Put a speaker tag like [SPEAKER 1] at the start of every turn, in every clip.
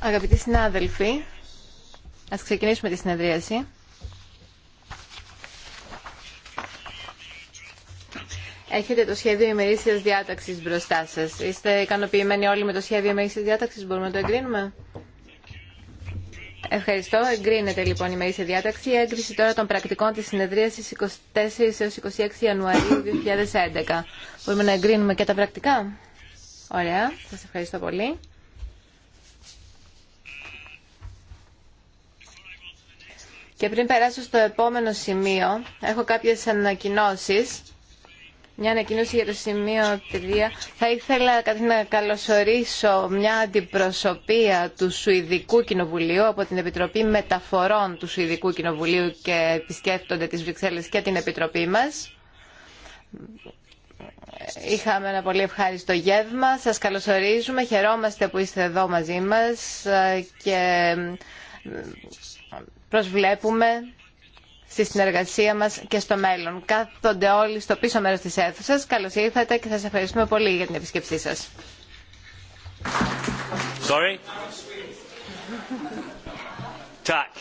[SPEAKER 1] Αγαπητοί συνάδελφοι, ας ξεκινήσουμε τη συνεδρίαση. Έχετε το σχέδιο ημερήσιας διάταξης μπροστά σας. Είστε ικανοποιημένοι όλοι με το σχέδιο ημερήσιας διάταξης, μπορούμε να το εγκρίνουμε. Ευχαριστώ. Εγκρίνεται λοιπόν η ημερήσια διάταξη. έγκριση τώρα των πρακτικών της συνεδρίασης 24 έως 26 Ιανουαρίου 2011. Μπορούμε να εγκρίνουμε και τα πρακτικά. Ωραία. Σας ευχαριστώ πολύ. Και πριν περάσω στο επόμενο σημείο, έχω κάποιες ανακοινώσεις. Μια ανακοίνωση για το σημείο 3. Θα ήθελα να καλωσορίσω μια αντιπροσωπεία του Σουηδικού Κοινοβουλίου από την Επιτροπή Μεταφορών του Σουηδικού Κοινοβουλίου και επισκέπτονται τις Βρυξέλλες και την Επιτροπή μας. Είχαμε ένα πολύ ευχάριστο γεύμα. Σας καλωσορίζουμε. Χαιρόμαστε που είστε εδώ μαζί μας και προσβλέπουμε στη συνεργασία μας και στο μέλλον. Κάθονται όλοι στο πίσω μέρος της αίθουσας. Καλώς ήρθατε και σας ευχαριστούμε πολύ για την επισκεψή σας.
[SPEAKER 2] Sorry. Tack.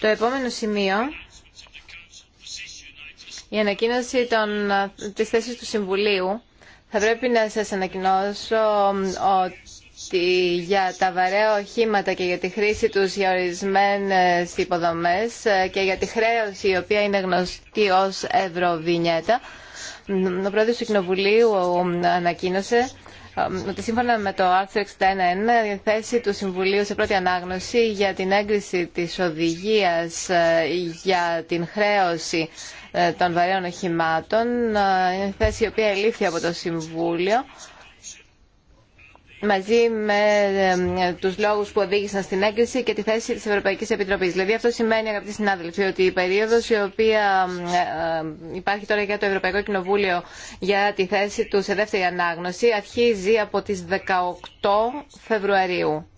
[SPEAKER 1] Το επόμενο σημείο, η ανακοίνωση των, της θέσης του Συμβουλίου θα πρέπει να σας ανακοινώσω ότι για τα βαρέα οχήματα και για τη χρήση τους για ορισμένες υποδομές ε, και για τη χρέωση η οποία είναι γνωστή ως ευρωβινιέτα, ο πρόεδρος του Κοινοβουλίου ανακοίνωσε ε, ότι σύμφωνα με το άρθρο 61 η θέση του Συμβουλίου σε πρώτη ανάγνωση για την έγκριση της οδηγίας ε, για την χρέωση ε, των βαρέων οχημάτων, ε, θέση η οποία ελήφθη από το Συμβούλιο μαζί με ε, τους λόγους που οδήγησαν στην έγκριση και τη θέση της Ευρωπαϊκής Επιτροπής. Δηλαδή αυτό σημαίνει, αγαπητοί συνάδελφοι, ότι η περίοδος η οποία υπάρχει τώρα για το Ευρωπαϊκό Κοινοβούλιο για τη θέση του σε δεύτερη ανάγνωση αρχίζει από τις 18 Φεβρουαρίου.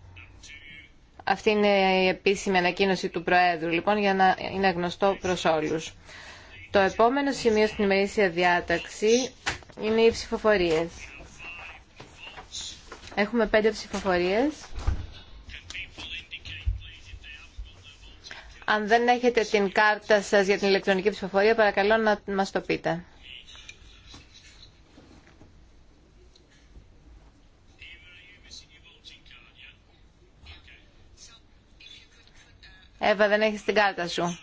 [SPEAKER 1] Αυτή είναι η επίσημη ανακοίνωση του Προέδρου, λοιπόν, για να είναι γνωστό προς όλους. Το επόμενο σημείο στην ημερήσια διάταξη είναι οι ψηφοφορίες. Έχουμε πέντε ψηφοφορίες. Αν δεν έχετε την κάρτα σας για την ηλεκτρονική ψηφοφορία, παρακαλώ να μας το πείτε. Εύα, δεν έχεις την κάρτα σου.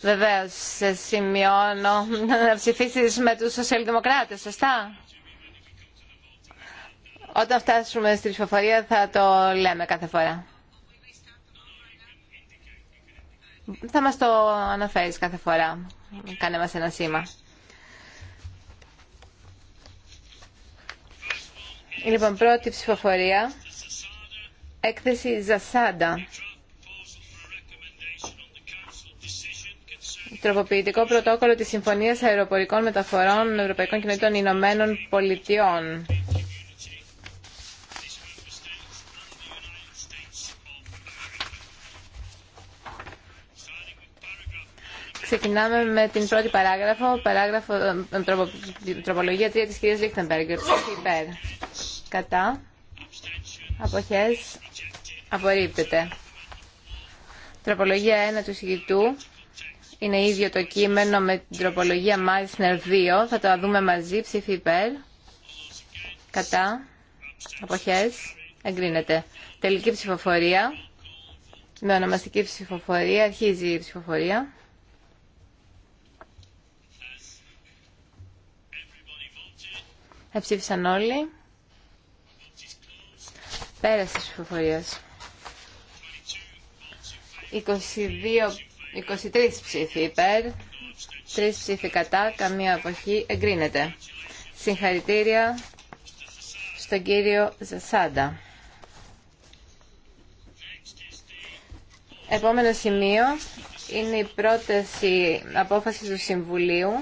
[SPEAKER 1] Βεβαίω, σε σημειώνω να ψηφίσει με του σοσιαλδημοκράτε, σωστά. Όταν φτάσουμε στη ψηφοφορία θα το λέμε κάθε φορά. Θα μας το αναφέρεις κάθε φορά. Κάνε μας ένα σήμα. Λοιπόν, πρώτη ψηφοφορία. Έκθεση Ζασάντα. τροποποιητικό πρωτόκολλο της Συμφωνίας Αεροπορικών Μεταφορών Ευρωπαϊκών Κοινοτήτων Ηνωμένων Πολιτειών. Ξεκινάμε με την πρώτη παράγραφο, παράγραφο ε, ε, τροπολογία 3 της κυρίας Λίχτεμπεργκερ. Υπέρ. Κατά. Αποχές. Απορρίπτεται. Τροπολογία 1 του συγκριτού είναι ίδιο το κείμενο με την τροπολογία Μάισνερ 2. Θα το δούμε μαζί. Ψήφι υπέρ. Κατά. Αποχές. Εγκρίνεται. Τελική ψηφοφορία. Με ονομαστική ψηφοφορία. Αρχίζει η ψηφοφορία. Εψήφισαν όλοι. Πέρασε τη ψηφοφορία. 22 23 ψήφοι υπέρ, 3 ψήφοι κατά, καμία αποχή εγκρίνεται. Συγχαρητήρια στον κύριο Ζασάντα. Επόμενο σημείο είναι η πρόταση απόφαση του Συμβουλίου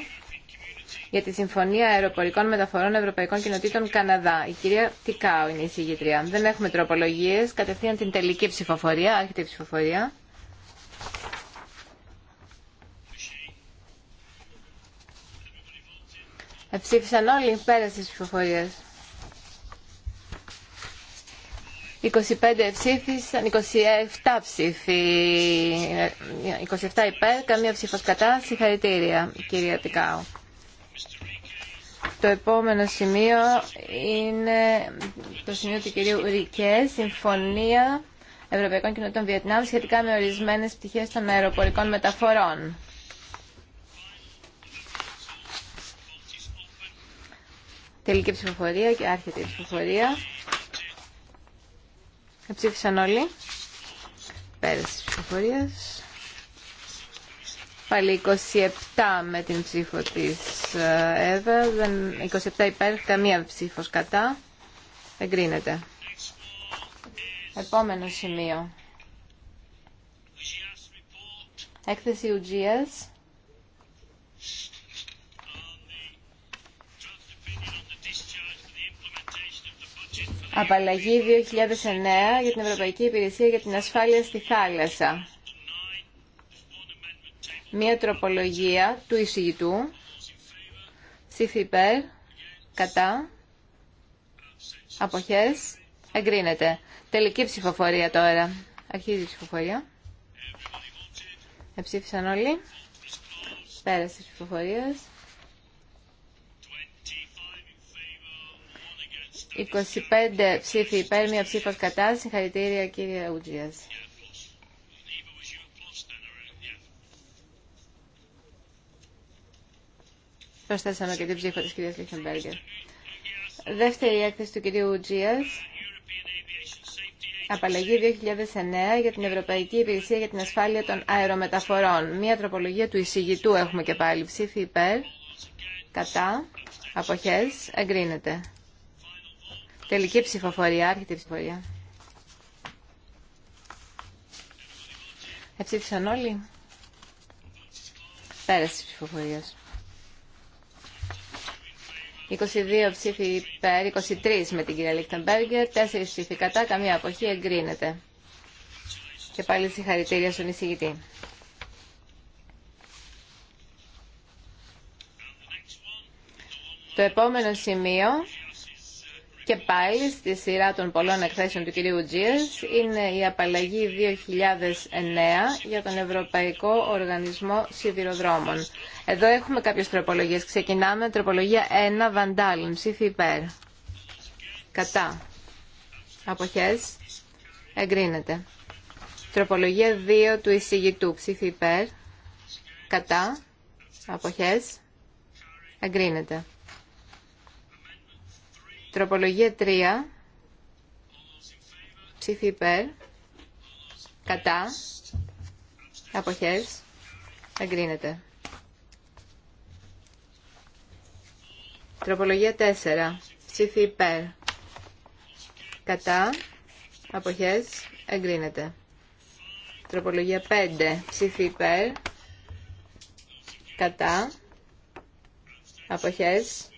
[SPEAKER 1] για τη Συμφωνία Αεροπορικών Μεταφορών Ευρωπαϊκών Κοινοτήτων Καναδά. Η κυρία Τικάου είναι η συγγήτρια. Δεν έχουμε τροπολογίε. Κατευθείαν την τελική ψηφοφορία, άρχεται η ψηφοφορία. Εψήφισαν όλοι πέρα στις ψηφοφορίες. 25 ψήφισαν, 27 ψήφι, 27 υπέρ, καμία ψήφος κατά. Συγχαρητήρια, κυρία Τικάου. Το επόμενο σημείο είναι το σημείο του κυρίου Ρικέ, Συμφωνία Ευρωπαϊκών Κοινοτών Βιετνάμ σχετικά με ορισμένες πτυχές των αεροπορικών μεταφορών. Τελική ψηφοφορία και άρχεται η ψηφοφορία. Εψήφισαν όλοι. Πέρασε τη ψηφοφορία. Πάλι 27 με την ψήφο τη ΕΒΑ. 27 υπέρ, καμία ψήφος κατά. Εγκρίνεται. Επόμενο σημείο. Έκθεση UGS. Απαλλαγή 2009 για την Ευρωπαϊκή Υπηρεσία για την Ασφάλεια στη Θάλασσα. Μία τροπολογία του εισηγητού. Ψήφι υπέρ, κατά, αποχές, εγκρίνεται. Τελική ψηφοφορία τώρα. Αρχίζει η ψηφοφορία. Εψήφισαν όλοι. Πέρασε της ψηφοφορία. 25 ψήφοι υπέρ, μία ψήφο κατά. Συγχαρητήρια κύριε Ουτζία. Προσθέσαμε και την ψήφο τη κυρία Λίχτεμπέργκερ. Δεύτερη έκθεση του κυρίου Ουτζία. Απαλλαγή 2009 για την Ευρωπαϊκή Υπηρεσία για την Ασφάλεια των Αερομεταφορών. Μία τροπολογία του εισηγητού έχουμε και πάλι Ψήφοι υπέρ, κατά, αποχές, εγκρίνεται. Τελική ψηφοφορία, αρχιτή ψηφοφορία. Εψήφισαν όλοι. Πέρασε η ψηφοφορία. 22 ψήφοι υπέρ, 23 με την κυρία Λίχτεμπεργκερ, 4 ψήφοι κατά, καμία αποχή εγκρίνεται. Και πάλι συγχαρητήρια στον εισηγητή. Το επόμενο σημείο και πάλι στη σειρά των πολλών εκθέσεων του κυρίου Τζίες είναι η απαλλαγή 2009 για τον Ευρωπαϊκό Οργανισμό Σιδηροδρόμων. Εδώ έχουμε κάποιες τροπολογίες. Ξεκινάμε τροπολογία 1 Βαντάλλον, ψήφι υπέρ. Κατά. Αποχές. Εγκρίνεται. Τροπολογία 2 του εισηγητού, ψήφι υπέρ. Κατά. Αποχές. Εγκρίνεται. Τροπολογία 3. Ψήφι υπέρ. Κατά. Αποχές. Εγκρίνεται. Τροπολογία 4. Ψήφι υπέρ. Κατά. Αποχές. Εγκρίνεται. Τροπολογία 5. Ψήφι υπέρ. Κατά. Αποχές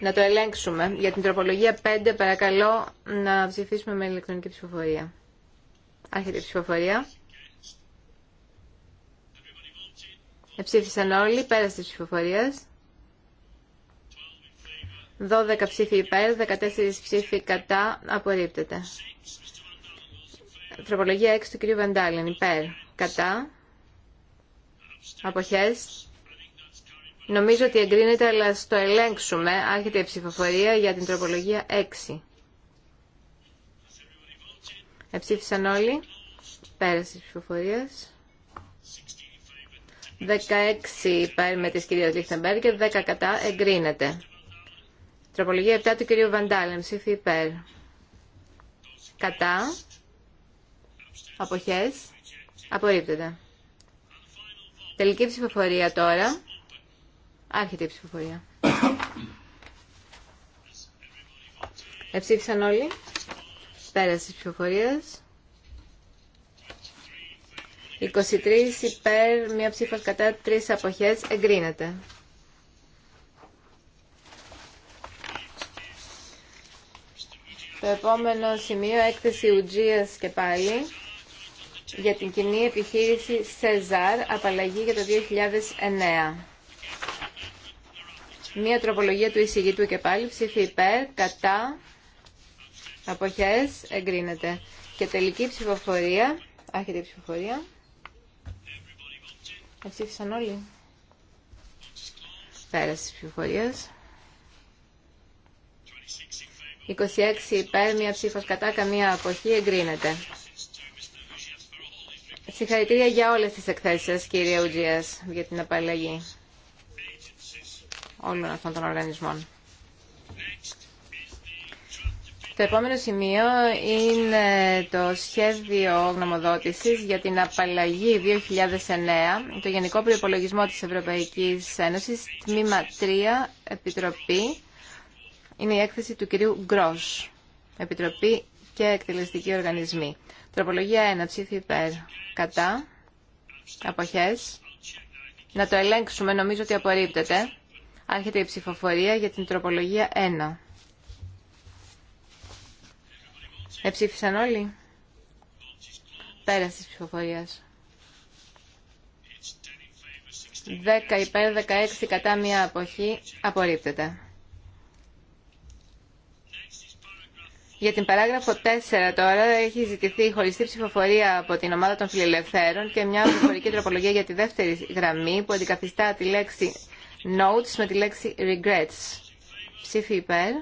[SPEAKER 1] να το ελέγξουμε. Για την τροπολογία 5 παρακαλώ να ψηφίσουμε με ηλεκτρονική ψηφοφορία. Άρχεται η ψηφοφορία. Εψήφισαν όλοι, πέρασε τη ψηφοφορία. 12 ψήφοι υπέρ, 14 ψήφοι κατά, απορρίπτεται. Τροπολογία 6 του κ. Βαντάλεν, υπέρ, κατά, αποχές, Νομίζω ότι εγκρίνεται, αλλά στο ελέγξουμε. Άρχεται η ψηφοφορία για την τροπολογία 6. Εψήφισαν όλοι. Πέρασε τη ψηφοφορία. 16 υπέρ με τη κυρία Λίχτεμπερ και 10 κατά εγκρίνεται. Τροπολογία 7 του κυρίου Βαντάλεμ. Ψήφι υπέρ. Κατά. Αποχές. Απορρίπτεται. Τελική ψηφοφορία τώρα. Άρχεται η ψηφοφορία. Εψήφισαν όλοι. Πέρασε τη ψηφοφορία. 23 υπέρ, μία ψήφο κατά, τρει αποχέ. Εγκρίνεται. Το επόμενο σημείο, έκθεση Ουτζία και πάλι για την κοινή επιχείρηση ΣΕΖΑΡ, απαλλαγή για το 2009. Μία τροπολογία του εισηγητού και πάλι ψήφι υπέρ, κατά, αποχές, εγκρίνεται. Και τελική ψηφοφορία, άρχεται η ψηφοφορία. Ψήφισαν όλοι. Πέρασε 26 υπέρ, μία ψήφος κατά, καμία αποχή, εγκρίνεται. Συγχαρητήρια για όλες τις εκθέσεις σας, κύριε Ουτζίας, για την απαλλαγή όλων αυτών των οργανισμών. Το επόμενο σημείο είναι το σχέδιο γνωμοδότησης για την απαλλαγή 2009, το Γενικό Προϋπολογισμό της Ευρωπαϊκής Ένωσης, τμήμα 3, Επιτροπή. Είναι η έκθεση του κυρίου Γκρός, Επιτροπή και Εκτελεστικοί Οργανισμοί. Τροπολογία 1, ψήφι υπέρ, κατά, αποχές. Να το ελέγξουμε, νομίζω ότι απορρίπτεται. Άρχεται η ψηφοφορία για την τροπολογία 1. Εψήφισαν όλοι. Πέραση ψηφοφορία. ψηφοφορίας. 10 υπέρ 16 κατά μία αποχή απορρίπτεται. Για την παράγραφο 4 τώρα έχει ζητηθεί χωριστή ψηφοφορία από την ομάδα των φιλελευθέρων και μια προφορική τροπολογία για τη δεύτερη γραμμή που αντικαθιστά τη λέξη notes με τη λέξη regrets. Ψήφι υπέρ,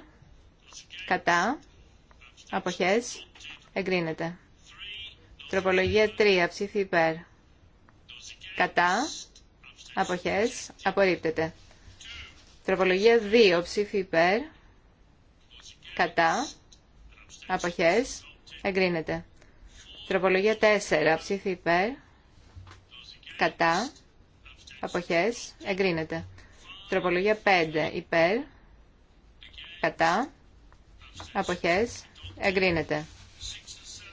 [SPEAKER 1] κατά, αποχές, εγκρίνεται. Τροπολογία 3, ψήφι υπέρ, κατά, αποχές, απορρίπτεται. Τροπολογία 2, ψήφι υπέρ, κατά, αποχές, εγκρίνεται. Τροπολογία 4, ψήφι υπέρ, κατά, αποχές, εγκρίνεται. Τροπολογία 5 υπέρ, κατά, αποχές, εγκρίνεται.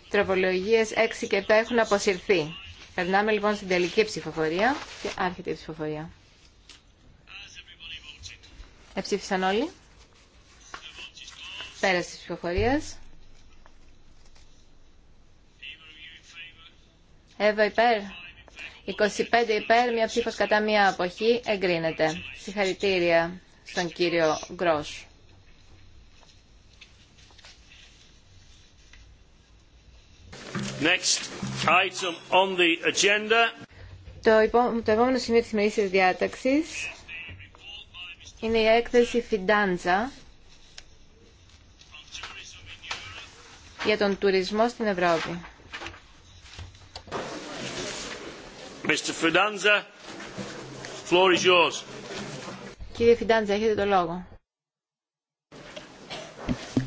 [SPEAKER 1] Τροπολογίες 6 και 7 έχουν αποσυρθεί. Περνάμε λοιπόν στην τελική ψηφοφορία και άρχεται η ψηφοφορία. Εψήφισαν όλοι. Πέραση της ψηφοφορίας. Εύα υπέρ. 25 υπέρ, μία ψήφος κατά μία αποχή, εγκρίνεται. Συγχαρητήρια στον κύριο Γκρός. Το, επόμενο σημείο της μερίσιας διάταξης είναι η έκθεση Φιντάντζα για τον τουρισμό στην Ευρώπη.
[SPEAKER 2] Mr. Fidanza,
[SPEAKER 3] floor is yours.
[SPEAKER 1] Κύριε Φιντάντζα, έχετε το λόγο.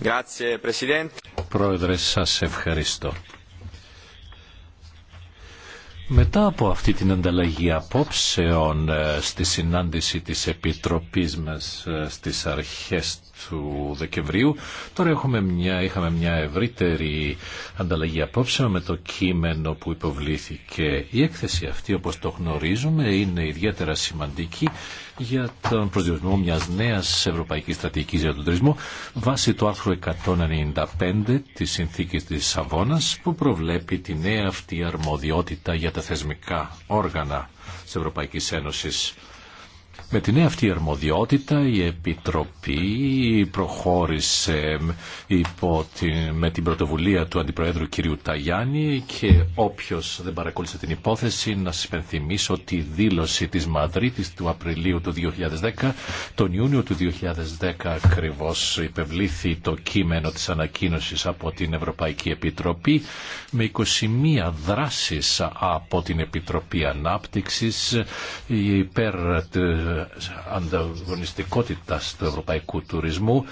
[SPEAKER 2] Grazie, Presidente.
[SPEAKER 3] Πρόεδρε, σας ευχαριστώ. Μετά από αυτή την ανταλλαγή απόψεων ε, στη συνάντηση της Επιτροπής μας ε, στις αρχές του Δεκεμβρίου, τώρα έχουμε μια, είχαμε μια ευρύτερη ανταλλαγή απόψεων με το κείμενο που υποβλήθηκε. Η έκθεση αυτή, όπως το γνωρίζουμε, είναι ιδιαίτερα σημαντική για τον προσδιορισμό μιας νέας ευρωπαϊκής στρατηγικής για τον τουρισμό βάσει του άρθρου 195 τη συνθήκη της Σαββόνα που προβλέπει τη νέα αυτή αρμοδιότητα για τα θεσμικά όργανα τη Ευρωπαϊκής Ένωσης. Με την νέα αυτή αρμοδιότητα η Επιτροπή προχώρησε υπό την, με την πρωτοβουλία του Αντιπροέδρου κ. Ταγιάννη και όποιος δεν παρακολούθησε την υπόθεση να σας υπενθυμίσω ότι η δήλωση της Μαδρίτης του Απριλίου του 2010 τον Ιούνιο του 2010 ακριβώς υπευλήθη το κείμενο της ανακοίνωσης από την Ευρωπαϊκή Επιτροπή με 21 δράσεις από την Επιτροπή Ανάπτυξης υπέρ ανταγωνιστικότητας του ευρωπαϊκού τουρισμού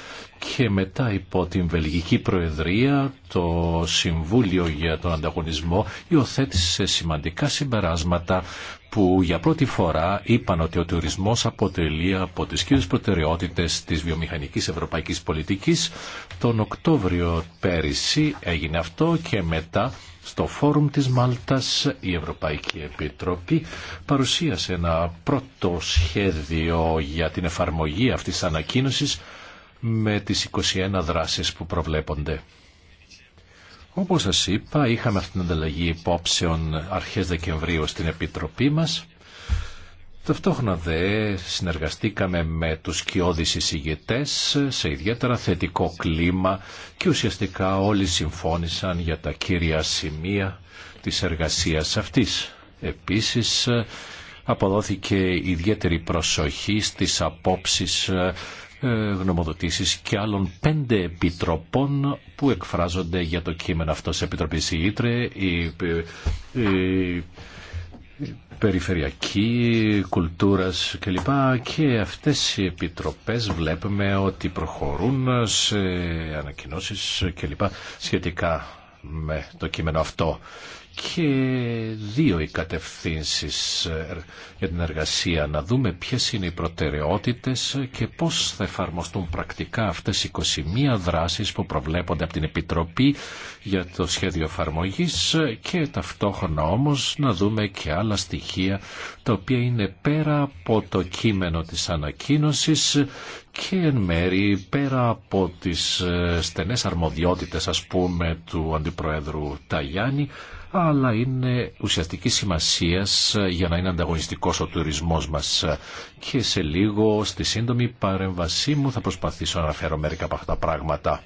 [SPEAKER 3] και μετά υπό την Βελγική Προεδρία το Συμβούλιο για τον Ανταγωνισμό υιοθέτησε σημαντικά συμπεράσματα που για πρώτη φορά είπαν ότι ο τουρισμός αποτελεί από τις κύριες προτεραιότητες της βιομηχανικής ευρωπαϊκής πολιτικής. Τον Οκτώβριο πέρυσι έγινε αυτό και μετά στο φόρουμ της Μάλτας η Ευρωπαϊκή Επιτροπή παρουσίασε ένα πρώτο σχέδιο για την εφαρμογή αυτής της ανακοίνωσης με τις 21 δράσεις που προβλέπονται. Όπως σας είπα, είχαμε αυτήν την ανταλλαγή υπόψεων αρχές Δεκεμβρίου στην Επιτροπή μας Ταυτόχρονα δε συνεργαστήκαμε με τους κοιόδης εισηγητές σε ιδιαίτερα θετικό κλίμα και ουσιαστικά όλοι συμφώνησαν για τα κύρια σημεία της εργασίας αυτής. Επίσης αποδόθηκε ιδιαίτερη προσοχή στις απόψεις ε, γνωμοδοτήσεις και άλλων πέντε επιτροπών που εκφράζονται για το κείμενο αυτό σε Επιτροπή ΣΥΙΤΡΕ, περιφερειακή, κουλτούρας κλπ. Και αυτές οι επιτροπές βλέπουμε ότι προχωρούν σε ανακοινώσεις κλπ. σχετικά με το κείμενο αυτό και δύο οι κατευθύνσεις ε, για την εργασία. Να δούμε ποιες είναι οι προτεραιότητες και πώς θα εφαρμοστούν πρακτικά αυτές οι 21 δράσεις που προβλέπονται από την Επιτροπή για το σχέδιο εφαρμογή και ταυτόχρονα όμως να δούμε και άλλα στοιχεία τα οποία είναι πέρα από το κείμενο της ανακοίνωσης και εν μέρη πέρα από τις ε, στενές αρμοδιότητες ας πούμε του Αντιπροέδρου Ταγιάννη αλλά είναι ουσιαστική σημασία ε, για να είναι ανταγωνιστικός ο τουρισμός μας. Ε, και σε λίγο, στη σύντομη παρέμβασή μου, θα προσπαθήσω να αναφέρω μερικά από αυτά τα πράγματα.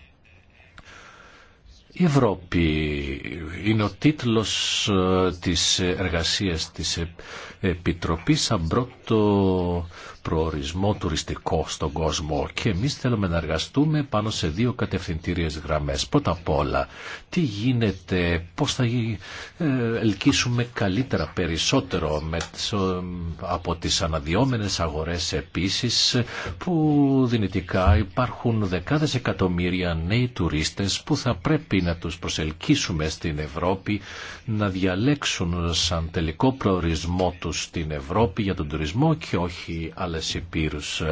[SPEAKER 3] Η Ευρώπη είναι ο τίτλος ε, της εργασίας της Επιτροπής σαν πρώτο προορισμό τουριστικό στον κόσμο και εμείς θέλουμε να εργαστούμε πάνω σε δύο κατευθυντήριες γραμμές. Πρώτα απ' όλα, τι γίνεται, πώς θα ε, ελκύσουμε καλύτερα περισσότερο με, ε, από τις αναδυόμενες αγορές επίσης που δυνητικά υπάρχουν δεκάδες εκατομμύρια νέοι τουρίστες που θα πρέπει να τους προσελκύσουμε στην Ευρώπη να διαλέξουν σαν τελικό προορισμό τους στην Ευρώπη για τον τουρισμό και όχι άλλες υπήρους.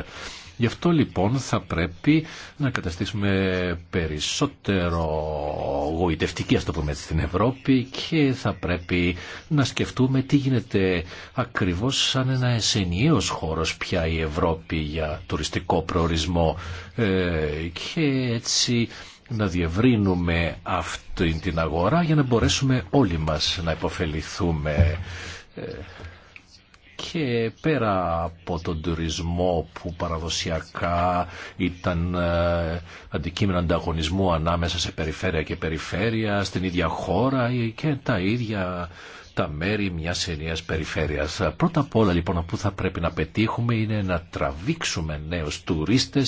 [SPEAKER 3] Γι' αυτό λοιπόν θα πρέπει να καταστήσουμε περισσότερο γοητευτική, ας το πούμε στην Ευρώπη και θα πρέπει να σκεφτούμε τι γίνεται ακριβώς σαν ένα εσενιαίος χώρος πια η Ευρώπη για τουριστικό προορισμό ε, και έτσι να διευρύνουμε αυτή την αγορά για να μπορέσουμε όλοι μας να υποφεληθούμε. Ε, και πέρα από τον τουρισμό που παραδοσιακά ήταν ε, αντικείμενο ανταγωνισμού ανάμεσα σε περιφέρεια και περιφέρεια, στην ίδια χώρα και τα ίδια τα μέρη μια ενιαία περιφέρεια. Πρώτα απ' όλα λοιπόν που θα πρέπει να πετύχουμε είναι να τραβήξουμε νέου τουρίστε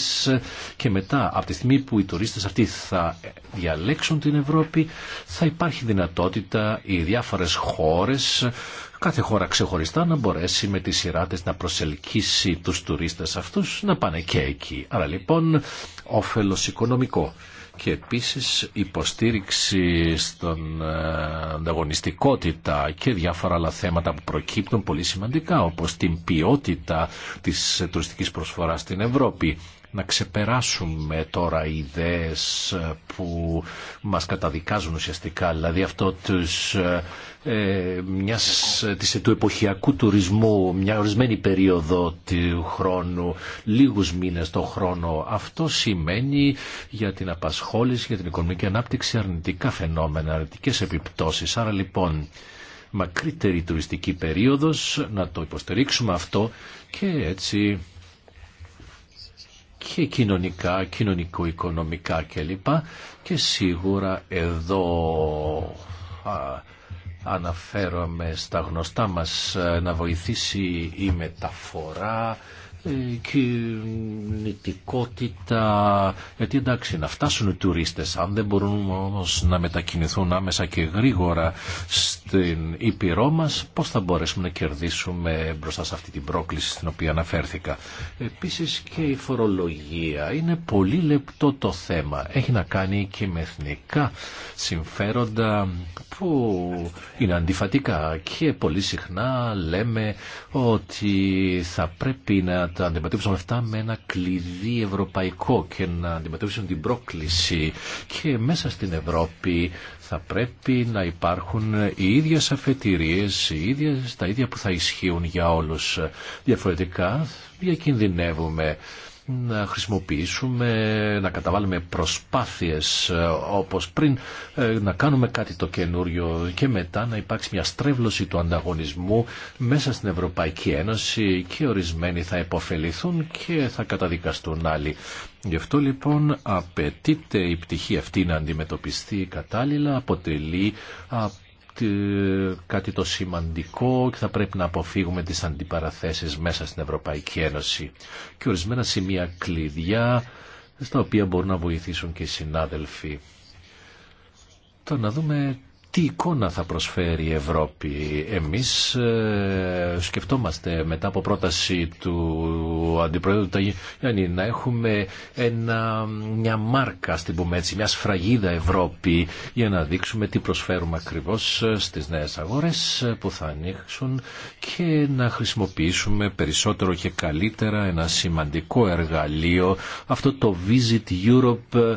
[SPEAKER 3] και μετά από τη στιγμή που οι τουρίστε αυτοί θα διαλέξουν την Ευρώπη θα υπάρχει δυνατότητα οι διάφορε χώρε κάθε χώρα ξεχωριστά να μπορέσει με τις σειρά να προσελκύσει τους τουρίστες αυτούς να πάνε και εκεί. Άρα λοιπόν όφελος οικονομικό και επίσης υποστήριξη στον ε, ανταγωνιστικότητα και διάφορα άλλα θέματα που προκύπτουν πολύ σημαντικά όπως την ποιότητα της ε, τουριστικής προσφοράς στην Ευρώπη να ξεπεράσουμε τώρα ιδέες που μας καταδικάζουν ουσιαστικά, δηλαδή αυτό τους, ε, μιας, της, του εποχιακού τουρισμού, μια ορισμένη περίοδο του χρόνου, λίγους μήνες το χρόνο. Αυτό σημαίνει για την απασχόληση, για την οικονομική ανάπτυξη αρνητικά φαινόμενα, αρνητικές επιπτώσεις. Άρα λοιπόν μακρύτερη τουριστική περίοδος, να το υποστηρίξουμε αυτό και έτσι και κοινωνικά, κοινωνικο-οικονομικά κλπ. Και σίγουρα εδώ αναφέρομαι στα γνωστά μας ε, να βοηθήσει η μεταφορά ε, κινητικότητα, γιατί εντάξει να φτάσουν οι τουρίστες, αν δεν μπορούν όμως να μετακινηθούν άμεσα και γρήγορα στην Ήπειρό μας, πώς θα μπορέσουμε να κερδίσουμε μπροστά σε αυτή την πρόκληση στην οποία αναφέρθηκα. Επίσης και η φορολογία είναι πολύ λεπτό το θέμα. Έχει να κάνει και με εθνικά συμφέροντα που είναι αντιφατικά και πολύ συχνά λέμε ότι θα πρέπει να τα αντιμετωπίσουμε αυτά με ένα κλειδί ευρωπαϊκό και να αντιμετωπίσουν την πρόκληση. Και μέσα στην Ευρώπη θα πρέπει να υπάρχουν οι ίδιες αφετηρίες, ίδιες, τα ίδια που θα ισχύουν για όλους. Διαφορετικά διακινδυνεύουμε να χρησιμοποιήσουμε, να καταβάλουμε προσπάθειες ε, όπως πριν, ε, να κάνουμε κάτι το καινούριο και μετά να υπάρξει μια στρέβλωση του ανταγωνισμού μέσα στην Ευρωπαϊκή Ένωση και ορισμένοι θα υποφεληθούν και θα καταδικαστούν άλλοι. Γι' αυτό λοιπόν απαιτείται η πτυχή αυτή να αντιμετωπιστεί κατάλληλα, αποτελεί ε, κάτι το σημαντικό και θα πρέπει να αποφύγουμε τις αντιπαραθέσεις μέσα στην Ευρωπαϊκή Ένωση και ορισμένα σημεία κλειδιά στα οποία μπορούν να βοηθήσουν και οι συνάδελφοι. Τώρα να δούμε τι εικόνα θα προσφέρει η Ευρώπη. Εμείς ε, σκεφτόμαστε μετά από πρόταση του Αντιπρόεδρου Ταγιάννη να έχουμε ένα, μια μάρκα, στην πούμε μια σφραγίδα Ευρώπη για να δείξουμε τι προσφέρουμε ακριβώς στις νέες αγορές που θα ανοίξουν και να χρησιμοποιήσουμε περισσότερο και καλύτερα ένα σημαντικό εργαλείο, αυτό το Visit Europe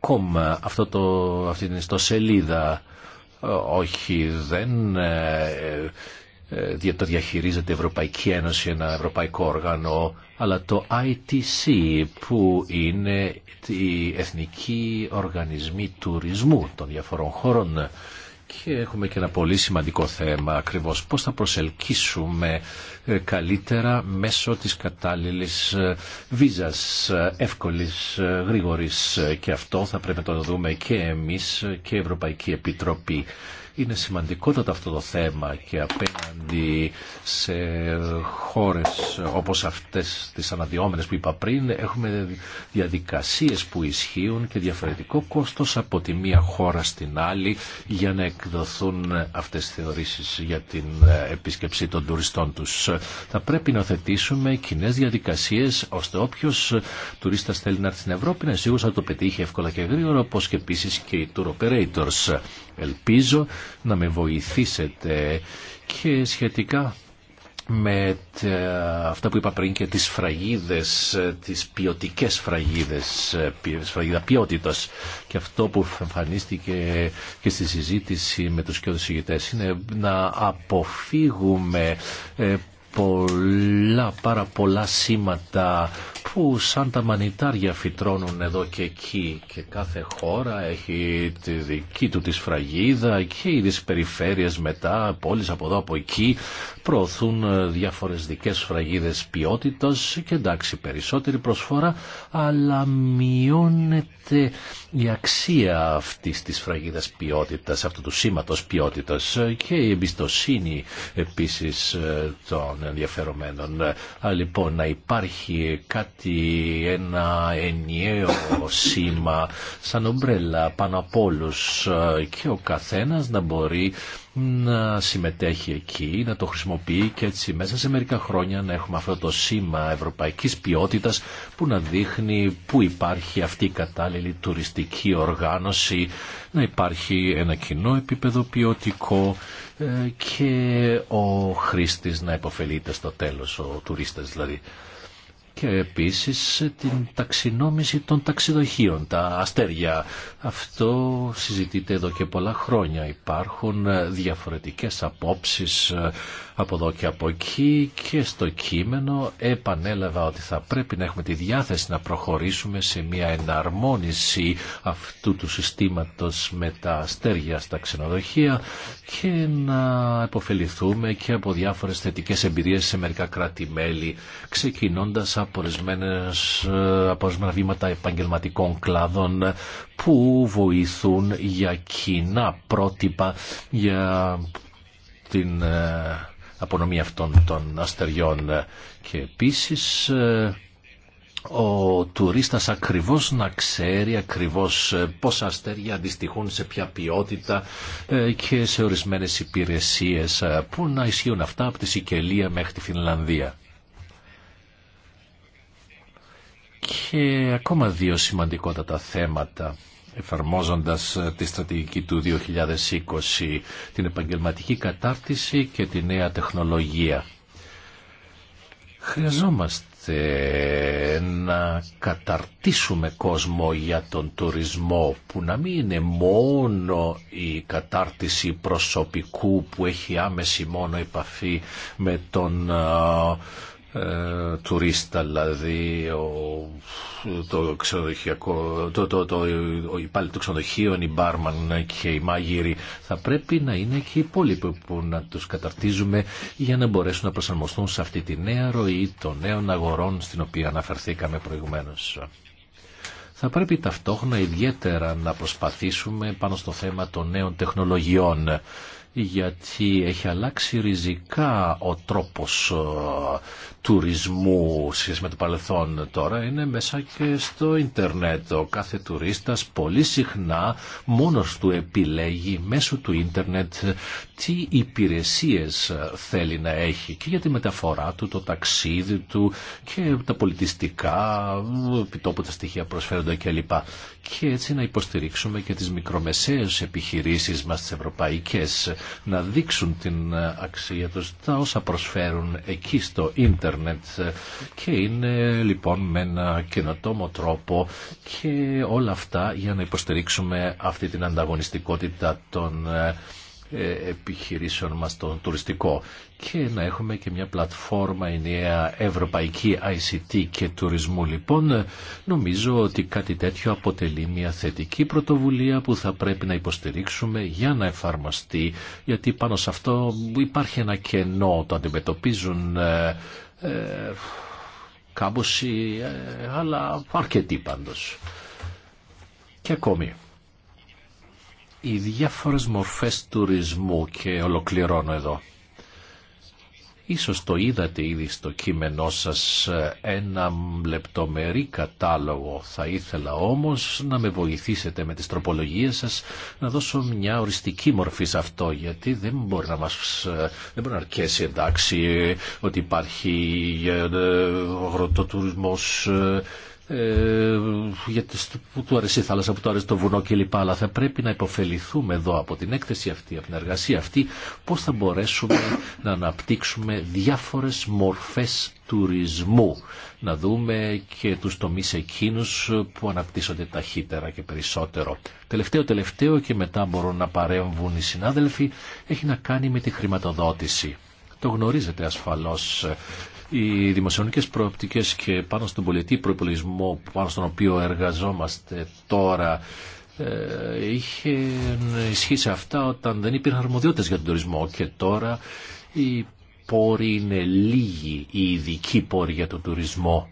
[SPEAKER 3] κόμμα αυτό το, αυτή την ιστοσελίδα. Όχι, δεν το διαχειρίζεται η Ευρωπαϊκή Ένωση, ένα ευρωπαϊκό όργανο, αλλά το ITC που είναι οι εθνικοί οργανισμοί τουρισμού των διαφορών χωρών. Και έχουμε και ένα πολύ σημαντικό θέμα ακριβώς πώς θα προσελκύσουμε ε, καλύτερα μέσω της κατάλληλης ε, βίζας, ε, εύκολης, γρήγορης και αυτό θα πρέπει να το δούμε και εμείς και η Ευρωπαϊκή Επιτροπή. Είναι σημαντικότατο αυτό το θέμα και απέναντι σε χώρες όπως αυτές τις αναδυόμενες που είπα πριν έχουμε διαδικασίες που ισχύουν και διαφορετικό κόστος από τη μία χώρα στην άλλη για να εκδοθούν αυτές τις θεωρήσεις για την επίσκεψη των τουριστών τους. Θα πρέπει να θετήσουμε κοινέ διαδικασίες ώστε όποιο τουρίστας θέλει να έρθει στην Ευρώπη να είναι το πετύχει εύκολα και γρήγορα όπως και επίσης και οι tour operators. Ελπίζω να με βοηθήσετε και σχετικά με αυτά που είπα πριν και τις φραγίδες, τις ποιοτικέ φραγίδες, φραγίδα ποιότητας και αυτό που εμφανίστηκε και στη συζήτηση με τους και ηγητές είναι να αποφύγουμε ε, πολλά, πάρα πολλά σήματα που σαν τα μανιτάρια φυτρώνουν εδώ και εκεί και κάθε χώρα έχει τη δική του τη σφραγίδα και οι περιφέρειες μετά, πόλεις από εδώ από εκεί προωθούν ε, διάφορες δικές σφραγίδες ποιότητας και εντάξει περισσότερη προσφορά αλλά μειώνεται η αξία αυτής της σφραγίδας ποιότητας, αυτού του σήματος ποιότητας ε, και η εμπιστοσύνη επίσης ε, των ενδιαφερομένων. Λοιπόν, να υπάρχει κάτι κάτι, ένα ενιαίο σήμα, σαν ομπρέλα πάνω απ' ε, και ο καθένας να μπορεί να συμμετέχει εκεί, να το χρησιμοποιεί και έτσι μέσα σε μερικά χρόνια να έχουμε αυτό το σήμα ευρωπαϊκής ποιότητας που να δείχνει που υπάρχει αυτή η κατάλληλη τουριστική οργάνωση, να υπάρχει ένα κοινό επίπεδο ποιοτικό ε, και ο χρήστης να υποφελείται στο τέλος, ο τουρίστας δηλαδή και επίσης την ταξινόμηση των ταξιδοχείων, τα αστέρια. Αυτό συζητείται εδώ και πολλά χρόνια. Υπάρχουν διαφορετικές απόψεις ε, από εδώ και από εκεί και στο κείμενο επανέλαβα ότι θα πρέπει να έχουμε τη διάθεση να προχωρήσουμε σε μια εναρμόνιση αυτού του συστήματος με τα αστέρια στα ξενοδοχεία και να επωφεληθούμε και από διάφορες θετικές εμπειρίες σε μερικά κράτη-μέλη ξεκινώντας από ορισμένα βήματα επαγγελματικών κλάδων που βοηθούν για κοινά πρότυπα για την ε, απονομή αυτών των αστεριών. Και επίσης ε, ο τουρίστας ακριβώς να ξέρει ακριβώς ε, πόσα αστέρια αντιστοιχούν σε ποια ποιότητα ε, και σε ορισμένες υπηρεσίες που να ισχύουν αυτά από τη Σικελία μέχρι τη Φινλανδία. Και ακόμα δύο σημαντικότατα θέματα εφαρμόζοντας ε, τη στρατηγική του 2020, την επαγγελματική κατάρτιση και τη νέα τεχνολογία. Χρειαζόμαστε να καταρτήσουμε κόσμο για τον τουρισμό που να μην είναι μόνο η κατάρτιση προσωπικού που έχει άμεση μόνο επαφή με τον ε, ε, τουρίστα δηλαδή, ο, το ξενοδοχειακό, το, το, το, υπάλληλο οι μπάρμαν και οι μάγειροι, θα πρέπει να είναι και οι υπόλοιποι που να τους καταρτίζουμε για να μπορέσουν να προσαρμοστούν σε αυτή τη νέα ροή των νέων αγορών στην οποία αναφερθήκαμε προηγουμένως θα πρέπει ταυτόχρονα ιδιαίτερα να προσπαθήσουμε πάνω στο θέμα των νέων τεχνολογιών γιατί έχει αλλάξει ριζικά ο τρόπος ε, τουρισμού σχέση με το παρελθόν τώρα είναι μέσα και στο ίντερνετ. Ο κάθε τουρίστας πολύ συχνά μόνος του επιλέγει μέσω του ίντερνετ τι υπηρεσίες θέλει να έχει και για τη μεταφορά του, το ταξίδι του και τα πολιτιστικά, επιτόπου τα στοιχεία προσφέρουν και έτσι να υποστηρίξουμε και τις μικρομεσαίες επιχειρήσεις μας τις ευρωπαϊκές να δείξουν την ε, αξία τους τα όσα προσφέρουν εκεί στο ίντερνετ και είναι λοιπόν με ένα καινοτόμο τρόπο και όλα αυτά για να υποστηρίξουμε αυτή την ανταγωνιστικότητα των ε, ε, επιχειρήσεων μας τον τουριστικό και να έχουμε και μια πλατφόρμα νέα ευρωπαϊκή ICT και τουρισμού λοιπόν νομίζω ότι κάτι τέτοιο αποτελεί μια θετική πρωτοβουλία που θα πρέπει να υποστηρίξουμε για να εφαρμοστεί γιατί πάνω σε αυτό υπάρχει ένα κενό το αντιμετωπίζουν ε, ε, κάμποση ε, αλλά αρκετοί πάντως και ακόμη οι διάφορες μορφές τουρισμού και ολοκληρώνω εδώ. Ίσως το είδατε ήδη στο κείμενό σας ένα λεπτομερή κατάλογο. Θα ήθελα όμως να με βοηθήσετε με τις τροπολογίες σας να δώσω μια οριστική μορφή σε αυτό γιατί δεν μπορεί να μας δεν αρκέσει εντάξει ότι υπάρχει ε, ε, αγροτοτουρισμός ε, ε, γιατί του αρέσει η θάλασσα, που του αρέσει το βουνό κλπ. Αλλά θα πρέπει να υποφεληθούμε εδώ από την έκθεση αυτή, από την εργασία αυτή, πώς θα μπορέσουμε να αναπτύξουμε διάφορες μορφές τουρισμού. Να δούμε και τους τομείς εκείνου που αναπτύσσονται ταχύτερα και περισσότερο. Τελευταίο, τελευταίο και μετά μπορούν να παρέμβουν οι συνάδελφοι, έχει να κάνει με τη χρηματοδότηση. Το γνωρίζετε ασφαλώς οι δημοσιονομικές προοπτικέ και πάνω στον πολιτή προπολογισμό πάνω στον οποίο εργαζόμαστε τώρα ε, είχε ισχύσει αυτά όταν δεν υπήρχαν αρμοδιότητε για τον τουρισμό και τώρα οι πόροι είναι λίγοι, οι ειδικοί πόροι για τον τουρισμό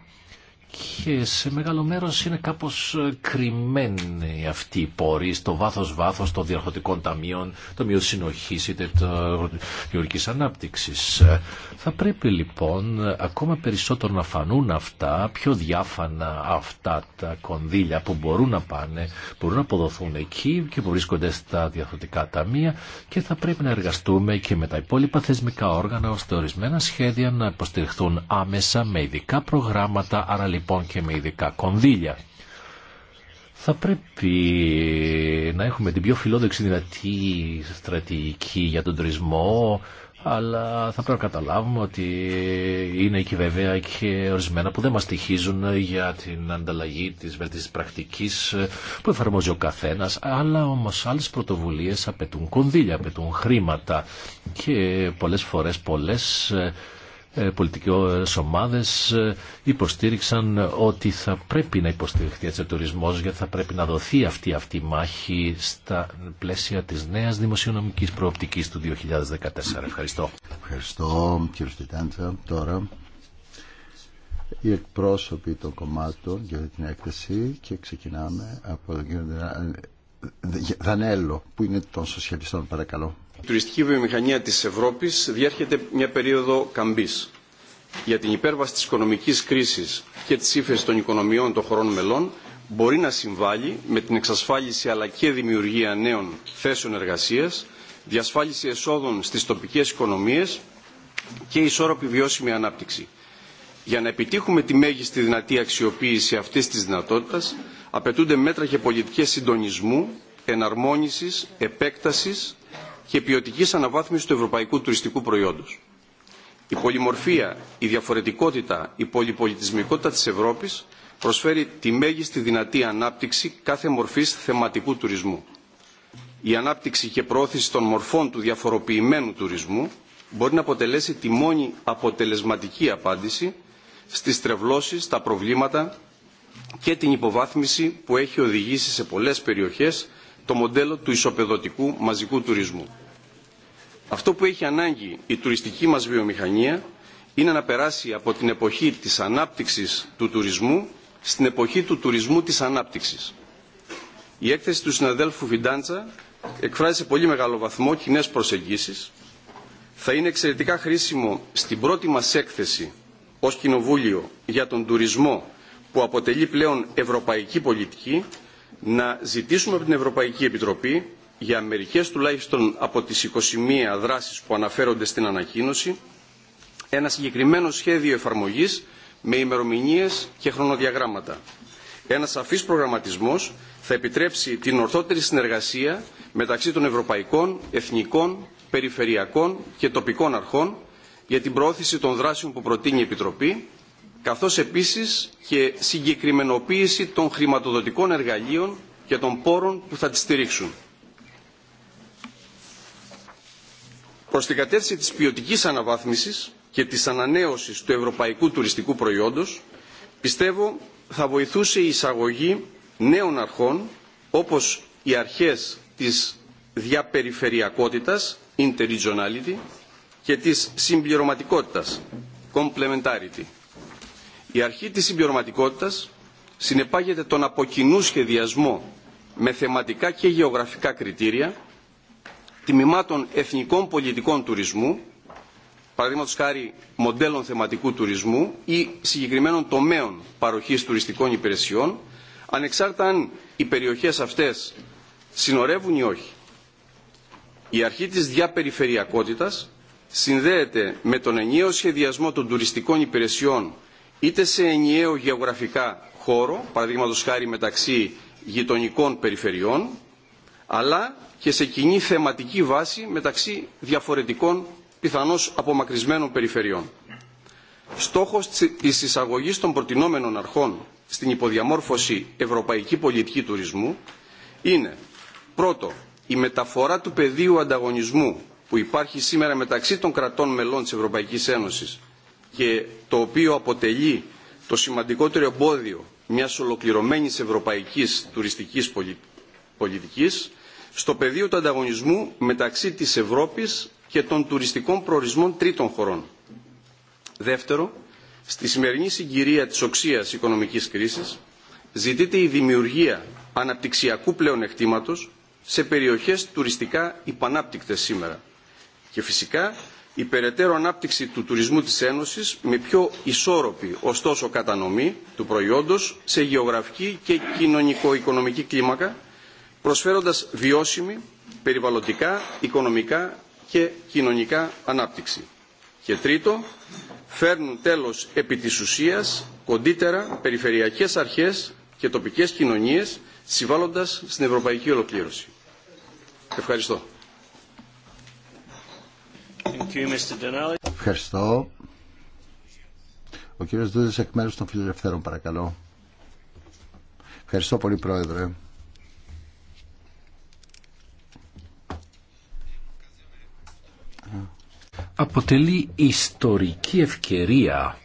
[SPEAKER 3] και σε μεγάλο μέρος είναι κάπως ε, κρυμμένη αυτοί οι πόρη στο βάθος βάθος των διαρχοτικών ταμείων, το μείο συνοχής είτε το γεωργικής ανάπτυξης. Ε, θα πρέπει λοιπόν ε, ακόμα περισσότερο να φανούν αυτά, πιο διάφανα αυτά τα κονδύλια που μπορούν να πάνε, μπορούν να αποδοθούν εκεί και που βρίσκονται στα διαρχοτικά ταμεία και θα πρέπει να εργαστούμε και με τα υπόλοιπα θεσμικά όργανα ώστε ορισμένα σχέδια να υποστηριχθούν άμεσα με ειδικά προγράμματα λοιπόν λοιπόν και με ειδικά κονδύλια. Θα πρέπει να έχουμε την πιο φιλόδοξη δυνατή στρατηγική για τον τουρισμό, αλλά θα πρέπει να καταλάβουμε ότι είναι εκεί βέβαια και ορισμένα που δεν μας στοιχίζουν για την ανταλλαγή της βέλτιστης πρακτικής που εφαρμόζει ο καθένας, αλλά όμως άλλες πρωτοβουλίες απαιτούν κονδύλια, απαιτούν χρήματα και πολλές φορές πολλές ε, πολιτικές ομάδες ε, υποστήριξαν ότι θα πρέπει να υποστηριχθεί έτσι ο τουρισμός γιατί θα πρέπει να δοθεί αυτή αυτή η μάχη στα πλαίσια της νέας δημοσιονομικής προοπτικής του 2014. Ευχαριστώ. Ευχαριστώ κύριε
[SPEAKER 4] Τώρα οι εκπρόσωποι των κομμάτων για την έκθεση και ξεκινάμε από τον κύριο Δανέλο που είναι των σοσιαλιστών παρακαλώ
[SPEAKER 5] τουριστική βιομηχανία της Ευρώπης διέρχεται μια περίοδο καμπής. Για την υπέρβαση της οικονομικής κρίσης και της ύφεση των οικονομιών των χωρών μελών μπορεί να συμβάλλει με την εξασφάλιση αλλά και δημιουργία νέων θέσεων εργασίας, διασφάλιση εσόδων στις τοπικές οικονομίες και ισόρροπη βιώσιμη ανάπτυξη. Για να επιτύχουμε τη μέγιστη δυνατή αξιοποίηση αυτής της δυνατότητας απαιτούνται μέτρα και πολιτικές συντονισμού, εναρμόνισης, επέκτασης, και ποιοτική αναβάθμιση του ευρωπαϊκού τουριστικού προϊόντος. Η πολυμορφία, η διαφορετικότητα, η πολυπολιτισμικότητα της Ευρώπης προσφέρει τη μέγιστη δυνατή ανάπτυξη κάθε μορφής θεματικού τουρισμού. Η ανάπτυξη και προώθηση των μορφών του διαφοροποιημένου τουρισμού μπορεί να αποτελέσει τη μόνη αποτελεσματική απάντηση στις τρευλώσεις, τα προβλήματα και την υποβάθμιση που έχει οδηγήσει σε πολλές περιοχές το μοντέλο του ισοπεδωτικού μαζικού τουρισμού. Αυτό που έχει ανάγκη η τουριστική μας βιομηχανία είναι να περάσει από την εποχή της ανάπτυξης του τουρισμού στην εποχή του τουρισμού της ανάπτυξης. Η έκθεση του συναδέλφου Φιντάντσα εκφράζει σε πολύ μεγάλο βαθμό κοινέ προσεγγίσεις. Θα είναι εξαιρετικά χρήσιμο στην πρώτη μας έκθεση ως Κοινοβούλιο για τον τουρισμό που αποτελεί πλέον ευρωπαϊκή πολιτική να ζητήσουμε από την Ευρωπαϊκή Επιτροπή για μερικές τουλάχιστον από τις 21 δράσεις που αναφέρονται στην ανακοίνωση ένα συγκεκριμένο σχέδιο εφαρμογής με ημερομηνίες και χρονοδιαγράμματα. Ένα σαφής προγραμματισμός θα επιτρέψει την ορθότερη συνεργασία μεταξύ των ευρωπαϊκών, εθνικών, περιφερειακών και τοπικών αρχών για την προώθηση των δράσεων που προτείνει η Επιτροπή καθώς επίσης και συγκεκριμενοποίηση των χρηματοδοτικών εργαλείων και των πόρων που θα τις στηρίξουν. Προς την κατεύθυνση της ποιοτικής αναβάθμισης και της ανανέωσης του ευρωπαϊκού τουριστικού προϊόντος, πιστεύω θα βοηθούσε η εισαγωγή νέων αρχών, όπως οι αρχές της διαπεριφερειακότητας, interregionality, και της συμπληρωματικότητας, complementarity η αρχή της συμπληρωματικότητας συνεπάγεται τον αποκοινού σχεδιασμό με θεματικά και γεωγραφικά κριτήρια των εθνικών πολιτικών τουρισμού, παραδείγματο χάρη μοντέλων θεματικού τουρισμού ή συγκεκριμένων τομέων παροχής τουριστικών υπηρεσιών, ανεξάρτητα αν οι περιοχές αυτές συνορεύουν ή όχι. Η αρχή της διαπεριφερειακότητας συνδέεται με τον ενιαίο σχεδιασμό των τουριστικών υπηρεσιών είτε σε ενιαίο γεωγραφικά χώρο, παραδείγματος χάρη μεταξύ γειτονικών περιφερειών, αλλά και σε κοινή θεματική βάση μεταξύ διαφορετικών πιθανώς απομακρυσμένων περιφερειών. Στόχος της εισαγωγής των προτινόμενων αρχών στην υποδιαμόρφωση ευρωπαϊκή πολιτική τουρισμού είναι πρώτο η μεταφορά του πεδίου ανταγωνισμού που υπάρχει σήμερα μεταξύ των κρατών μελών της Ευρωπαϊκής Ένωσης και το οποίο αποτελεί το σημαντικότερο εμπόδιο μιας ολοκληρωμένης ευρωπαϊκής τουριστικής πολιτικής στο πεδίο του ανταγωνισμού μεταξύ της Ευρώπης και των τουριστικών προορισμών τρίτων χωρών. Δεύτερο, στη σημερινή συγκυρία της οξείας οικονομικής κρίσης ζητείται η δημιουργία αναπτυξιακού πλεονεκτήματος σε περιοχές τουριστικά υπανάπτυκτες σήμερα και φυσικά η περαιτέρω ανάπτυξη του τουρισμού της Ένωσης με πιο ισόρροπη ωστόσο κατανομή του προϊόντος σε γεωγραφική και κοινωνικο-οικονομική κλίμακα προσφέροντας βιώσιμη περιβαλλοντικά, οικονομικά και κοινωνικά ανάπτυξη. Και τρίτο, φέρνουν τέλος επί της ουσίας κοντύτερα περιφερειακές αρχές και τοπικές κοινωνίες συμβάλλοντας στην ευρωπαϊκή ολοκλήρωση. Ευχαριστώ.
[SPEAKER 4] Ευχαριστώ. Ο κύριος Δούδης εκ μέρους των Φιλελευθέρων παρακαλώ. Ευχαριστώ πολύ Πρόεδρε.
[SPEAKER 3] Αποτελεί ιστορική ευκαιρία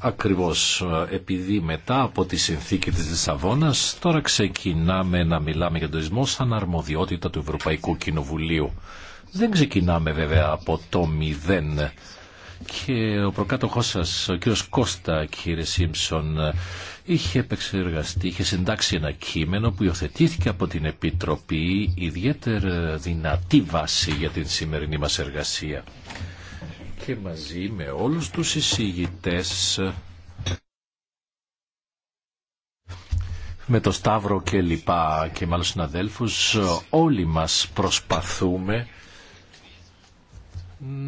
[SPEAKER 3] Ακριβώς επειδή μετά από τη συνθήκη της Λισαβόνας τώρα ξεκινάμε να μιλάμε για τον σαν αρμοδιότητα του Ευρωπαϊκού Κοινοβουλίου. Δεν ξεκινάμε βέβαια από το μηδέν. Και ο προκάτοχός σας, ο κύριος Κώστα, κύριε Σίμψον, είχε επεξεργαστεί, είχε συντάξει ένα κείμενο που υιοθετήθηκε από την Επιτροπή ιδιαίτερα δυνατή βάση για την σημερινή μας εργασία. Και μαζί με όλους τους εισηγητές με το Σταύρο και λοιπά και με άλλους συναδέλφους όλοι μας προσπαθούμε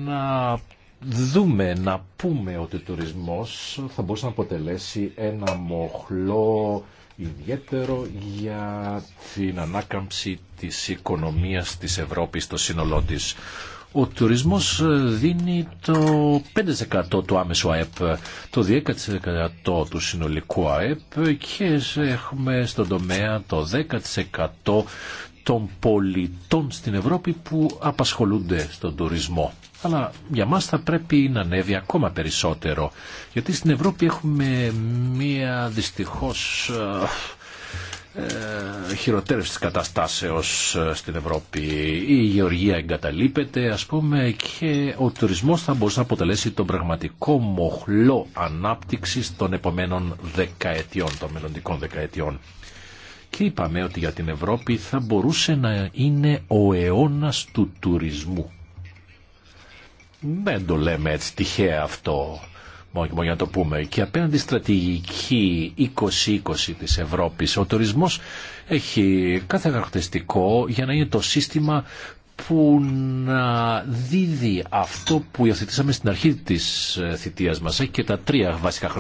[SPEAKER 3] να δούμε, να πούμε ότι ο τουρισμός θα μπορούσε να αποτελέσει ένα μοχλό ιδιαίτερο για την ανάκαμψη της οικονομίας της Ευρώπης στο σύνολό της. Ο τουρισμός δίνει το 5% του άμεσου ΑΕΠ, το 10% του συνολικού ΑΕΠ και έχουμε στον τομέα το 10% των πολιτών στην Ευρώπη που απασχολούνται στον τουρισμό αλλά για μας θα πρέπει να ανέβει ακόμα περισσότερο. Γιατί στην Ευρώπη έχουμε μία δυστυχώς ε, ε χειροτέρευση της καταστάσεως ε, στην Ευρώπη. Η γεωργία εγκαταλείπεται, ας πούμε, και ο τουρισμός θα μπορούσε να αποτελέσει τον πραγματικό μοχλό ανάπτυξης των επομένων δεκαετιών, των μελλοντικών δεκαετιών. Και είπαμε ότι για την Ευρώπη θα μπορούσε να είναι ο αιώνας του τουρισμού. Δεν το λέμε έτσι τυχαία αυτό, μόνο, για να το πούμε. Και απέναντι στρατηγική 2020 της Ευρώπης, ο τουρισμός έχει κάθε χαρακτηριστικό για να είναι το σύστημα που να δίδει αυτό που υιοθετήσαμε στην αρχή της ε, θητείας μας. Έχει και τα τρία βασικά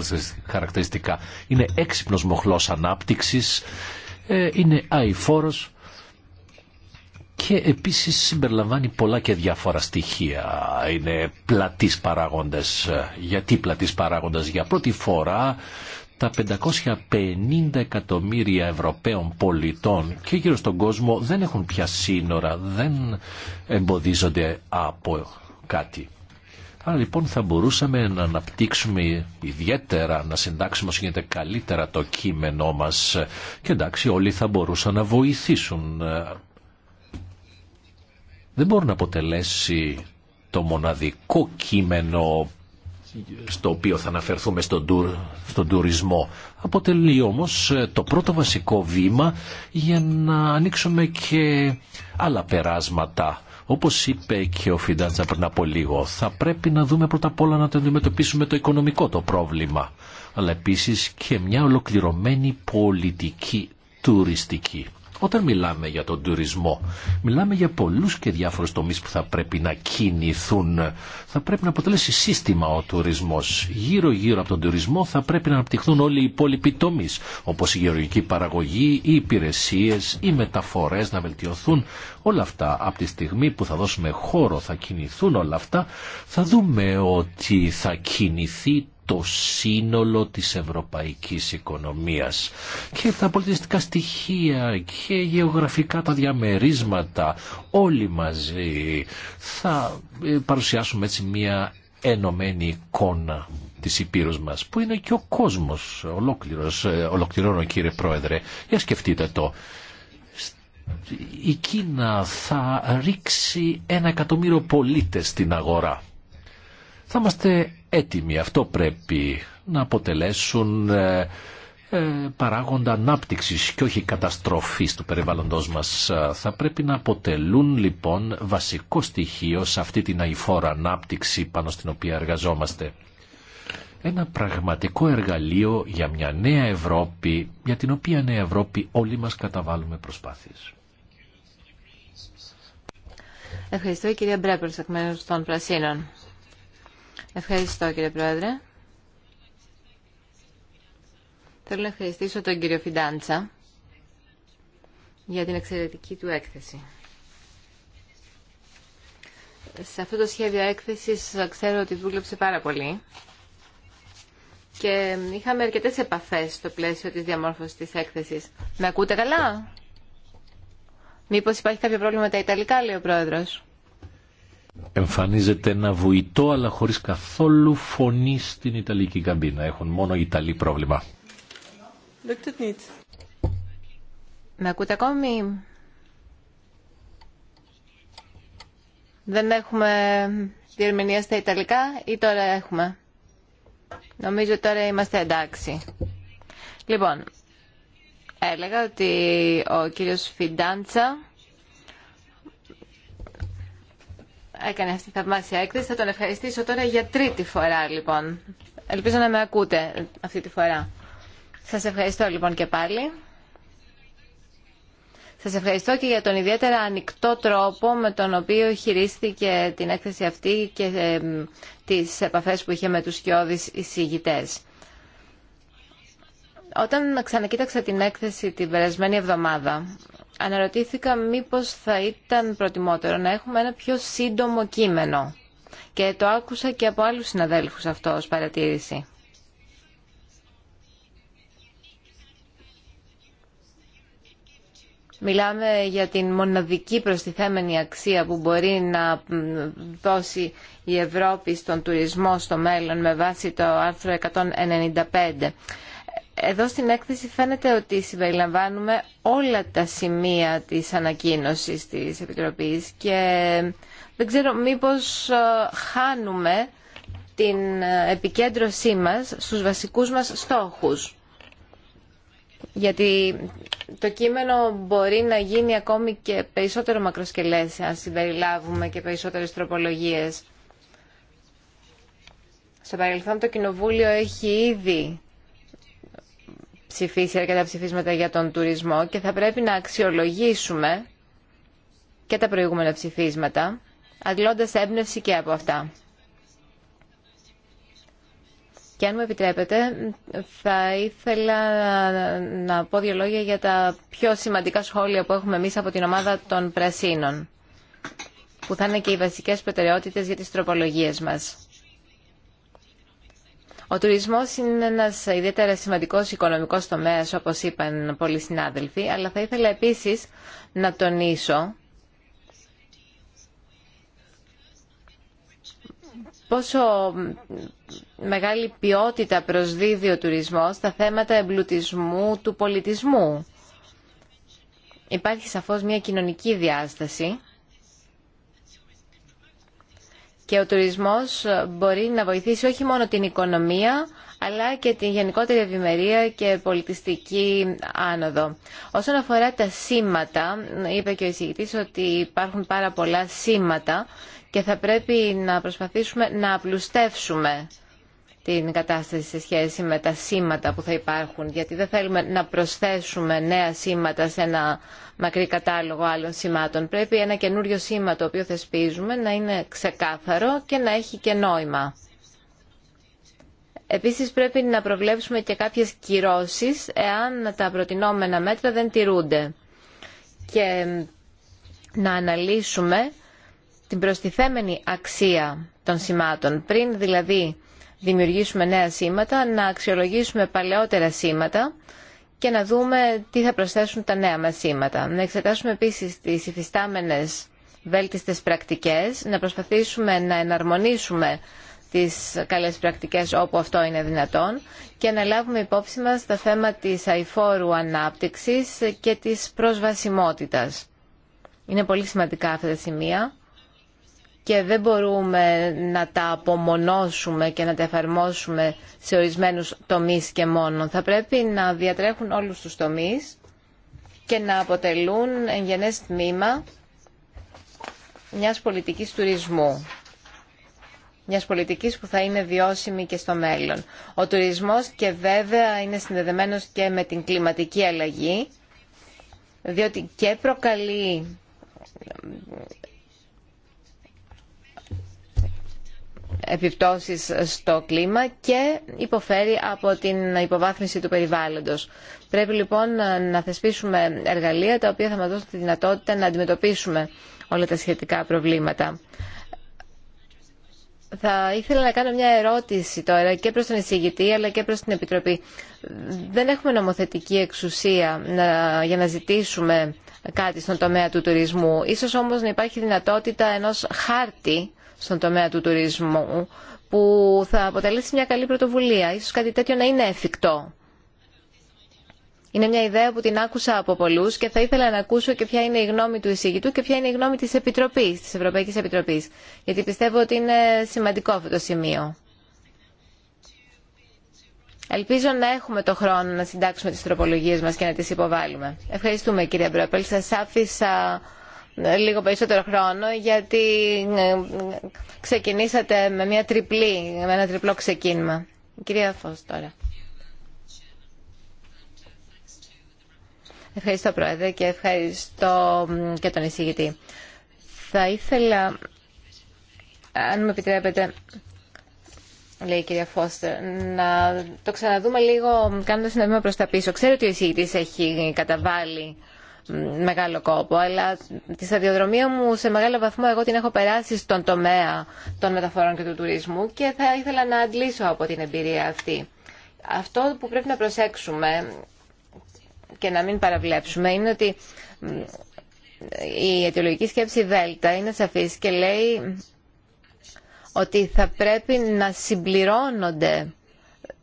[SPEAKER 3] χαρακτηριστικά. Είναι έξυπνος μοχλός ανάπτυξης, ε, είναι αηφόρος και επίσης συμπεριλαμβάνει πολλά και διάφορα στοιχεία. Είναι πλατής παράγοντας. Γιατί πλατής παράγοντας. Για πρώτη φορά τα 550 εκατομμύρια Ευρωπαίων πολιτών και γύρω στον κόσμο δεν έχουν πια σύνορα, δεν εμποδίζονται από κάτι. Άρα λοιπόν θα μπορούσαμε να αναπτύξουμε ιδιαίτερα, να συντάξουμε όσο γίνεται καλύτερα το κείμενό μας και εντάξει όλοι θα μπορούσαν να βοηθήσουν δεν μπορεί να αποτελέσει το μοναδικό κείμενο στο οποίο θα αναφερθούμε στον, στον τουρισμό. Αποτελεί όμως ε, το πρώτο βασικό βήμα για να ανοίξουμε και άλλα περάσματα. Όπως είπε και ο Φιντάντσα πριν από λίγο, θα πρέπει να δούμε πρώτα απ' όλα να το αντιμετωπίσουμε το οικονομικό το πρόβλημα, αλλά επίσης και μια ολοκληρωμένη πολιτική τουριστική. Όταν μιλάμε για τον τουρισμό, μιλάμε για πολλούς και διάφορους τομείς που θα πρέπει να κινηθούν. Θα πρέπει να αποτελέσει σύστημα ο τουρισμός. Γύρω-γύρω από τον τουρισμό θα πρέπει να αναπτυχθούν όλοι οι υπόλοιποι τομείς, όπως η γεωργική παραγωγή, οι υπηρεσίες, οι μεταφορές να βελτιωθούν. Όλα αυτά από τη στιγμή που θα δώσουμε χώρο, θα κινηθούν όλα αυτά, θα δούμε ότι θα κινηθεί το σύνολο της ευρωπαϊκής οικονομίας και τα πολιτιστικά στοιχεία και γεωγραφικά τα διαμερίσματα όλοι μαζί θα ε, παρουσιάσουμε έτσι μια ενωμένη εικόνα της Υπήρους μας που είναι και ο κόσμος ολόκληρος, ε, ολοκληρώνω κύριε Πρόεδρε για σκεφτείτε το η Κίνα θα ρίξει ένα εκατομμύριο πολίτες στην αγορά θα είμαστε έτοιμοι. Αυτό πρέπει να αποτελέσουν ε, ε, παράγοντα ανάπτυξης και όχι καταστροφής του περιβάλλοντος μας. Ε, θα πρέπει να αποτελούν λοιπόν βασικό στοιχείο σε αυτή την αηφόρα ανάπτυξη πάνω στην οποία εργαζόμαστε. Ένα πραγματικό εργαλείο για μια νέα Ευρώπη, για την οποία νέα Ευρώπη όλοι μας καταβάλουμε προσπάθειες.
[SPEAKER 1] Ευχαριστώ κυρία Μπρέπερς εκ των Πρασίνων. Ευχαριστώ κύριε Πρόεδρε. Θέλω να ευχαριστήσω τον κύριο Φιντάντσα για την εξαιρετική του έκθεση. Σε αυτό το σχέδιο έκθεσης ξέρω ότι δούλεψε πάρα πολύ και είχαμε αρκετές επαφές στο πλαίσιο της διαμόρφωσης της έκθεσης. Με ακούτε καλά? Μήπως υπάρχει κάποιο πρόβλημα με τα Ιταλικά, λέει ο Πρόεδρος
[SPEAKER 3] εμφανίζεται ένα βουητό αλλά χωρίς καθόλου φωνή στην Ιταλική καμπίνα. Έχουν μόνο Ιταλοί πρόβλημα.
[SPEAKER 1] Με ακούτε ακόμη. Δεν έχουμε διερμηνία στα Ιταλικά ή τώρα έχουμε. Νομίζω τώρα είμαστε εντάξει. Λοιπόν, έλεγα ότι ο κύριος Φιντάντσα έκανε αυτή τη θαυμάσια έκθεση. Θα τον ευχαριστήσω τώρα για τρίτη φορά λοιπόν. Ελπίζω να με ακούτε αυτή τη φορά. Σας ευχαριστώ λοιπόν και πάλι. Σας ευχαριστώ και για τον ιδιαίτερα ανοιχτό τρόπο με τον οποίο χειρίστηκε την έκθεση αυτή και ε, τις επαφές που είχε με τους σκιώδεις εισηγητές. Όταν ξανακοίταξα την έκθεση την περασμένη εβδομάδα, αναρωτήθηκα μήπως θα ήταν προτιμότερο να έχουμε ένα πιο σύντομο κείμενο. Και το άκουσα και από άλλους συναδέλφους αυτό ως παρατήρηση. Μιλάμε για την μοναδική προστιθέμενη αξία που μπορεί να δώσει η Ευρώπη στον τουρισμό στο μέλλον με βάση το άρθρο 195. Εδώ στην έκθεση φαίνεται ότι συμπεριλαμβάνουμε όλα τα σημεία της ανακοίνωσης της Επιτροπής και δεν ξέρω μήπως ε, χάνουμε την ε, επικέντρωσή μας στους βασικούς μας στόχους. Γιατί το κείμενο μπορεί να γίνει ακόμη και περισσότερο μακροσκελές αν συμπεριλάβουμε και περισσότερες τροπολογίες. Στο παρελθόν το Κοινοβούλιο έχει ήδη ψηφίσει αρκετά ψηφίσματα για τον τουρισμό και θα πρέπει να αξιολογήσουμε και τα προηγούμενα ψηφίσματα, αντλώντας έμπνευση και από αυτά. Και αν μου επιτρέπετε, θα ήθελα να πω δύο λόγια για τα πιο σημαντικά σχόλια που έχουμε εμείς από την ομάδα των Πρασίνων, που θα είναι και οι βασικές προτεραιότητες για τις τροπολογίες μας. Ο τουρισμό είναι ένα ιδιαίτερα σημαντικό οικονομικό τομέα, όπω είπαν πολλοί συνάδελφοι, αλλά θα ήθελα επίση να τονίσω πόσο μεγάλη ποιότητα προσδίδει ο τουρισμός στα θέματα εμπλουτισμού του πολιτισμού. Υπάρχει σαφώς μια κοινωνική διάσταση και ο τουρισμός μπορεί να βοηθήσει όχι μόνο την οικονομία, αλλά και την γενικότερη ευημερία και πολιτιστική άνοδο. Όσον αφορά τα σήματα, είπε και ο εισηγητής ότι υπάρχουν πάρα πολλά σήματα και θα πρέπει να προσπαθήσουμε να απλουστεύσουμε την κατάσταση σε σχέση με τα σήματα που θα υπάρχουν, γιατί δεν θέλουμε να προσθέσουμε νέα σήματα σε ένα μακρύ κατάλογο άλλων σημάτων. Πρέπει ένα καινούριο σήμα το οποίο θεσπίζουμε να είναι ξεκάθαρο και να έχει και νόημα. Επίσης πρέπει να προβλέψουμε και κάποιες κυρώσεις εάν τα προτινόμενα μέτρα δεν τηρούνται και να αναλύσουμε την προστιθέμενη αξία των σημάτων πριν δηλαδή δημιουργήσουμε νέα σήματα, να αξιολογήσουμε παλαιότερα σήματα και να δούμε τι θα προσθέσουν τα νέα μας σήματα. Να εξετάσουμε επίσης τις υφιστάμενες βέλτιστες πρακτικές, να προσπαθήσουμε να εναρμονίσουμε τις καλές πρακτικές όπου αυτό είναι δυνατόν και να λάβουμε υπόψη μας τα θέμα της αηφόρου ανάπτυξης και της προσβασιμότητας. Είναι πολύ σημαντικά αυτά τα σημεία και δεν μπορούμε να τα απομονώσουμε και να τα εφαρμόσουμε σε ορισμένους τομείς και μόνο. Θα πρέπει να διατρέχουν όλους τους τομείς και να αποτελούν εγγενές τμήμα μιας πολιτικής τουρισμού. Μιας πολιτικής που θα είναι βιώσιμη και στο μέλλον. Ο τουρισμός και βέβαια είναι συνδεδεμένος και με την κλιματική αλλαγή, διότι και προκαλεί επιπτώσεις στο κλίμα και υποφέρει από την υποβάθμιση του περιβάλλοντος. Πρέπει λοιπόν να θεσπίσουμε εργαλεία τα οποία θα μας δώσουν τη δυνατότητα να αντιμετωπίσουμε όλα τα σχετικά προβλήματα. Θα ήθελα να κάνω μια ερώτηση τώρα και προς τον εισηγητή αλλά και προς την Επιτροπή. Δεν έχουμε νομοθετική εξουσία για να ζητήσουμε κάτι στον τομέα του τουρισμού. Ίσως όμως να υπάρχει δυνατότητα ενός χάρτη στον τομέα του τουρισμού που θα αποτελέσει μια καλή πρωτοβουλία. Ίσως κάτι τέτοιο να είναι εφικτό. Είναι μια ιδέα που την άκουσα από πολλούς και θα ήθελα να ακούσω και ποια είναι η γνώμη του εισηγητού και ποια είναι η γνώμη της Επιτροπής, της Ευρωπαϊκής Επιτροπής. Γιατί πιστεύω ότι είναι σημαντικό αυτό το σημείο. Ελπίζω να έχουμε το χρόνο να συντάξουμε τις τροπολογίες μας και να τις υποβάλουμε. Ευχαριστούμε κύριε Μπρόπελ. Σας άφησα ε, λίγο περισσότερο χρόνο γιατί ε, ξεκινήσατε με, μια τριπλή, με ένα τριπλό ξεκίνημα. Κυρία Φως τώρα. Ευχαριστώ Πρόεδρε και ευχαριστώ και τον εισηγητή. Θα ήθελα, αν μου επιτρέπετε, λέει η κυρία Φώστερ, να το ξαναδούμε λίγο κάνοντας ένα βήμα προς τα πίσω. Ξέρω ότι ο εισηγητής έχει καταβάλει μεγάλο κόπο, αλλά τη σταδιοδρομία μου σε μεγάλο βαθμό εγώ την έχω περάσει στον τομέα των μεταφορών και του τουρισμού και θα ήθελα να αντλήσω από την εμπειρία αυτή. Αυτό που πρέπει να προσέξουμε και να μην παραβλέψουμε είναι ότι η αιτιολογική σκέψη Δέλτα είναι σαφής και λέει ότι θα πρέπει να συμπληρώνονται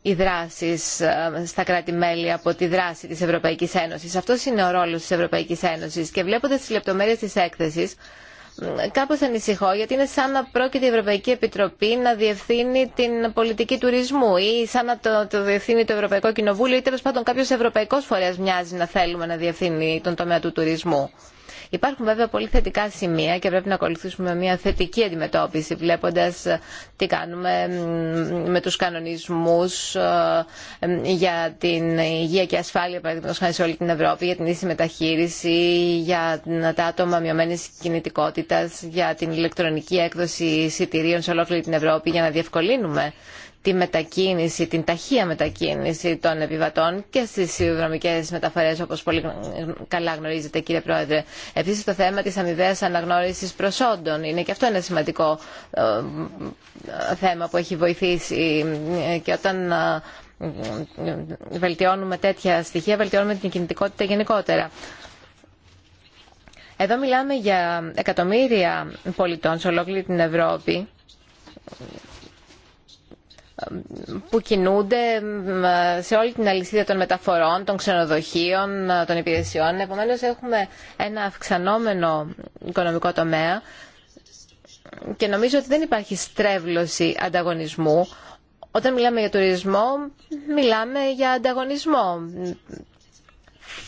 [SPEAKER 1] οι δράσεις ε, στα κράτη-μέλη από τη δράση της Ευρωπαϊκής Ένωσης. Αυτό είναι ο ρόλος της Ευρωπαϊκής Ένωσης και βλέποντας τις λεπτομέρειες της έκθεσης κάπως ανησυχώ γιατί είναι σαν να πρόκειται η Ευρωπαϊκή Επιτροπή να διευθύνει την πολιτική τουρισμού ή σαν να το, διευθύνει το Ευρωπαϊκό Κοινοβούλιο ή τέλος πάντων κάποιος ευρωπαϊκός φορέας μοιάζει να θέλουμε να διευθύνει τον τομέα του τουρισμού. Υπάρχουν βέβαια πολύ θετικά σημεία και πρέπει να ακολουθήσουμε μια θετική αντιμετώπιση βλέποντας ε, τι κάνουμε με τους κανονισμούς ε, για την υγεία και ασφάλεια παραδείγματος χάρη σε όλη την Ευρώπη, για την ίση μεταχείριση, για τα άτομα μειωμένης κινητικότητας, για την ηλεκτρονική έκδοση εισιτηρίων σε ολόκληρη την Ευρώπη για να διευκολύνουμε τη μετακίνηση, την ταχεία μετακίνηση των επιβατών και στι συνδρομικές μεταφορές όπως πολύ καλά γνωρίζετε κύριε Πρόεδρε. Επίσης το θέμα της αμοιβαία αναγνώρισης προσόντων είναι και αυτό ένα σημαντικό ε, θέμα που έχει βοηθήσει ε, και όταν ε, βελτιώνουμε τέτοια στοιχεία βελτιώνουμε την κινητικότητα γενικότερα. Εδώ μιλάμε για εκατομμύρια πολιτών σε ολόκληρη την Ευρώπη που κινούνται σε όλη την αλυσίδα των μεταφορών, των ξενοδοχείων, των υπηρεσιών. Επομένως έχουμε ένα αυξανόμενο οικονομικό τομέα και νομίζω ότι δεν υπάρχει στρέβλωση ανταγωνισμού. Όταν μιλάμε για τουρισμό, μιλάμε για ανταγωνισμό.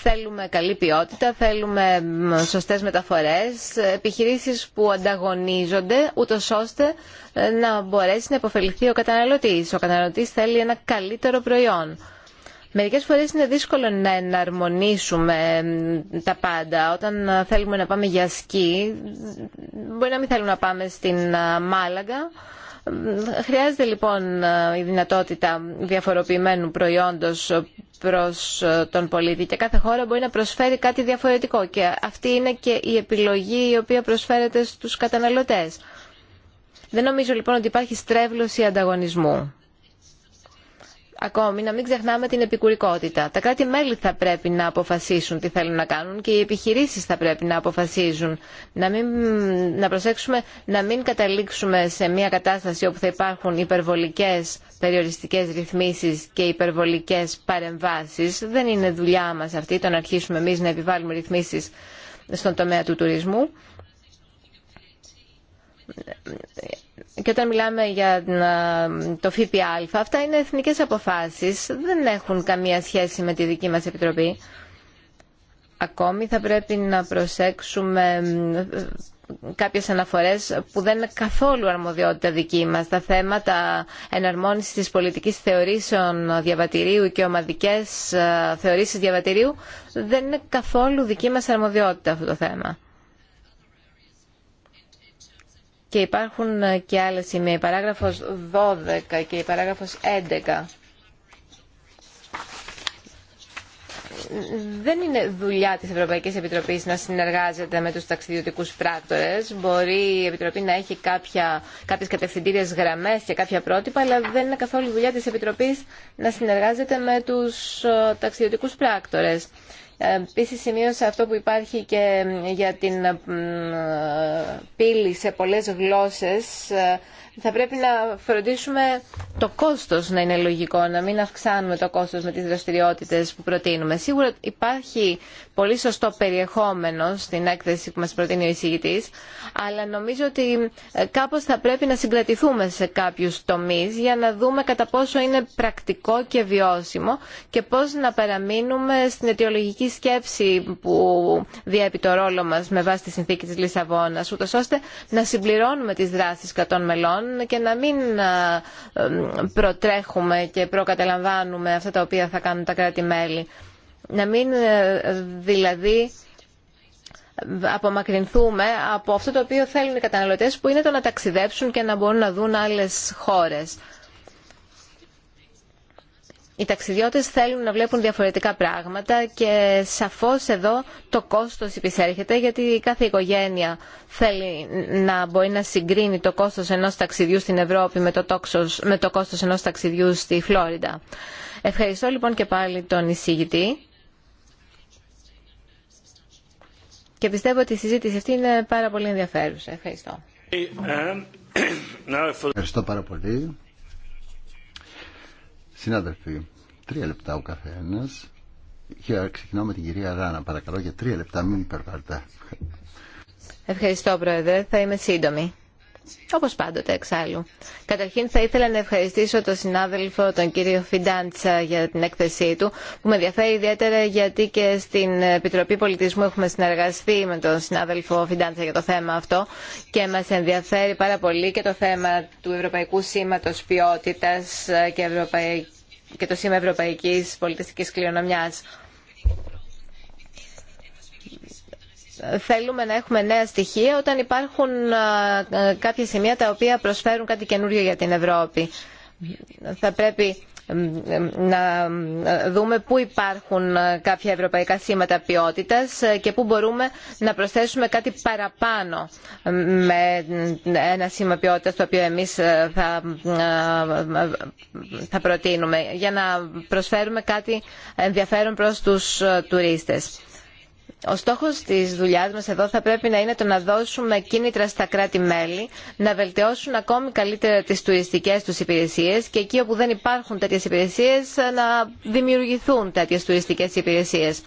[SPEAKER 1] Θέλουμε καλή ποιότητα, θέλουμε σωστές μεταφορές, επιχειρήσεις που ανταγωνίζονται, ούτω ώστε ε, να μπορέσει να υποφεληθεί ο καταναλωτής. Ο καταναλωτής θέλει ένα καλύτερο προϊόν. Μερικές φορές είναι δύσκολο να εναρμονίσουμε τα πάντα. Όταν θέλουμε να πάμε για σκι, μπορεί να μην θέλουμε να πάμε στην ε, Μάλαγκα. Χρειάζεται λοιπόν η δυνατότητα διαφοροποιημένου προϊόντος προς ε, τον πολίτη και κάθε χώρα μπορεί να προσφέρει κάτι διαφορετικό και αυτή είναι και η επιλογή η οποία προσφέρεται στους καταναλωτές. Δεν νομίζω λοιπόν ότι υπάρχει στρέβλωση ανταγωνισμού ακόμη να μην ξεχνάμε την επικουρικότητα. Τα κράτη-μέλη θα πρέπει να αποφασίσουν τι θέλουν να κάνουν και οι επιχειρήσεις θα πρέπει να αποφασίζουν. Να, μην, να προσέξουμε να μην καταλήξουμε σε μια κατάσταση όπου θα υπάρχουν υπερβολικές περιοριστικές ρυθμίσεις και υπερβολικές παρεμβάσεις. Δεν είναι δουλειά μας αυτή το να αρχίσουμε εμείς να επιβάλλουμε ρυθμίσεις στον τομέα του τουρισμού και όταν μιλάμε για ε, το ΦΠΑ, αυτά είναι εθνικές αποφάσεις, δεν έχουν καμία σχέση με τη δική μας Επιτροπή. Ακόμη θα πρέπει να προσέξουμε ε, κάποιες αναφορές που δεν είναι καθόλου αρμοδιότητα δική μας. Τα θέματα εναρμόνισης της πολιτικής θεωρήσεων διαβατηρίου και ομαδικές ε, θεωρήσεις διαβατηρίου δεν είναι καθόλου δική μας αρμοδιότητα αυτό το θέμα. Και υπάρχουν ε, και άλλα σημεία, η παράγραφος 12 και η παράγραφος 11. δεν είναι δουλειά της Ευρωπαϊκής Επιτροπής να συνεργάζεται με τους ταξιδιωτικούς πράκτορες. Μπορεί η Επιτροπή να έχει κάποια, κάποιες κατευθυντήριες γραμμές και κάποια πρότυπα, αλλά δεν είναι καθόλου δουλειά της Επιτροπής να συνεργάζεται με τους ε, ταξιδιωτικούς πράκτορες. Επίση σημείωσα αυτό που υπάρχει και ε, για την ε, ε, πύλη σε πολλές γλώσσες θα πρέπει να φροντίσουμε το κόστος να είναι λογικό, να μην αυξάνουμε το κόστος με τις δραστηριότητες που προτείνουμε. Σίγουρα υπάρχει πολύ σωστό περιεχόμενο στην έκθεση που μας προτείνει ο εισηγητής, αλλά νομίζω ότι ε, κάπως θα πρέπει να συγκρατηθούμε σε κάποιους τομείς για να δούμε κατά πόσο είναι πρακτικό και βιώσιμο και πώς να παραμείνουμε στην αιτιολογική σκέψη που διέπει το ρόλο μας με βάση τη συνθήκη της Λισαβόνας, ούτως ώστε να συμπληρώνουμε τις δράσεις κατών μελών και να μην ε, ε, προτρέχουμε και προκαταλαμβάνουμε αυτά τα οποία θα κάνουν τα κράτη-μέλη. Να μην ε, δηλαδή απομακρυνθούμε από αυτό το οποίο θέλουν οι καταναλωτές που είναι το να ταξιδέψουν και να μπορούν να δουν άλλες χώρες οι ταξιδιώτες θέλουν να βλέπουν διαφορετικά πράγματα και σαφώς εδώ το κόστος υπησέρχεται γιατί κάθε οικογένεια θέλει να μπορεί να συγκρίνει το κόστος ενός ταξιδιού στην Ευρώπη με το, τόξος, με το κόστος ενός ταξιδιού στη Φλόριντα. Ευχαριστώ λοιπόν και πάλι τον εισηγητή. Και πιστεύω ότι η συζήτηση αυτή είναι πάρα πολύ ενδιαφέρουσα. Ευχαριστώ.
[SPEAKER 4] Ευχαριστώ πάρα πολύ. Συνάδελφοι, τρία λεπτά ο καθένα. ξεκινώ με την κυρία Ράνα, παρακαλώ, για τρία λεπτά μην υπερβάλλετε.
[SPEAKER 1] Ευχαριστώ, Πρόεδρε. Θα είμαι σύντομη όπως πάντοτε εξάλλου. Καταρχήν θα ήθελα να ευχαριστήσω τον συνάδελφο τον κύριο Φιντάντσα για την έκθεσή του που με ενδιαφέρει ιδιαίτερα γιατί και στην Επιτροπή Πολιτισμού έχουμε συνεργαστεί με τον συνάδελφο Φιντάντσα για το θέμα αυτό και μας ενδιαφέρει πάρα πολύ και το θέμα του Ευρωπαϊκού Σήματος Ποιότητας και, το Σήμα Ευρωπαϊκής Πολιτιστικής Κληρονομιάς. θέλουμε να έχουμε νέα στοιχεία όταν υπάρχουν κάποια σημεία τα οποία προσφέρουν κάτι καινούριο για την Ευρώπη. Θα πρέπει να δούμε πού υπάρχουν κάποια ευρωπαϊκά σήματα ποιότητας και πού μπορούμε να προσθέσουμε κάτι παραπάνω με ένα σήμα ποιότητας το οποίο εμείς θα, θα προτείνουμε για να προσφέρουμε κάτι ενδιαφέρον προς τους τουρίστες ο στόχος της δουλειάς μας εδώ θα πρέπει να είναι το να δώσουμε κίνητρα στα κράτη-μέλη, να βελτιώσουν ακόμη καλύτερα τις τουριστικές τους υπηρεσίες και εκεί όπου δεν υπάρχουν τέτοιες υπηρεσίες να δημιουργηθούν τέτοιες τουριστικές υπηρεσίες.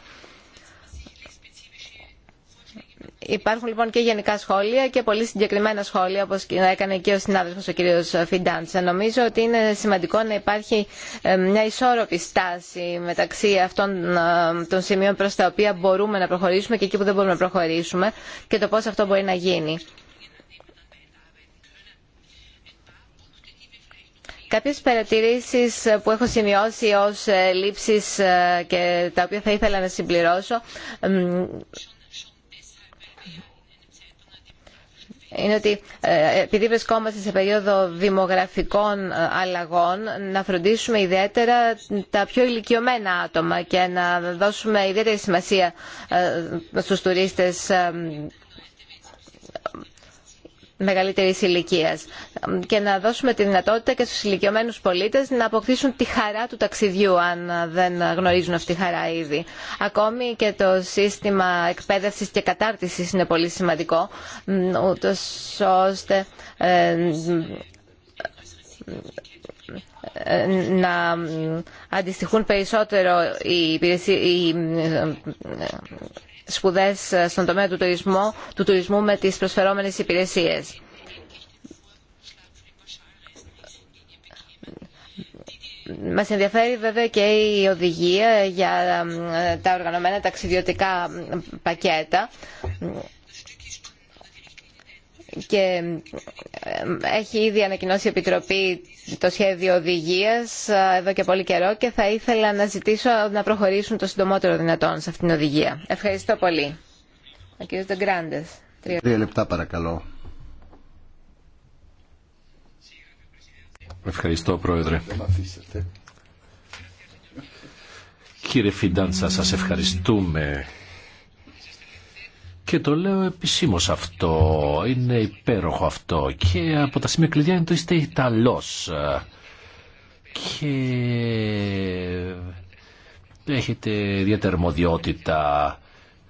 [SPEAKER 1] Υπάρχουν λοιπόν και γενικά σχόλια και πολύ συγκεκριμένα σχόλια όπως έκανε και ο συνάδελφος ο κύριος Φιντάντσα. Νομίζω ότι είναι σημαντικό να υπάρχει ε, μια ισόρροπη στάση μεταξύ αυτών ε, των σημείων προς τα οποία μπορούμε να προχωρήσουμε και εκεί που δεν μπορούμε να προχωρήσουμε και το πώς αυτό μπορεί να γίνει. Κάποιες παρατηρήσεις που έχω σημειώσει ως ε, λήψεις και τα οποία θα ήθελα να συμπληρώσω είναι ότι ε, επειδή βρισκόμαστε σε περίοδο δημογραφικών ε, αλλαγών να φροντίσουμε ιδιαίτερα τα πιο ηλικιωμένα άτομα και να δώσουμε ιδιαίτερη σημασία ε, στους τουρίστες Μεγαλύτερη ηλικία. και να δώσουμε τη δυνατότητα και στου ηλικιωμένους πολίτε να αποκτήσουν τη χαρά του ταξιδιού αν δεν γνωρίζουν αυτή τη χαρά ήδη. Ακόμη και το σύστημα εκπαίδευση και κατάρτιση είναι πολύ σημαντικό ούτω ώστε ε, ε, να αντιστοιχούν περισσότερο οι, υπηρεσίε. Σπουδέ ε, στον τομέα του τουρισμού, του τουρισμού με τι προσφερόμενε υπηρεσίε. Μας ενδιαφέρει βέβαια και η οδηγία για ε, τα οργανωμένα ταξιδιωτικά ε, πακέτα και ε, έχει ήδη ανακοινώσει η Επιτροπή το σχέδιο οδηγίας ε, εδώ και πολύ καιρό και θα ήθελα να ζητήσω να προχωρήσουν το συντομότερο δυνατόν σε αυτήν την οδηγία. Ευχαριστώ πολύ. Ο κ. Δεγκράντες. Τρία
[SPEAKER 4] λεπτά παρακαλώ.
[SPEAKER 3] Ευχαριστώ Πρόεδρε. Κύριε Φιντάντσα, σας ευχαριστούμε και το λέω επισήμω αυτό. Είναι υπέροχο αυτό. Και από τα σημεία κλειδιά είναι το είστε Ιταλό. Και έχετε ιδιαίτερη αρμοδιότητα.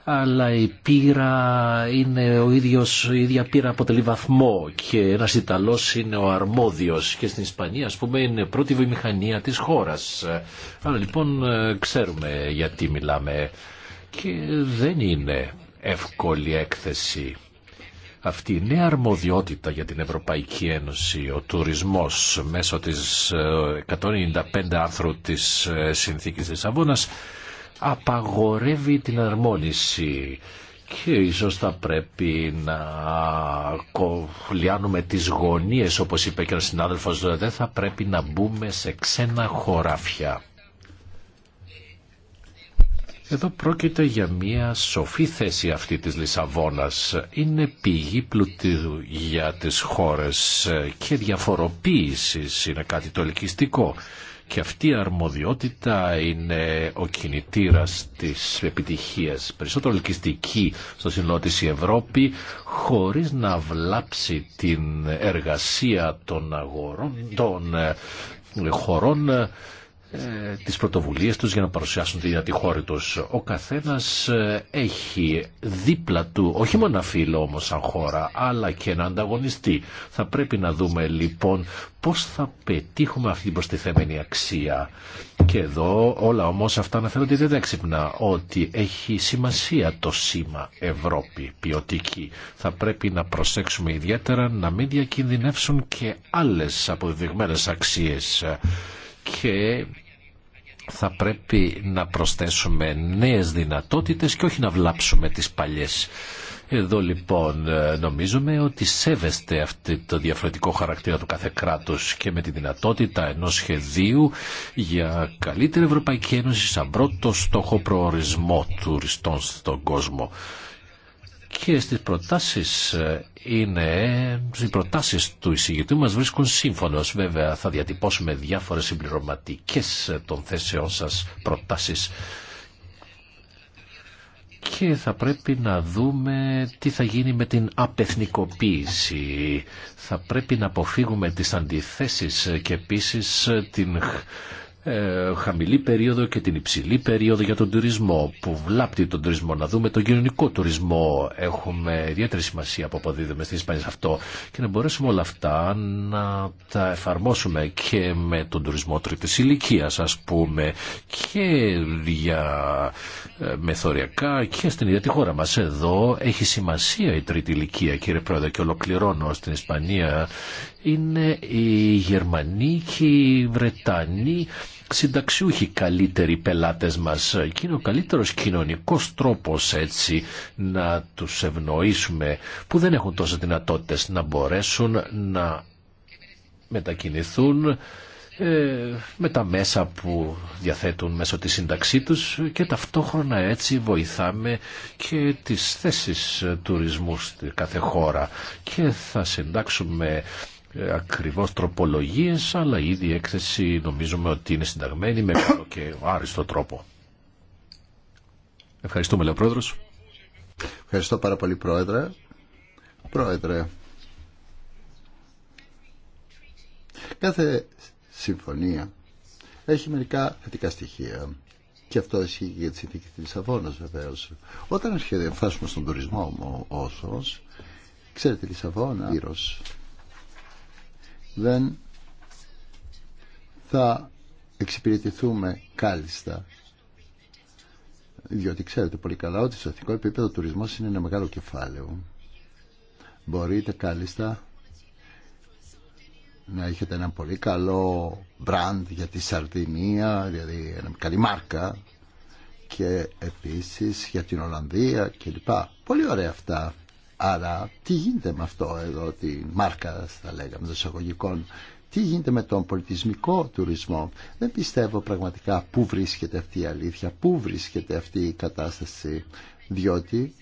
[SPEAKER 3] Αλλά η πύρα είναι ο ίδιος, η ίδια πύρα αποτελεί βαθμό και ένας Ιταλός είναι ο αρμόδιος και στην Ισπανία ας πούμε είναι πρώτη βιομηχανία της χώρας. Άρα λοιπόν ξέρουμε γιατί μιλάμε και δεν είναι εύκολη έκθεση. Αυτή η νέα αρμοδιότητα για την Ευρωπαϊκή Ένωση, ο τουρισμός μέσω της 195 ε, άρθρου της ε, Συνθήκης της Αβώνας, απαγορεύει την αρμόνιση και ίσως θα πρέπει να κολλιάνουμε τις γωνίες όπως είπε και ο συνάδελφος δεν θα πρέπει να μπούμε σε ξένα χωράφια εδώ πρόκειται για μια σοφή θέση αυτή της Λισαβόνας. Είναι πηγή πλουτίου για τις χώρες και διαφοροποίηση είναι κάτι το ελκυστικό. Και αυτή η αρμοδιότητα είναι ο κινητήρας της επιτυχίας. Περισσότερο ελκυστική στο σύνολό της Ευρώπη, χωρίς να βλάψει την εργασία των αγορών, των ε, χωρών ε, τις πρωτοβουλίες τους για να παρουσιάσουν τη, διατηχώρη τη τους. Ο καθένας ε, έχει δίπλα του, όχι μόνο φίλο όμως σαν χώρα, αλλά και ένα ανταγωνιστή. Θα πρέπει να δούμε λοιπόν πώς θα πετύχουμε αυτή την προστιθέμενη αξία. Και εδώ όλα όμως αυτά αναφέρονται δεν έξυπνα, ότι έχει σημασία το σήμα Ευρώπη ποιοτική. Θα πρέπει να προσέξουμε ιδιαίτερα να μην διακινδυνεύσουν και άλλες αποδειγμένες αξίες και θα πρέπει να προσθέσουμε νέες δυνατότητες και όχι να βλάψουμε τις παλιές. Εδώ λοιπόν ε, νομίζουμε ότι σέβεστε αυτό το διαφορετικό χαρακτήρα του κάθε κράτους και με τη δυνατότητα ενός σχεδίου για καλύτερη Ευρωπαϊκή Ένωση σαν πρώτο στόχο προορισμό τουριστών στον κόσμο και στις προτάσεις ε, είναι, οι προτάσεις του εισηγητού μας βρίσκουν σύμφωνος. Βέβαια θα διατυπώσουμε διάφορες συμπληρωματικές ε, των θέσεών σας προτάσεις και θα πρέπει να δούμε τι θα γίνει με την απεθνικοποίηση. Θα πρέπει να αποφύγουμε τις αντιθέσεις και επίσης ε, την ε, χαμηλή περίοδο και την υψηλή περίοδο για τον τουρισμό που βλάπτει τον τουρισμό. Να δούμε τον κοινωνικό τουρισμό. Έχουμε ιδιαίτερη σημασία που αποδίδουμε στην Ισπανία σε αυτό και να μπορέσουμε όλα αυτά να τα εφαρμόσουμε και με τον τουρισμό τρίτη ηλικία, ας πούμε και για ε, μεθοριακά και στην ίδια τη χώρα μας. Εδώ έχει σημασία η τρίτη ηλικία κύριε Πρόεδρε και ολοκληρώνω στην Ισπανία είναι οι Γερμανοί και οι Βρετανοί συνταξιούχοι καλύτεροι πελάτες μας και είναι ο καλύτερος κοινωνικός τρόπος έτσι να τους ευνοήσουμε που δεν έχουν τόσες δυνατότητες να μπορέσουν να μετακινηθούν ε, με τα μέσα που διαθέτουν μέσω της σύνταξή τους και ταυτόχρονα έτσι βοηθάμε και τις θέσεις τουρισμού στη κάθε χώρα και θα συντάξουμε ε, Ακριβώ τροπολογίε, αλλά ήδη η έκθεση νομίζουμε ότι είναι συνταγμένη με καλό και άριστο τρόπο. Ευχαριστούμε, λέει Πρόεδρος. Ευχαριστώ πάρα πολύ, Πρόεδρε. Πρόεδρε,
[SPEAKER 4] κάθε συμφωνία έχει μερικά θετικά στοιχεία. Και αυτό ισχύει και για τη συνθήκη τη Λισαβόνα βεβαίω. Όταν φτάσουμε στον τουρισμό όμω, ξέρετε, η Λισαβόνα, γύρω δεν θα εξυπηρετηθούμε κάλλιστα. Διότι ξέρετε πολύ καλά ότι στο εθνικό επίπεδο ο τουρισμός είναι ένα μεγάλο κεφάλαιο. Μπορείτε κάλλιστα να έχετε ένα πολύ καλό μπραντ για τη Σαρδινία, δηλαδή ένα καλή μάρκα και επίσης για την Ολλανδία κλπ. Πολύ ωραία αυτά. Άρα τι γίνεται με αυτό εδώ τη μάρκα θα λέγαμε των εισαγωγικών τι γίνεται με τον πολιτισμικό τουρισμό. Δεν πιστεύω πραγματικά πού βρίσκεται αυτή η αλήθεια, πού βρίσκεται αυτή η κατάσταση, διότι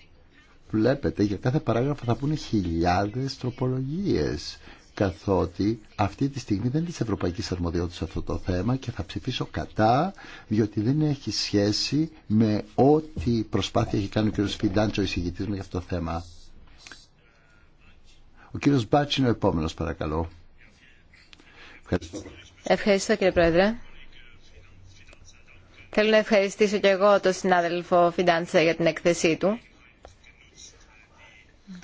[SPEAKER 4] βλέπετε για κάθε παράγραφο θα πούνε χιλιάδες τροπολογίες καθότι αυτή τη στιγμή δεν είναι της Ευρωπαϊκής Αρμοδιότητας αυτό το θέμα και θα ψηφίσω κατά διότι δεν έχει σχέση με ό,τι προσπάθεια έχει κάνει ο κ. Φιντάντσο εισηγητής μου για αυτό το θέμα. Ο κύριος Μπάτσι είναι ο επόμενος παρακαλώ. Ευχαριστώ.
[SPEAKER 1] Ευχαριστώ κύριε Πρόεδρε. Θέλω να ευχαριστήσω και εγώ τον συνάδελφο Φιντάντσα για την εκθεσή του.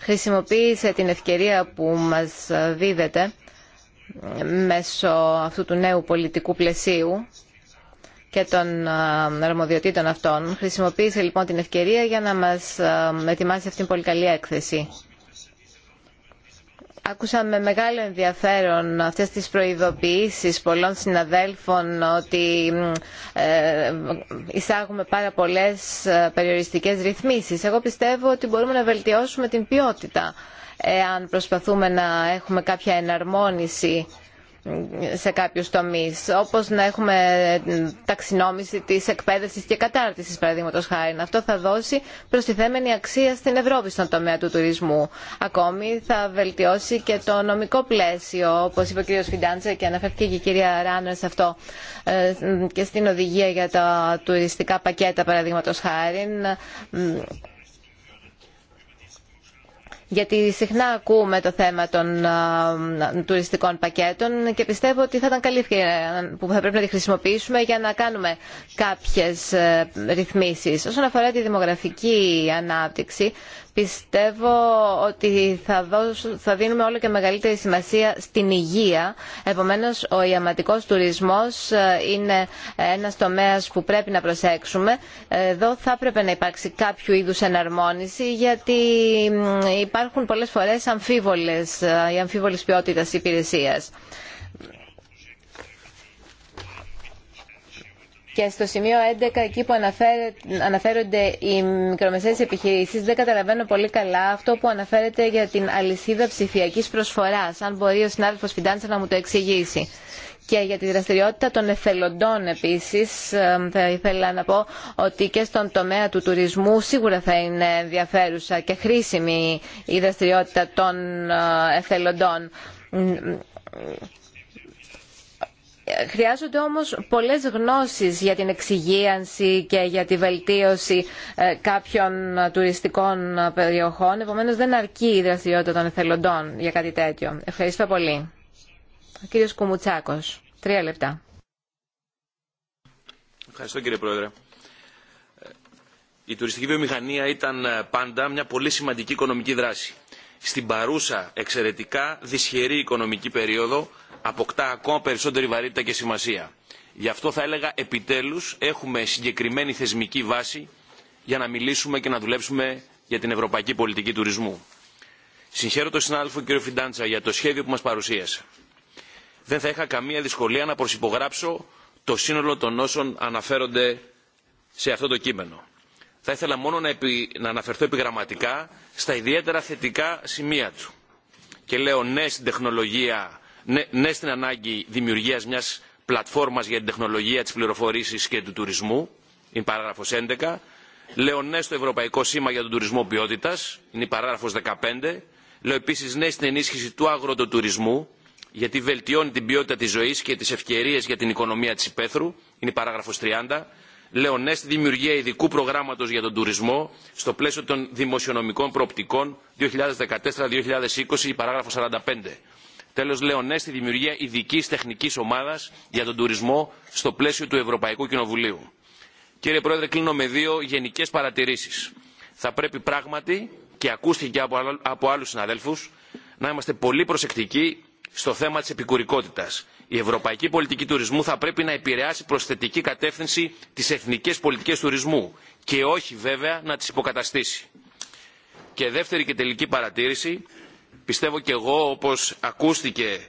[SPEAKER 1] Χρησιμοποίησε την ευκαιρία που μας δίδεται μέσω αυτού του νέου πολιτικού πλαισίου και των αρμοδιοτήτων αυτών. Χρησιμοποίησε λοιπόν την ευκαιρία για να μας ετοιμάσει αυτήν την πολύ καλή έκθεση. Άκουσα με μεγάλο ενδιαφέρον αυτές τις προειδοποιήσεις πολλών συναδέλφων ότι ε, εισάγουμε πάρα πολλές ε, περιοριστικές ρυθμίσεις. Εγώ πιστεύω ότι μπορούμε να βελτιώσουμε την ποιότητα εάν προσπαθούμε να έχουμε κάποια εναρμόνιση σε κάποιους τομείς, όπως να έχουμε ταξινόμηση τη εκπαίδευση και κατάρτισης, παραδείγματο χάρη. Αυτό θα δώσει προστιθέμενη αξία στην Ευρώπη στον τομέα του τουρισμού. Ακόμη θα βελτιώσει και το νομικό πλαίσιο, όπως είπε ο κ. Φιντάντσε και αναφέρθηκε και η κυρία Ράνερ σε αυτό ε, και στην οδηγία για τα τουριστικά πακέτα, παραδείγματο χάρη γιατί συχνά ακούμε το θέμα των τουριστικών πακέτων και πιστεύω ότι θα ήταν καλή ευκαιρία που θα πρέπει να τη χρησιμοποιήσουμε για να κάνουμε κάποιες ε, ρυθμίσεις. Όσον αφορά τη δημογραφική ανάπτυξη, πιστεύω ότι θα, δίνουμε όλο και μεγαλύτερη σημασία στην υγεία. Επομένως, ο ιαματικός τουρισμός ε, είναι ένας τομέας που πρέπει να προσέξουμε. Εδώ θα έπρεπε να υπάρξει κάποιο είδους εναρμόνιση, γιατί υπάρχουν πολλές φορές αμφίβολες, ε, οι αμφίβολες ποιότητας υπηρεσίας. Και στο σημείο 11, εκεί που αναφέρονται οι μικρομεσαίες επιχειρήσεις, δεν καταλαβαίνω πολύ καλά αυτό που αναφέρεται για την αλυσίδα ψηφιακής προσφοράς. Αν μπορεί ο συνάδελφος Φιντάντσα να μου το εξηγήσει. Και για τη δραστηριότητα των εθελοντών επίσης θα ήθελα να πω ότι και στον τομέα του τουρισμού σίγουρα θα είναι ενδιαφέρουσα και χρήσιμη η δραστηριότητα των ε, εθελοντών Χρειάζονται όμως πολλές γνώσεις για την εξυγίανση και για τη βελτίωση ε, κάποιων τουριστικών περιοχών. Επομένως δεν αρκεί η δραστηριότητα των εθελοντών για κάτι τέτοιο. Ευχαριστώ πολύ. Ο κύριος Κουμουτσάκος. Τρία λεπτά.
[SPEAKER 2] Ευχαριστώ κύριε Πρόεδρε. Ε, η τουριστική βιομηχανία ήταν ε, πάντα μια πολύ σημαντική οικονομική δράση. Στην παρούσα εξαιρετικά δυσχερή οικονομική περίοδο αποκτά ακόμα περισσότερη βαρύτητα και σημασία. Γι' αυτό θα έλεγα επιτέλους έχουμε συγκεκριμένη θεσμική βάση για να μιλήσουμε και να δουλέψουμε για την ευρωπαϊκή πολιτική τουρισμού. Συγχαίρω τον συνάδελφο κύριο Φιντάντσα για το σχέδιο που μας παρουσίασε. Δεν θα είχα καμία δυσκολία να προσυπογράψω το σύνολο των όσων αναφέρονται σε αυτό το κείμενο. Θα ήθελα μόνο να, να αναφερθώ επιγραμματικά στα ιδιαίτερα θετικά σημεία του. Και λέω ναι στην τεχνολογία ναι, ναι στην ανάγκη δημιουργίας μιας πλατφόρμας για την τεχνολογία της πληροφορήσης και του τουρισμού, είναι παράγραφος 11. Λέω ναι στο Ευρωπαϊκό Σήμα για τον Τουρισμό Ποιότητας, είναι η παράγραφος 15. Λέω επίσης ναι στην ενίσχυση του αγροτοτουρισμού, γιατί βελτιώνει την ποιότητα της ζωής και τις ευκαιρίες για την οικονομία της υπαίθρου, είναι η παράγραφος 30. Λέω ναι στη δημιουργία ειδικού προγράμματο για τον τουρισμό στο πλαίσιο των δημοσιονομικών προοπτικών 2014-2020, η παράγραφος Τέλο, λέω ναι στη δημιουργία ειδική τεχνική ομάδα για τον τουρισμό στο πλαίσιο του Ευρωπαϊκού Κοινοβουλίου. Κύριε Πρόεδρε, κλείνω με δύο γενικέ παρατηρήσει. Θα πρέπει πράγματι, και ακούστηκε από άλλου συναδέλφου, να είμαστε πολύ προσεκτικοί στο θέμα τη επικουρικότητα. Η ευρωπαϊκή πολιτική τουρισμού θα πρέπει να επηρεάσει προ θετική κατεύθυνση τι εθνικέ πολιτικέ τουρισμού και όχι βέβαια να τι υποκαταστήσει. Και δεύτερη και τελική παρατήρηση πιστεύω και εγώ όπως ακούστηκε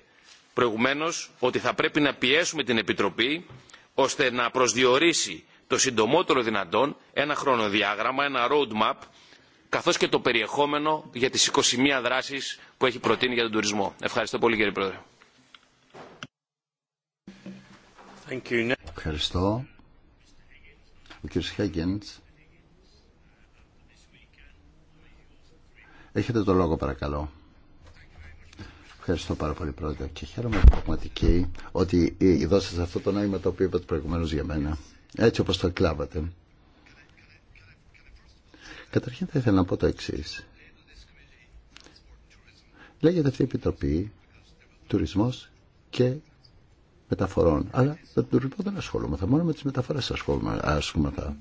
[SPEAKER 2] προηγουμένως ότι θα πρέπει να πιέσουμε την επιτροπή ώστε να προσδιορίσει το συντομότερο δυνατόν ένα χρονοδιάγραμμα, ένα road map καθώς και το περιεχόμενο για τις 21 δράσεις που έχει προτείνει για τον τουρισμό. Ευχαριστώ πολύ κύριε Πρόεδρε.
[SPEAKER 4] Ευχαριστώ. Ο κύριος Χέγγεντς. Έχετε το λόγο παρακαλώ. Ευχαριστώ πάρα πολύ πρόεδρε και χαίρομαι πραγματική ότι δώσατε αυτό το νόημα το οποίο είπατε προηγουμένω για μένα. Έτσι όπως το εκλάβατε. Καταρχήν θα ήθελα να πω το εξή. Λέγεται αυτή η επιτροπή τουρισμός και μεταφορών. Αλλά με τον τουρισμό δεν ασχολούμαστε. Μόνο με τις μεταφορές ασχολούμαστε.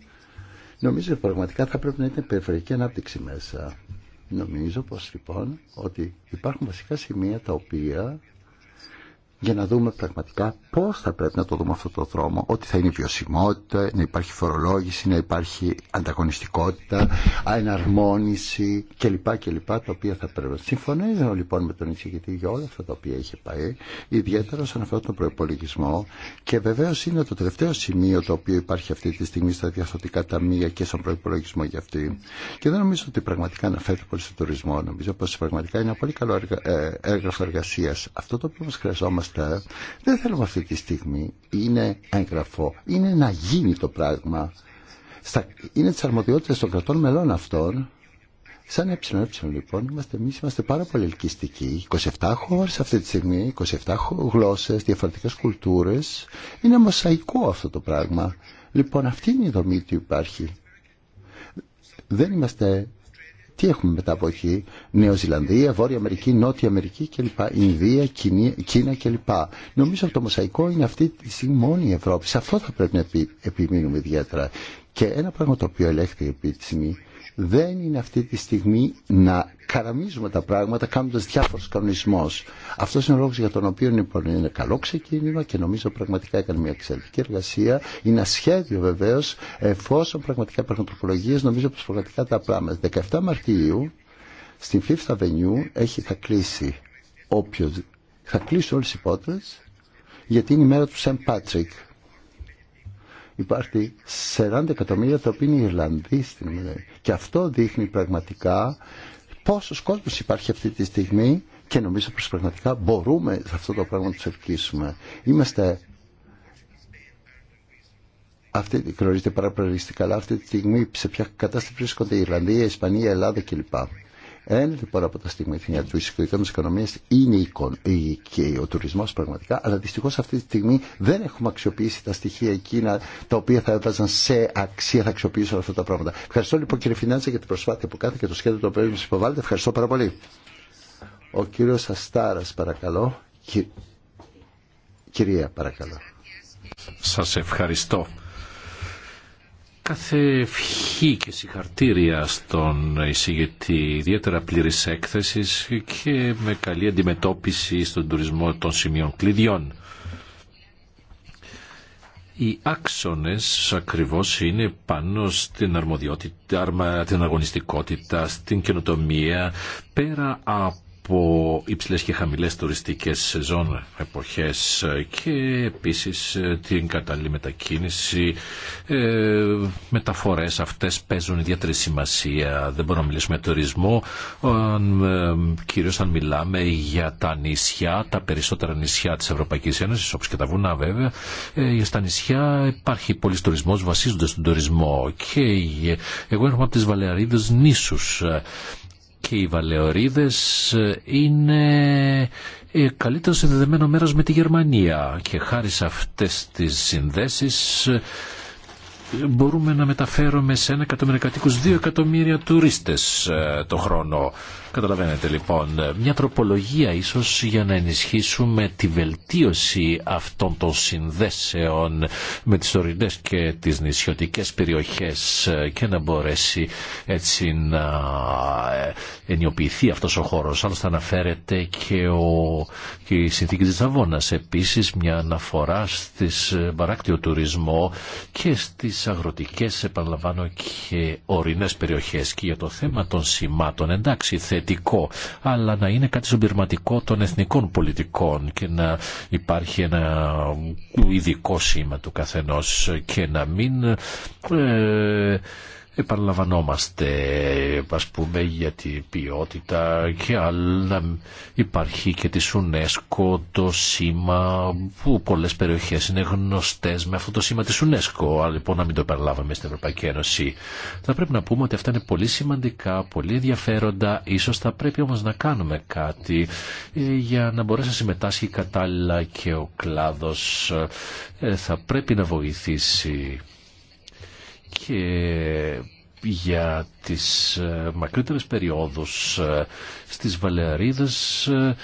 [SPEAKER 4] Νομίζω πραγματικά θα πρέπει να είναι περιφερειακή ανάπτυξη μέσα. Νομίζω πως λοιπόν ότι υπάρχουν βασικά σημεία τα οποία για να δούμε πραγματικά πώς θα πρέπει να το δούμε αυτό το δρόμο, ότι θα είναι βιωσιμότητα, να υπάρχει φορολόγηση, να υπάρχει ανταγωνιστικότητα, εναρμόνιση κλπ. κλπ τα οποία θα πρέπει. Συμφωνίζω λοιπόν με τον εισηγητή για όλα αυτά τα οποία είχε πάει, ιδιαίτερα σαν αυτό τον προπολογισμό και βεβαίω είναι το τελευταίο σημείο το οποίο υπάρχει αυτή τη στιγμή στα διαστατικά ταμεία και στον προπολογισμό για αυτή. Και δεν νομίζω ότι πραγματικά αναφέρεται πολύ στον τουρισμό. Νομίζω πω πραγματικά είναι ένα πολύ καλό έργο ε, εργασία. Αυτό το οποίο μα χρειαζόμαστε δεν θέλουμε αυτή τη στιγμή. Είναι έγγραφο. Είναι να γίνει το πράγμα. Στα, είναι τις αρμοδιότητες των κρατών μελών αυτών. Σαν ΕΕ λοιπόν, είμαστε, εμείς είμαστε πάρα πολύ ελκυστικοί. 27 χώρες αυτή τη στιγμή, 27 γλώσσες, διαφορετικές κουλτούρες. Είναι μοσαϊκό αυτό το πράγμα. Λοιπόν, αυτή είναι η δομή που υπάρχει. Δεν είμαστε τι έχουμε μετά από εκεί, Νέο Ζηλανδία, Βόρεια Αμερική, Νότια Αμερική κλπ. Ινδία, Κίνα κλπ. Νομίζω ότι το μοσαϊκό είναι αυτή τη στιγμή μόνη η Ευρώπη. Σε αυτό θα πρέπει να επιμείνουμε ιδιαίτερα. Και ένα πράγμα το οποίο ελέγχθηκε επί δεν είναι αυτή τη στιγμή να καραμίζουμε τα πράγματα κάνοντας διάφορους κανονισμούς. Αυτός είναι ο λόγος για τον οποίο λοιπόν είναι καλό ξεκίνημα και νομίζω πραγματικά έκανε μια εξαιρετική εργασία. Είναι ασχέδιο βεβαίως εφόσον πραγματικά υπάρχουν τροπολογίες νομίζω πως πραγματικά τα πράγματα. 17 Μαρτίου στην Fifth Avenue έχει, θα κλείσει όποιος, θα κλείσει όλες οι υπότες γιατί είναι η μέρα του Σεν Πάτρικ Υπάρχει 40 εκατομμύρια το οποίο είναι Ιρλανδοί στην Ελλάδα. Και αυτό δείχνει πραγματικά πόσο κοσμο υπάρχει αυτή τη στιγμή και νομίζω πως πραγματικά μπορούμε σε αυτό το πράγμα να του ευχήσουμε. Είμαστε αυτή, γνωρίζετε πάρα πολύ καλά αυτή τη στιγμή σε ποια κατάσταση βρίσκονται η Ιρλανδία, η Ισπανία, η Ελλάδα κλπ. Ένα λοιπόν από τα στιγμή του οικονομική οικονομία είναι η, και ο τουρισμό πραγματικά, αλλά δυστυχώ αυτή τη στιγμή δεν έχουμε αξιοποιήσει τα στοιχεία εκείνα τα οποία θα έβαζαν σε αξία, θα αξιοποιήσουν αυτά τα πράγματα. Ευχαριστώ λοιπόν κύριε Φινάντσα για την προσπάθεια που κάθε και το σχέδιο το οποίο μα υποβάλλετε. Ευχαριστώ πάρα πολύ. Ο κύριο Αστάρα παρακαλώ. Κυ... Κυρία παρακαλώ.
[SPEAKER 3] Σα ευχαριστώ κάθε ευχή και συγχαρτήρια στον εισηγητή ιδιαίτερα πλήρης έκθεσης και με καλή αντιμετώπιση στον τουρισμό των σημείων κλειδιών. Οι άξονες ακριβώς είναι πάνω στην αρμοδιότητα, την αγωνιστικότητα, στην καινοτομία, πέρα από από υψηλές και χαμηλές τουριστικές σεζόν εποχές και επίσης ε, την κατάλληλη μετακίνηση. Ε, μεταφορές αυτές παίζουν ιδιαίτερη σημασία. Δεν μπορούμε να μιλήσουμε τουρισμό, αν, ε, κυρίως αν μιλάμε για τα νησιά, τα περισσότερα νησιά της Ευρωπαϊκής Ένωσης, όπως και τα βουνά βέβαια. Ε, στα νησιά υπάρχει πολλής τουρισμός, βασίζονται στον τουρισμό και ε, εγώ έρχομαι από τις Βαλεαρίδες νήσους και οι Βαλεωρίδες ε, είναι ε, καλύτερο συνδεδεμένο μέρος με τη Γερμανία και χάρη σε αυτές τις συνδέσεις ε, μπορούμε να μεταφέρουμε σε ένα εκατομμύριο κατοίκους δύο εκατομμύρια τουρίστες το χρόνο. Καταλαβαίνετε λοιπόν, μια τροπολογία ίσως για να ενισχύσουμε τη βελτίωση αυτών των συνδέσεων με τις ορεινές και τις νησιωτικές περιοχές και να μπορέσει έτσι να ε, ενιοποιηθεί αυτός ο χώρος. Άλλωστε αναφέρεται και, ο, και η συνθήκη της Αβώνας. Επίσης μια αναφορά στις ε, παράκτιο τουρισμό και στις αγροτικές, επαναλαμβάνω, και ορεινές περιοχές. Και για το θέμα των σημάτων, εντάξει, θετικό, αλλά να είναι κάτι συμπληρωματικό των εθνικών πολιτικών και να υπάρχει ένα ειδικό σήμα του καθενός και να μην ε, επαναλαμβανόμαστε ας πούμε για την ποιότητα και άλλα υπάρχει και τη UNESCO το σήμα που πολλές περιοχές είναι γνωστές με αυτό το σήμα της UNESCO αλλά λοιπόν να μην το επαναλάβουμε στην Ευρωπαϊκή Ένωση θα πρέπει να πούμε ότι αυτά είναι πολύ σημαντικά πολύ ενδιαφέροντα ίσως θα πρέπει όμως να κάνουμε κάτι ε, για να μπορέσει να συμμετάσχει κατάλληλα και ο κλάδος ε, θα πρέπει να βοηθήσει και για τις ε, μακρύτερες περιόδους ε, στις Βαλεαρίδες ε,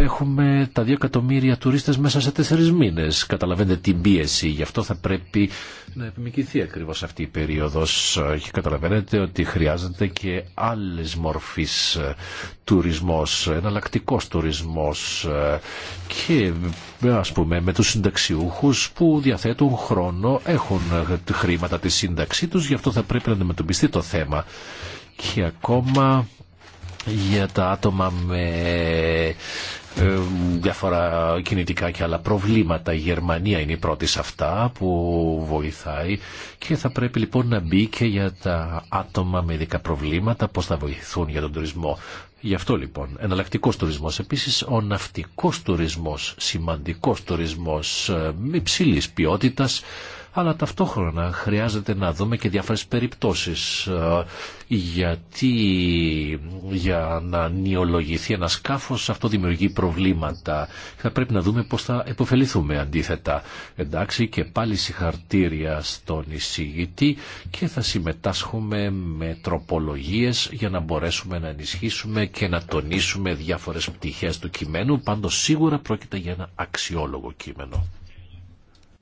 [SPEAKER 3] έχουμε τα 2 εκατομμύρια τουρίστες μέσα σε τέσσερις μήνες. Καταλαβαίνετε την πίεση. Γι' αυτό θα πρέπει να επιμηκηθεί ακριβώς αυτή η περίοδος. Και καταλαβαίνετε ότι χρειάζεται και άλλες μορφής ε, τουρισμός, εναλλακτικό τουρισμός ε, και ε, ας πούμε με τους συνταξιούχους που διαθέτουν χρόνο, έχουν χρήματα τη σύνταξή τους, γι' αυτό θα πρέπει να αντιμετωπιστεί το θέμα. Και ακόμα για τα άτομα με ε, διάφορα κινητικά και άλλα προβλήματα. Η Γερμανία είναι η πρώτη σε αυτά που βοηθάει και θα πρέπει λοιπόν να μπει και για τα άτομα με ειδικά προβλήματα, πώς θα βοηθούν για τον τουρισμό. Γι' αυτό λοιπόν, εναλλακτικό τουρισμό. Επίση, ο ναυτικό τουρισμό, σημαντικό τουρισμό ε, υψηλή ποιότητα, αλλά ταυτόχρονα χρειάζεται να δούμε και διάφορες περιπτώσεις ε, γιατί για να νιολογηθεί ένα σκάφος αυτό δημιουργεί προβλήματα. Θα πρέπει να δούμε πώς θα επωφεληθούμε αντίθετα. Εντάξει και πάλι συγχαρτήρια στον εισηγητή και θα συμμετάσχουμε με τροπολογίες για να μπορέσουμε να ενισχύσουμε και να τονίσουμε διάφορες πτυχές του κειμένου. Πάντως σίγουρα πρόκειται για ένα αξιόλογο κείμενο.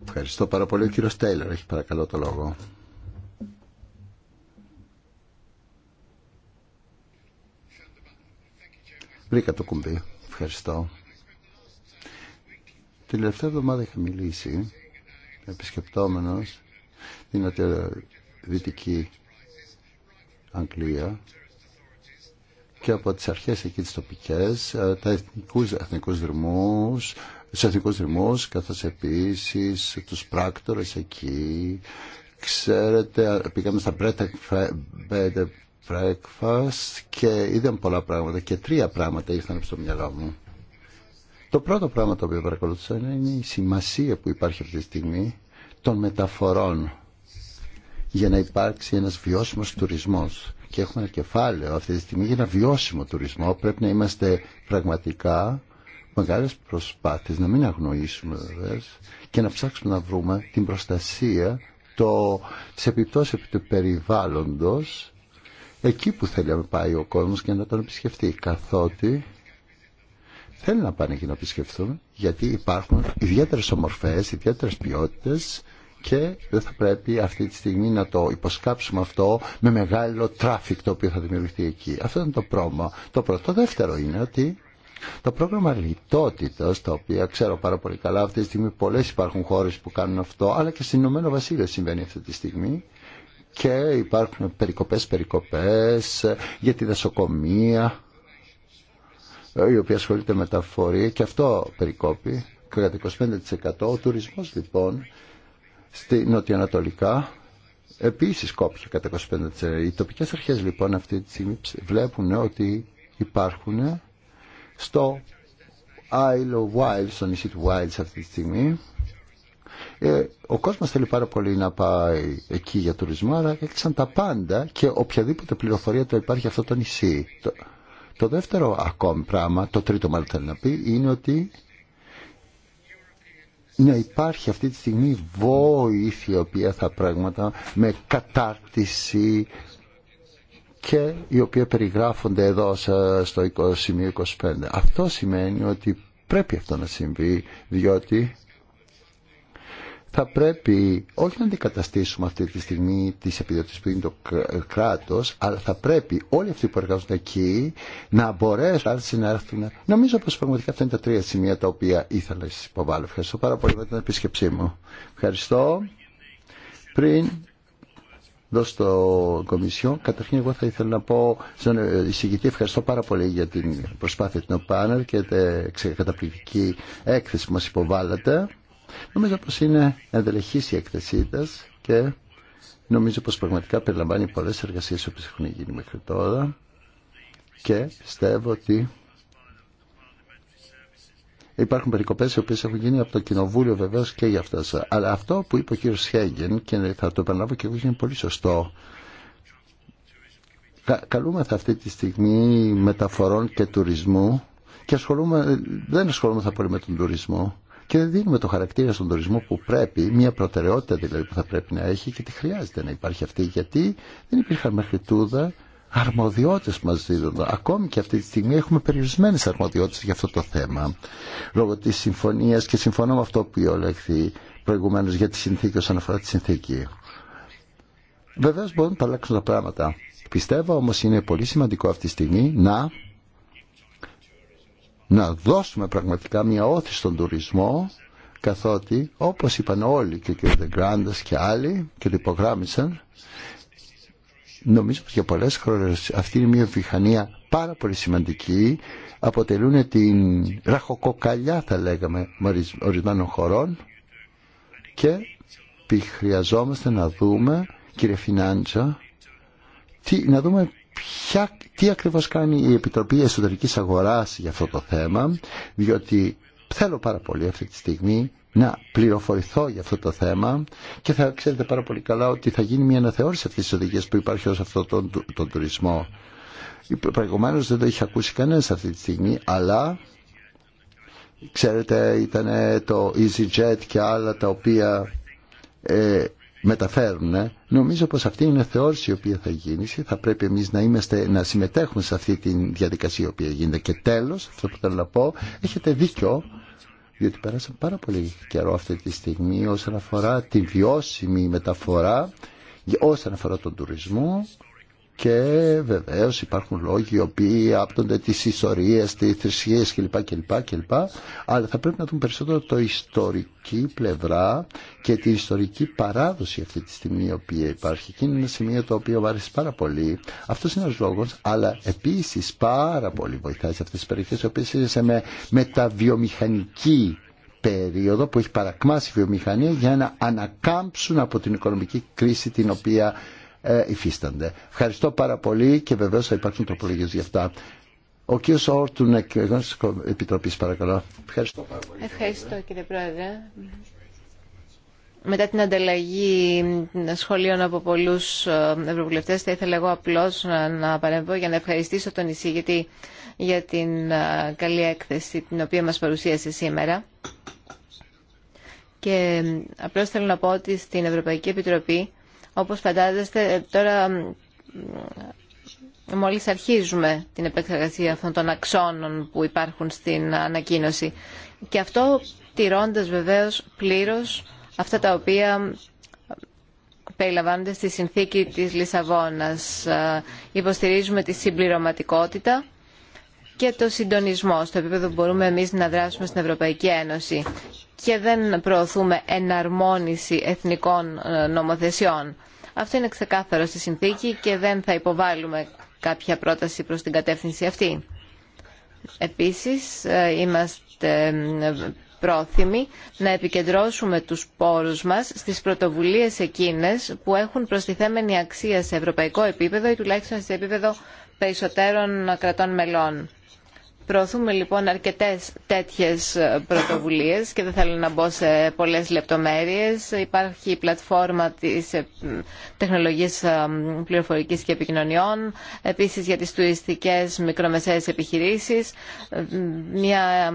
[SPEAKER 3] Ευχαριστώ πάρα πολύ. Ο κύριος Τέιλερ έχει παρακαλώ το λόγο.
[SPEAKER 4] Βρήκα το κουμπί. Ευχαριστώ. Την τελευταία εβδομάδα είχα μιλήσει επισκεπτόμενος την Δυτική Αγγλία και από τις αρχές εκεί τις τοπικές, τα εθνικούς, εθνικούς δρυμούς, σε εθνικού δημού, καθώς επίσης τους πράκτορες εκεί. Ξέρετε, πήγαμε στα Bed Breakfast και είδαμε πολλά πράγματα και τρία πράγματα ήρθαν στο μυαλό μου. Το πρώτο πράγμα το οποίο παρακολουθούσα είναι η σημασία που υπάρχει αυτή τη στιγμή των μεταφορών για να υπάρξει ένας βιώσιμος τουρισμός. Και έχουμε ένα κεφάλαιο αυτή τη στιγμή για ένα βιώσιμο τουρισμό. Πρέπει να είμαστε πραγματικά μεγάλες προσπάθειες να μην αγνοήσουμε βεβαίως και να ψάξουμε να βρούμε την προστασία το, της επιπτώσεις επί του περιβάλλοντος εκεί που θέλει να πάει ο κόσμος και να τον επισκεφτεί καθότι θέλει να πάνε εκεί να επισκεφθούν γιατί υπάρχουν ιδιαίτερες ομορφές, ιδιαίτερες ποιότητες και δεν θα πρέπει αυτή τη στιγμή να το υποσκάψουμε αυτό με μεγάλο τράφικ το οποίο θα δημιουργηθεί εκεί. Αυτό είναι το πρόβλημα. Το πρώτο. Το δεύτερο είναι ότι το πρόγραμμα λιτότητά, το οποίο ξέρω πάρα πολύ καλά αυτή τη στιγμή πολλές υπάρχουν χώρες που κάνουν αυτό, αλλά και στην Ηνωμένο Βασίλειο συμβαίνει αυτή τη στιγμή, και υπάρχουν περικοπές, περικοπές για τη δασοκομεία, η οποία ασχολείται με τα φορεία και αυτό περικόπει κατά 25%. Ο τουρισμός λοιπόν στη νοτιοανατολικά επίσης κόπηκε κατά 25%. Οι τοπικές αρχές λοιπόν αυτή τη στιγμή βλέπουν ότι υπάρχουν στο Isle of Wild, στο νησί του Wild αυτή τη στιγμή. Ε, ο κόσμος θέλει πάρα πολύ να πάει εκεί για τουρισμό, αλλά έκλεισαν τα πάντα και οποιαδήποτε πληροφορία το υπάρχει αυτό το νησί. Το, δεύτερο ακόμη πράγμα, το τρίτο μάλλον θέλω να πει, είναι ότι να υπάρχει αυτή τη στιγμή βοήθεια η οποία θα πράγματα με κατάρτιση, και οι οποίοι περιγράφονται εδώ στο σημείο 25. Αυτό σημαίνει ότι πρέπει αυτό να συμβεί, διότι θα πρέπει όχι να αντικαταστήσουμε αυτή τη στιγμή τις επιδοτήσεις που είναι το κράτος, αλλά θα πρέπει όλοι αυτοί που εργάζονται εκεί να μπορέσουν να έρθουν. Νομίζω πως πραγματικά αυτά είναι τα τρία σημεία τα οποία ήθελα να σας υποβάλω. Ευχαριστώ πάρα πολύ για την επίσκεψή μου. Ευχαριστώ. Πριν εδώ στο Κομισιό. Καταρχήν εγώ θα ήθελα να πω στον ε, εισηγητή ευχαριστώ πάρα πολύ για την προσπάθεια την ΟΠΑΝΕΛ και την καταπληκτική έκθεση που μας υποβάλλατε. Νομίζω πως είναι ενδελεχής η έκθεσή σας και νομίζω πως πραγματικά περιλαμβάνει πολλές εργασίες όπως έχουν γίνει μέχρι τώρα και πιστεύω ότι Υπάρχουν περικοπέ οι οποίε έχουν γίνει από το Κοινοβούλιο βεβαίω και για αυτέ. Αλλά αυτό που είπε ο κύριο Χέγγεν, και θα το επαναλάβω και εγώ, είναι πολύ σωστό. Καλούμεθα αυτή τη στιγμή μεταφορών και τουρισμού και ασχολούμε, δεν ασχολούμεθα πολύ με τον τουρισμό και δεν δίνουμε το χαρακτήρα στον τουρισμό που πρέπει, μια προτεραιότητα δηλαδή που θα πρέπει να έχει και τι χρειάζεται να υπάρχει αυτή, γιατί δεν υπήρχαν μέχρι τούδα αρμοδιότητες μας δίδονται. Ακόμη και αυτή τη στιγμή έχουμε περιορισμένες αρμοδιότητες για αυτό το θέμα. Λόγω της συμφωνίας και συμφωνώ με αυτό που ολέχθη προηγουμένως για τη συνθήκη όσον αφορά τη συνθήκη. Βεβαίω μπορούν να αλλάξουν τα πράγματα. Πιστεύω όμως είναι πολύ σημαντικό αυτή τη στιγμή να, να δώσουμε πραγματικά μια όθηση στον τουρισμό καθότι όπως είπαν όλοι και ο κ. Δεγκράντας και άλλοι και το υπογράμμισαν νομίζω ότι για πολλέ χώρε αυτή είναι μια βιχανία πάρα πολύ σημαντική αποτελούν την ραχοκοκαλιά θα λέγαμε ορισμένων χωρών και χρειαζόμαστε να δούμε κύριε Φινάντζα, τι, να δούμε ποια, τι ακριβώς κάνει η Επιτροπή Εσωτερικής Αγοράς για αυτό το θέμα διότι θέλω πάρα πολύ αυτή τη στιγμή να πληροφορηθώ για αυτό το θέμα και θα ξέρετε πάρα πολύ καλά ότι θα γίνει μια αναθεώρηση αυτής της οδηγίας που υπάρχει ως αυτόν τον, τουρισμό. Προηγουμένως δεν το είχε ακούσει κανένας αυτή τη στιγμή, αλλά ξέρετε ήταν το EasyJet και άλλα τα οποία ε, μεταφέρουν. Ε. Νομίζω πως αυτή είναι η θεώρηση η οποία θα γίνει. Θα πρέπει εμείς να, είμαστε, να συμμετέχουμε σε αυτή τη διαδικασία η οποία γίνεται. Και τέλος, αυτό που θέλω να πω, έχετε δίκιο διότι πέρασε πάρα πολύ καιρό αυτή τη στιγμή όσον αφορά τη βιώσιμη μεταφορά όσον αφορά τον τουρισμό και βεβαίως υπάρχουν λόγοι οι οποίοι άπτονται τις ιστορίες, τις θρησκείες κλπ, κλπ, κλπ. Αλλά θα πρέπει να δούμε περισσότερο το ιστορική πλευρά και την ιστορική παράδοση αυτή τη στιγμή η οποία υπάρχει. Και είναι ένα σημείο το οποίο άρεσε πάρα πολύ. Αυτό είναι ένα λόγο, αλλά επίση πάρα πολύ βοηθάει σε αυτέ τι περιοχέ, οι οποίε είναι με βιομηχανική περίοδο που έχει παρακμάσει η βιομηχανία για να ανακάμψουν από την οικονομική κρίση την οποία ε, υφίστανται. Ευχαριστώ πάρα πολύ και βεβαίω θα υπάρξουν τροπολογίε για αυτά. Ο κ. Όρτουν, κ. Επιτροπής, παρακαλώ.
[SPEAKER 1] Ευχαριστώ πάρα πολύ. Ευχαριστώ κύριε Πρόεδρε. Μετά την ανταλλαγή σχολείων από πολλού ε, ευρωβουλευτέ, θα ήθελα εγώ απλώ να παρεμβώ για να ευχαριστήσω τον εισηγητή για την ε, καλή έκθεση την οποία μας παρουσίασε σήμερα. Και ε, απλώς θέλω να πω ότι στην Ευρωπαϊκή Επιτροπή όπως φαντάζεστε, ε, τώρα μόλις αρχίζουμε την επεξεργασία αυτών των αξώνων που υπάρχουν στην ανακοίνωση. Και αυτό τηρώντας βεβαίως πλήρως αυτά τα οποία περιλαμβάνονται στη συνθήκη της Λισαβόνας. Υποστηρίζουμε τη συμπληρωματικότητα και το συντονισμό στο επίπεδο που μπορούμε εμείς να δράσουμε στην Ευρωπαϊκή Ένωση και δεν προωθούμε εναρμόνιση εθνικών ε, νομοθεσιών. Αυτό είναι ξεκάθαρο στη συνθήκη και δεν θα υποβάλουμε κάποια πρόταση προς την κατεύθυνση αυτή. Επίσης, ε, είμαστε ε, πρόθυμοι να επικεντρώσουμε τους πόρους μας στις πρωτοβουλίες εκείνες που έχουν προστιθέμενη αξία σε ευρωπαϊκό επίπεδο ή τουλάχιστον σε επίπεδο περισσότερων κρατών μελών. Προωθούμε λοιπόν αρκετές τέτοιες ε, πρωτοβουλίες και δεν θέλω να μπω σε πολλές λεπτομέρειες. Υπάρχει η πλατφόρμα της ε, τεχνολογίας ε, πληροφορικής και επικοινωνιών, επίσης για τις τουριστικές μικρομεσαίες επιχειρήσεις, μια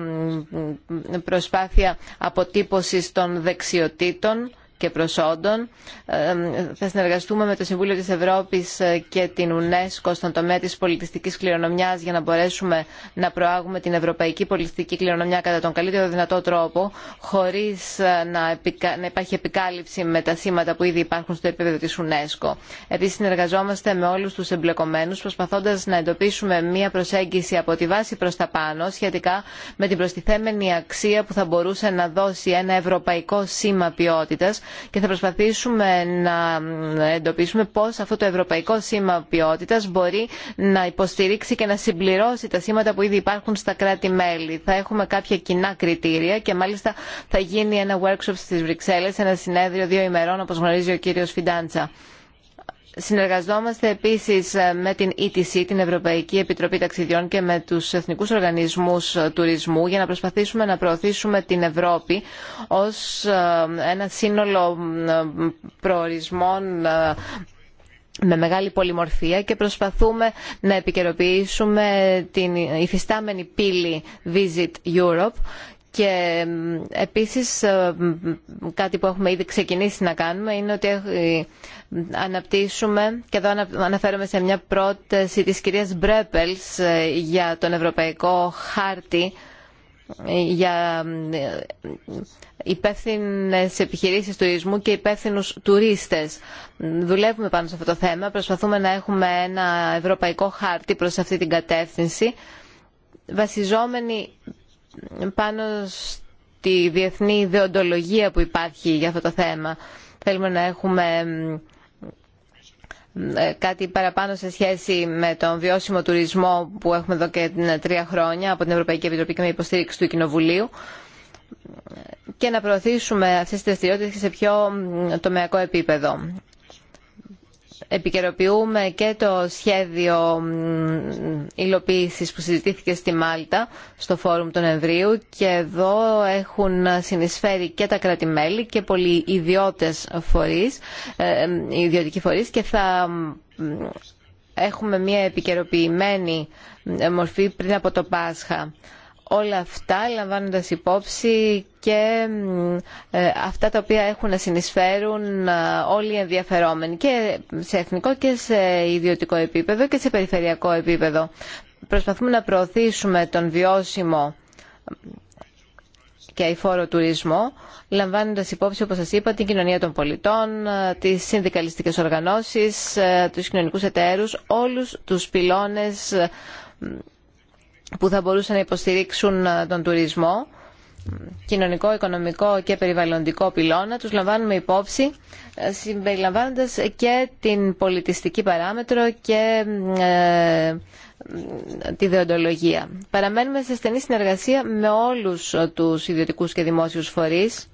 [SPEAKER 1] προσπάθεια αποτύπωσης των δεξιοτήτων και προσόντων. Ε, ε, θα συνεργαστούμε με το Συμβούλιο της Ευρώπης και την UNESCO στον τομέα της πολιτιστικής κληρονομιάς για να μπορέσουμε να προάγουμε την ευρωπαϊκή πολιτιστική κληρονομιά κατά τον καλύτερο δυνατό τρόπο, χωρίς ε, να υπάρχει επικάλυψη με τα σήματα που ήδη υπάρχουν στο επίπεδο της UNESCO. Επίσης, συνεργαζόμαστε με όλους τους εμπλεκομένους, προσπαθώντας να εντοπίσουμε μία προσέγγιση από τη βάση προς τα πάνω σχετικά με την προστιθέμενη αξία που θα μπορούσε να δώσει ένα ευρωπαϊκό σήμα ποιότητας και θα προσπαθήσουμε να εντοπίσουμε πώς αυτό το ευρωπαϊκό σήμα ποιότητας μπορεί να υποστηρίξει και να συμπληρώσει τα σήματα που ήδη υπάρχουν στα κράτη-μέλη. Θα έχουμε κάποια κοινά κριτήρια και μάλιστα θα γίνει ένα workshop στις Βρυξέλλες, ένα συνέδριο δύο ημερών όπως γνωρίζει ο κύριος Φιντάντσα. Συνεργαζόμαστε επίσης ε, με την ETC, την Ευρωπαϊκή Επιτροπή Ταξιδιών και με τους Εθνικούς Οργανισμούς ε, Τουρισμού για να προσπαθήσουμε να προωθήσουμε την Ευρώπη ως ε, ένα σύνολο προορισμών με μεγάλη πολυμορφία και προσπαθούμε να επικαιροποιήσουμε την υφιστάμενη πύλη Visit Europe και επίσης ε, κάτι που έχουμε ήδη ξεκινήσει να κάνουμε είναι ότι ε, αναπτύσσουμε και εδώ αναφέρομαι σε μια πρόταση της κυρίας Μπρέπελς ε, για τον Ευρωπαϊκό Χάρτη για υπεύθυνε επιχειρήσεις τουρισμού και υπεύθυνου τουρίστες. Δουλεύουμε πάνω σε αυτό το θέμα, προσπαθούμε να έχουμε ένα ευρωπαϊκό χάρτη προς αυτή την κατεύθυνση βασιζόμενοι πάνω στη διεθνή ιδεοντολογία που υπάρχει για αυτό το θέμα. Θέλουμε να έχουμε ε, κάτι παραπάνω σε σχέση με τον βιώσιμο τουρισμό που έχουμε εδώ και ε, τρία χρόνια από την Ευρωπαϊκή Επιτροπή και με υποστήριξη του Κοινοβουλίου και να προωθήσουμε αυτές τις δραστηριότητες σε πιο τομεακό επίπεδο επικαιροποιούμε και το σχέδιο υλοποίησης που συζητήθηκε στη Μάλτα στο Φόρουμ των ευρίού και εδώ έχουν συνεισφέρει και τα κράτη-μέλη και πολλοί ιδιώτες φορείς, ε, ε, ιδιωτικοί φορείς και θα έχουμε μια επικαιροποιημένη ε, μορφή πριν από το Πάσχα όλα αυτά λαμβάνοντας υπόψη και ε, αυτά τα οποία έχουν να συνεισφέρουν ε, όλοι οι ενδιαφερόμενοι και σε εθνικό και σε ιδιωτικό επίπεδο και σε περιφερειακό επίπεδο. Προσπαθούμε να προωθήσουμε τον βιώσιμο και αηφόρο τουρισμό, λαμβάνοντας υπόψη, όπως σας είπα, την κοινωνία των πολιτών, ε, τις συνδικαλιστικές οργανώσεις, τους κοινωνικούς εταίρους, όλους τους πυλώνες που θα μπορούσαν να υποστηρίξουν ε, τον τουρισμό κοινωνικό, οικονομικό και περιβαλλοντικό πυλώνα τους λαμβάνουμε υπόψη ε, συμπεριλαμβάνοντας και την πολιτιστική παράμετρο και ε, τη δεοντολογία. Παραμένουμε σε στενή συνεργασία με όλους τους ιδιωτικούς και δημόσιους φορείς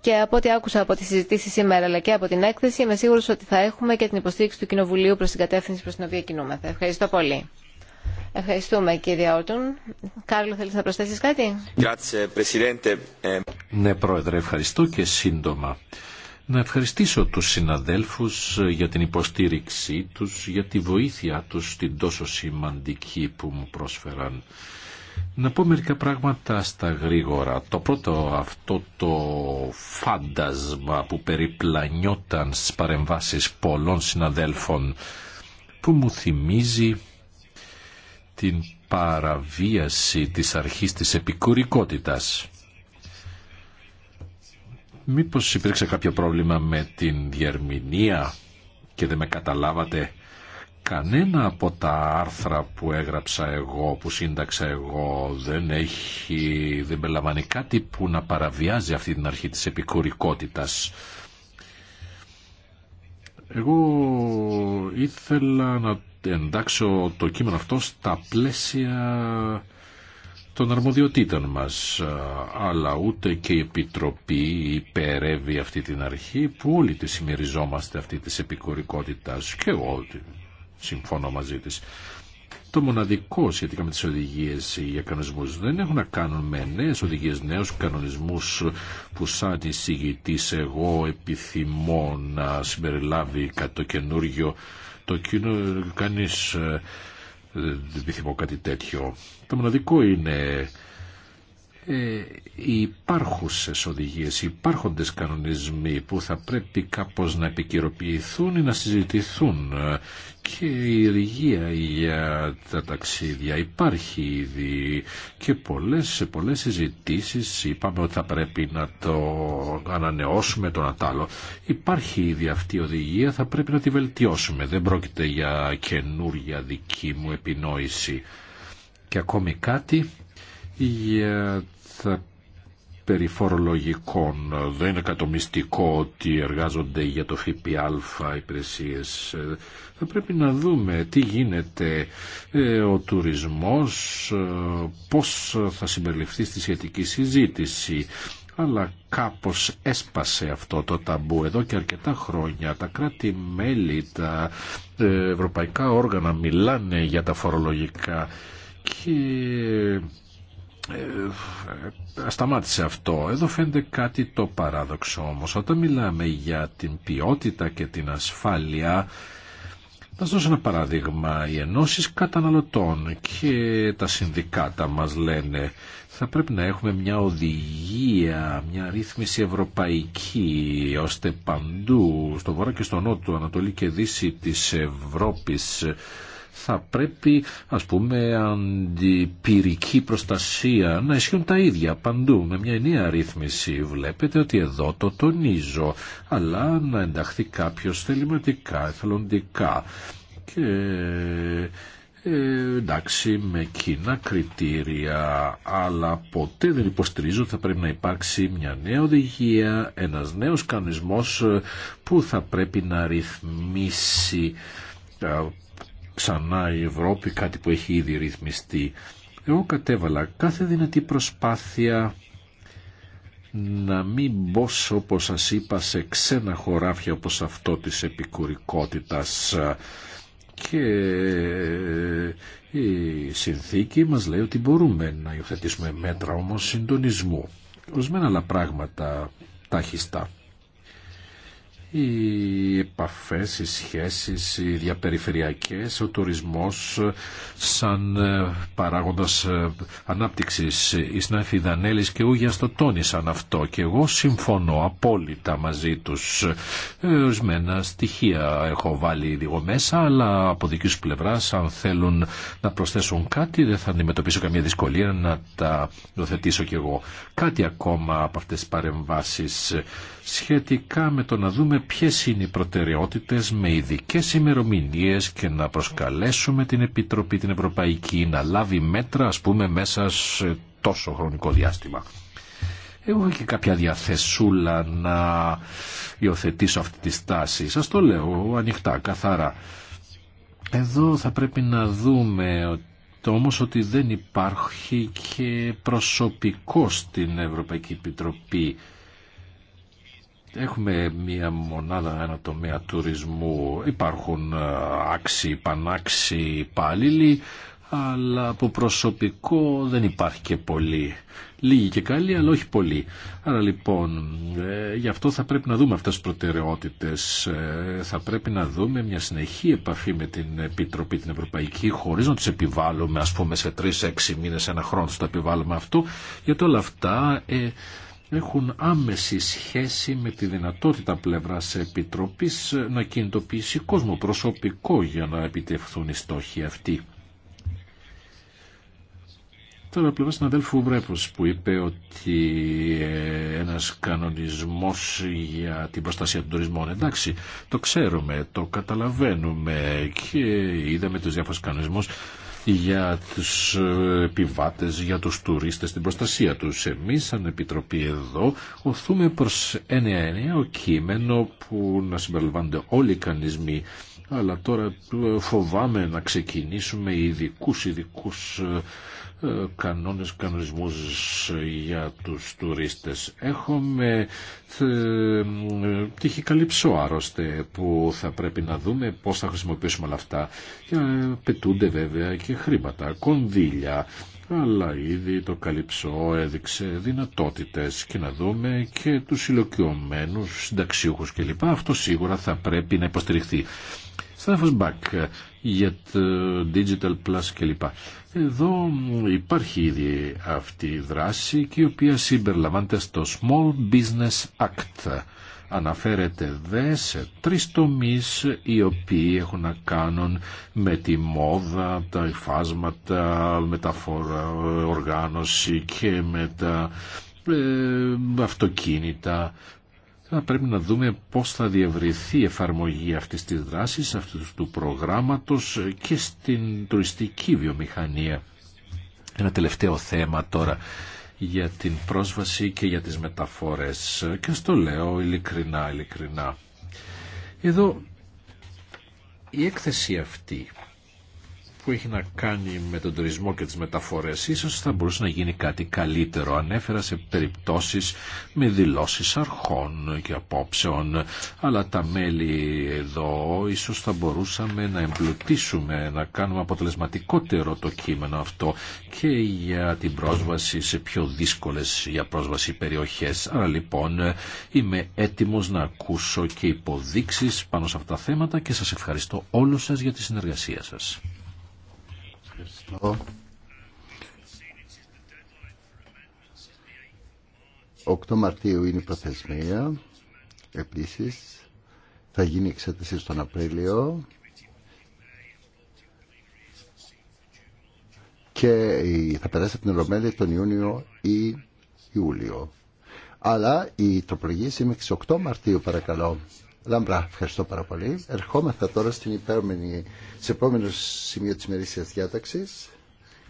[SPEAKER 1] και από ό,τι άκουσα από τη συζητήσεις σήμερα αλλά και από την έκθεση είμαι σίγουρος ότι θα έχουμε και την υποστήριξη του Κοινοβουλίου προς την κατεύθυνση προς την οποία κινούμεθα. Ευχαριστώ πολύ. Ευχαριστούμε κύριε Όρτον. Κάρλο θέλεις να προσθέσεις κάτι.
[SPEAKER 3] Ε, ναι πρόεδρε ευχαριστώ και σύντομα. Να ευχαριστήσω τους συναδέλφους ε, για την υποστήριξή τους, για τη βοήθεια τους στην τόσο σημαντική που μου πρόσφεραν. Να πω μερικά πράγματα στα γρήγορα. Το πρώτο αυτό το φάντασμα που περιπλανιόταν στις παρεμβάσεις πολλών συναδέλφων που μου θυμίζει την παραβίαση της αρχής της επικουρικότητας. Μήπως υπήρξε κάποιο πρόβλημα με την διερμηνία και δεν με καταλάβατε κανένα από τα άρθρα που έγραψα εγώ, που σύνταξα εγώ, δεν έχει, δεν περιλαμβάνει κάτι που να παραβιάζει αυτή την αρχή της επικουρικότητας. Εγώ ήθελα να εντάξω το κείμενο αυτό στα πλαίσια των αρμοδιοτήτων μας αλλά ούτε και η Επιτροπή υπερεύει αυτή την αρχή που όλοι τη συμμεριζόμαστε αυτή της επικορικότητας και εγώ συμφωνώ μαζί της το μοναδικό σχετικά με τις οδηγίες για κανονισμούς δεν έχουν να κάνουν με νέες οδηγίες, νέους κανονισμούς που σαν εισηγητής εγώ επιθυμώ να συμπεριλάβει κάτι το καινούργιο το κοινό κανείς ε, δεν επιθυμώ κάτι τέτοιο. Το μοναδικό είναι ε, οι υπάρχουσες οδηγίες, υπάρχοντες κανονισμοί που θα πρέπει κάπως να επικυροποιηθούν ή να συζητηθούν ε, και η οδηγία για τα ταξίδια υπάρχει ήδη και πολλές, σε πολλές συζητήσεις είπαμε ότι θα πρέπει να το ανανεώσουμε τον Ατάλο. Υπάρχει ήδη αυτή η οδηγία, θα πρέπει να τη βελτιώσουμε. Δεν πρόκειται για καινούρια δική μου επινόηση. Και ακόμη κάτι για θα περιφορολογικών. Δεν είναι κατομιστικό ότι εργάζονται για το ΦΠΑ υπηρεσίες. Θα πρέπει να δούμε τι γίνεται ε, ο τουρισμός, ε, πώς θα συμπεριληφθεί στη σχετική συζήτηση αλλά κάπως έσπασε αυτό το ταμπού εδώ και αρκετά χρόνια. Τα κράτη-μέλη, τα ε, ευρωπαϊκά όργανα μιλάνε για τα φορολογικά και ε, ε, σταμάτησε αυτό. Εδώ φαίνεται κάτι το παράδοξο όμως. Όταν μιλάμε για την ποιότητα και την ασφάλεια, θα σας δώσω ένα παράδειγμα. Οι ενώσει καταναλωτών και τα συνδικάτα μας λένε θα πρέπει να έχουμε μια οδηγία, μια ρύθμιση ευρωπαϊκή, ώστε παντού, στο βορρά και στο νότο, ανατολή και δύση της Ευρώπης, θα πρέπει ας πούμε αντιπυρική προστασία να ισχύουν τα ίδια παντού με μια ενιαία ρύθμιση. Βλέπετε ότι εδώ το τονίζω, αλλά να ενταχθεί κάποιος θεληματικά, εθελοντικά και ε, εντάξει με κοινά κριτήρια αλλά ποτέ δεν υποστηρίζω ότι θα πρέπει να υπάρξει μια νέα οδηγία, ένας νέος κανονισμός ε, που θα πρέπει να ρυθμίσει ε, ξανά η Ευρώπη, κάτι που έχει ήδη ρυθμιστεί. Εγώ κατέβαλα κάθε δυνατή προσπάθεια να μην μπω όπως σας είπα σε ξένα χωράφια όπως αυτό της επικουρικότητας και η συνθήκη μας λέει ότι μπορούμε να υιοθετήσουμε μέτρα όμως συντονισμού. Ορισμένα άλλα πράγματα τάχιστα οι επαφές, οι σχέσεις, οι διαπεριφερειακές, ο τουρισμός σαν ε, παράγοντας ε, ανάπτυξης. Οι Σνάφη Δανέλης και Ούγιας το τόνισαν αυτό και εγώ συμφωνώ απόλυτα μαζί τους. Ε, ορισμένα στοιχεία έχω βάλει λίγο μέσα, αλλά από δική σου πλευρά αν θέλουν να προσθέσουν κάτι δεν θα αντιμετωπίσω καμία δυσκολία να τα δοθετήσω κι εγώ. Κάτι ακόμα από αυτές τις παρεμβάσεις σχετικά με το να δούμε ποιες είναι οι προτεραιότητες με ειδικέ ημερομηνίε και να προσκαλέσουμε την Επιτροπή την Ευρωπαϊκή να λάβει μέτρα ας πούμε μέσα σε τόσο χρονικό διάστημα. Εγώ και κάποια διαθεσούλα να υιοθετήσω αυτή τη στάση. Σας το λέω ανοιχτά, καθαρά. Εδώ θα πρέπει να δούμε το όμως ότι δεν υπάρχει και προσωπικό στην Ευρωπαϊκή Επιτροπή Έχουμε μία μονάδα, ένα τομέα τουρισμού. Υπάρχουν άξιοι, πανάξιοι υπάλληλοι, αλλά από προσωπικό δεν υπάρχει και πολύ. Λίγοι και καλοί, αλλά όχι πολυ Άρα λοιπόν, ε, γι' αυτό θα πρέπει να δούμε αυτές τις προτεραιότητες. Ε, θα πρέπει να δούμε μια συνεχή επαφή με την Επιτροπή την Ευρωπαϊκή, χωρίς να τους επιβάλλουμε, ας πούμε, σε τρεις-έξι μήνες, ένα χρόνο τους επιβάλλουμε αυτό, γιατί όλα αυτά... Ε, έχουν άμεση σχέση με τη δυνατότητα πλευράς Επιτροπής να κινητοποιήσει κόσμο προσωπικό για να επιτευχθούν οι στόχοι αυτοί. Τώρα πλευρά αδέλφου Βρέπος που είπε ότι ε, ένας κανονισμός για την προστασία των τουρισμών, εντάξει, το ξέρουμε, το καταλαβαίνουμε και είδαμε τους διάφορους κανονισμούς για τους ε, επιβάτες, για τους τουρίστες, την προστασία τους. Εμείς σαν Επιτροπή εδώ οθούμε προς ένα νέο κείμενο που να συμπεριλαμβάνονται όλοι οι κανισμοί αλλά τώρα ε, φοβάμαι να ξεκινήσουμε ειδικού ειδικού ε, ε, κανόνες, κανονισμούς για τους τουρίστες. Έχουμε ε, ε, τύχη καλύψω άρρωστε που θα πρέπει να δούμε πώς θα χρησιμοποιήσουμε όλα αυτά. Και πετούνται βέβαια και χρήματα, κονδύλια, αλλά ήδη το καλυψό έδειξε δυνατότητες και να δούμε και τους υλοκιωμένους συνταξιούχους κλπ. Αυτό σίγουρα θα πρέπει να υποστηριχθεί. Σταφος Μπακ για το Digital Plus κλπ. Εδώ υπάρχει ήδη αυτή η δράση και η οποία συμπεριλαμβάνεται στο Small Business Act. Αναφέρεται δε σε τρεις τομείς οι οποίοι έχουν να κάνουν με τη μόδα, τα υφάσματα, μεταφορά, οργάνωση και με τα ε, αυτοκίνητα θα πρέπει να δούμε πώς θα διευρυνθεί η εφαρμογή αυτής της δράσης, αυτού του προγράμματος και στην τουριστική βιομηχανία. Ένα τελευταίο θέμα τώρα για την πρόσβαση και για τις μεταφορές και στο λέω ειλικρινά, ειλικρινά. Εδώ η έκθεση αυτή που έχει να κάνει με τον τουρισμό και τις μεταφορές ίσως θα μπορούσε να γίνει κάτι καλύτερο. Ανέφερα σε περιπτώσεις με δηλώσεις αρχών και απόψεων, αλλά τα μέλη εδώ ίσως θα μπορούσαμε να εμπλουτίσουμε, να κάνουμε αποτελεσματικότερο το κείμενο αυτό και για την πρόσβαση σε πιο δύσκολες για πρόσβαση περιοχές. Άρα λοιπόν είμαι έτοιμος να ακούσω και υποδείξεις πάνω σε αυτά τα θέματα και σας ευχαριστώ όλους σας για τη συνεργασία σας. 8
[SPEAKER 4] Μαρτίου είναι η προθεσμία. Επίσης, θα γίνει εξέταση στον Απρίλιο. και θα περάσει από την Ολομέλη τον Ιούνιο ή Ιούλιο. Αλλά η τροπολογία τροπολογια ειναι στις 8 Μαρτίου παρακαλώ. Λαμπρά, ευχαριστώ πάρα πολύ. Ερχόμεθα τώρα στην υπέρμενη, σε επόμενο σημείο της μερίσιας διάταξης.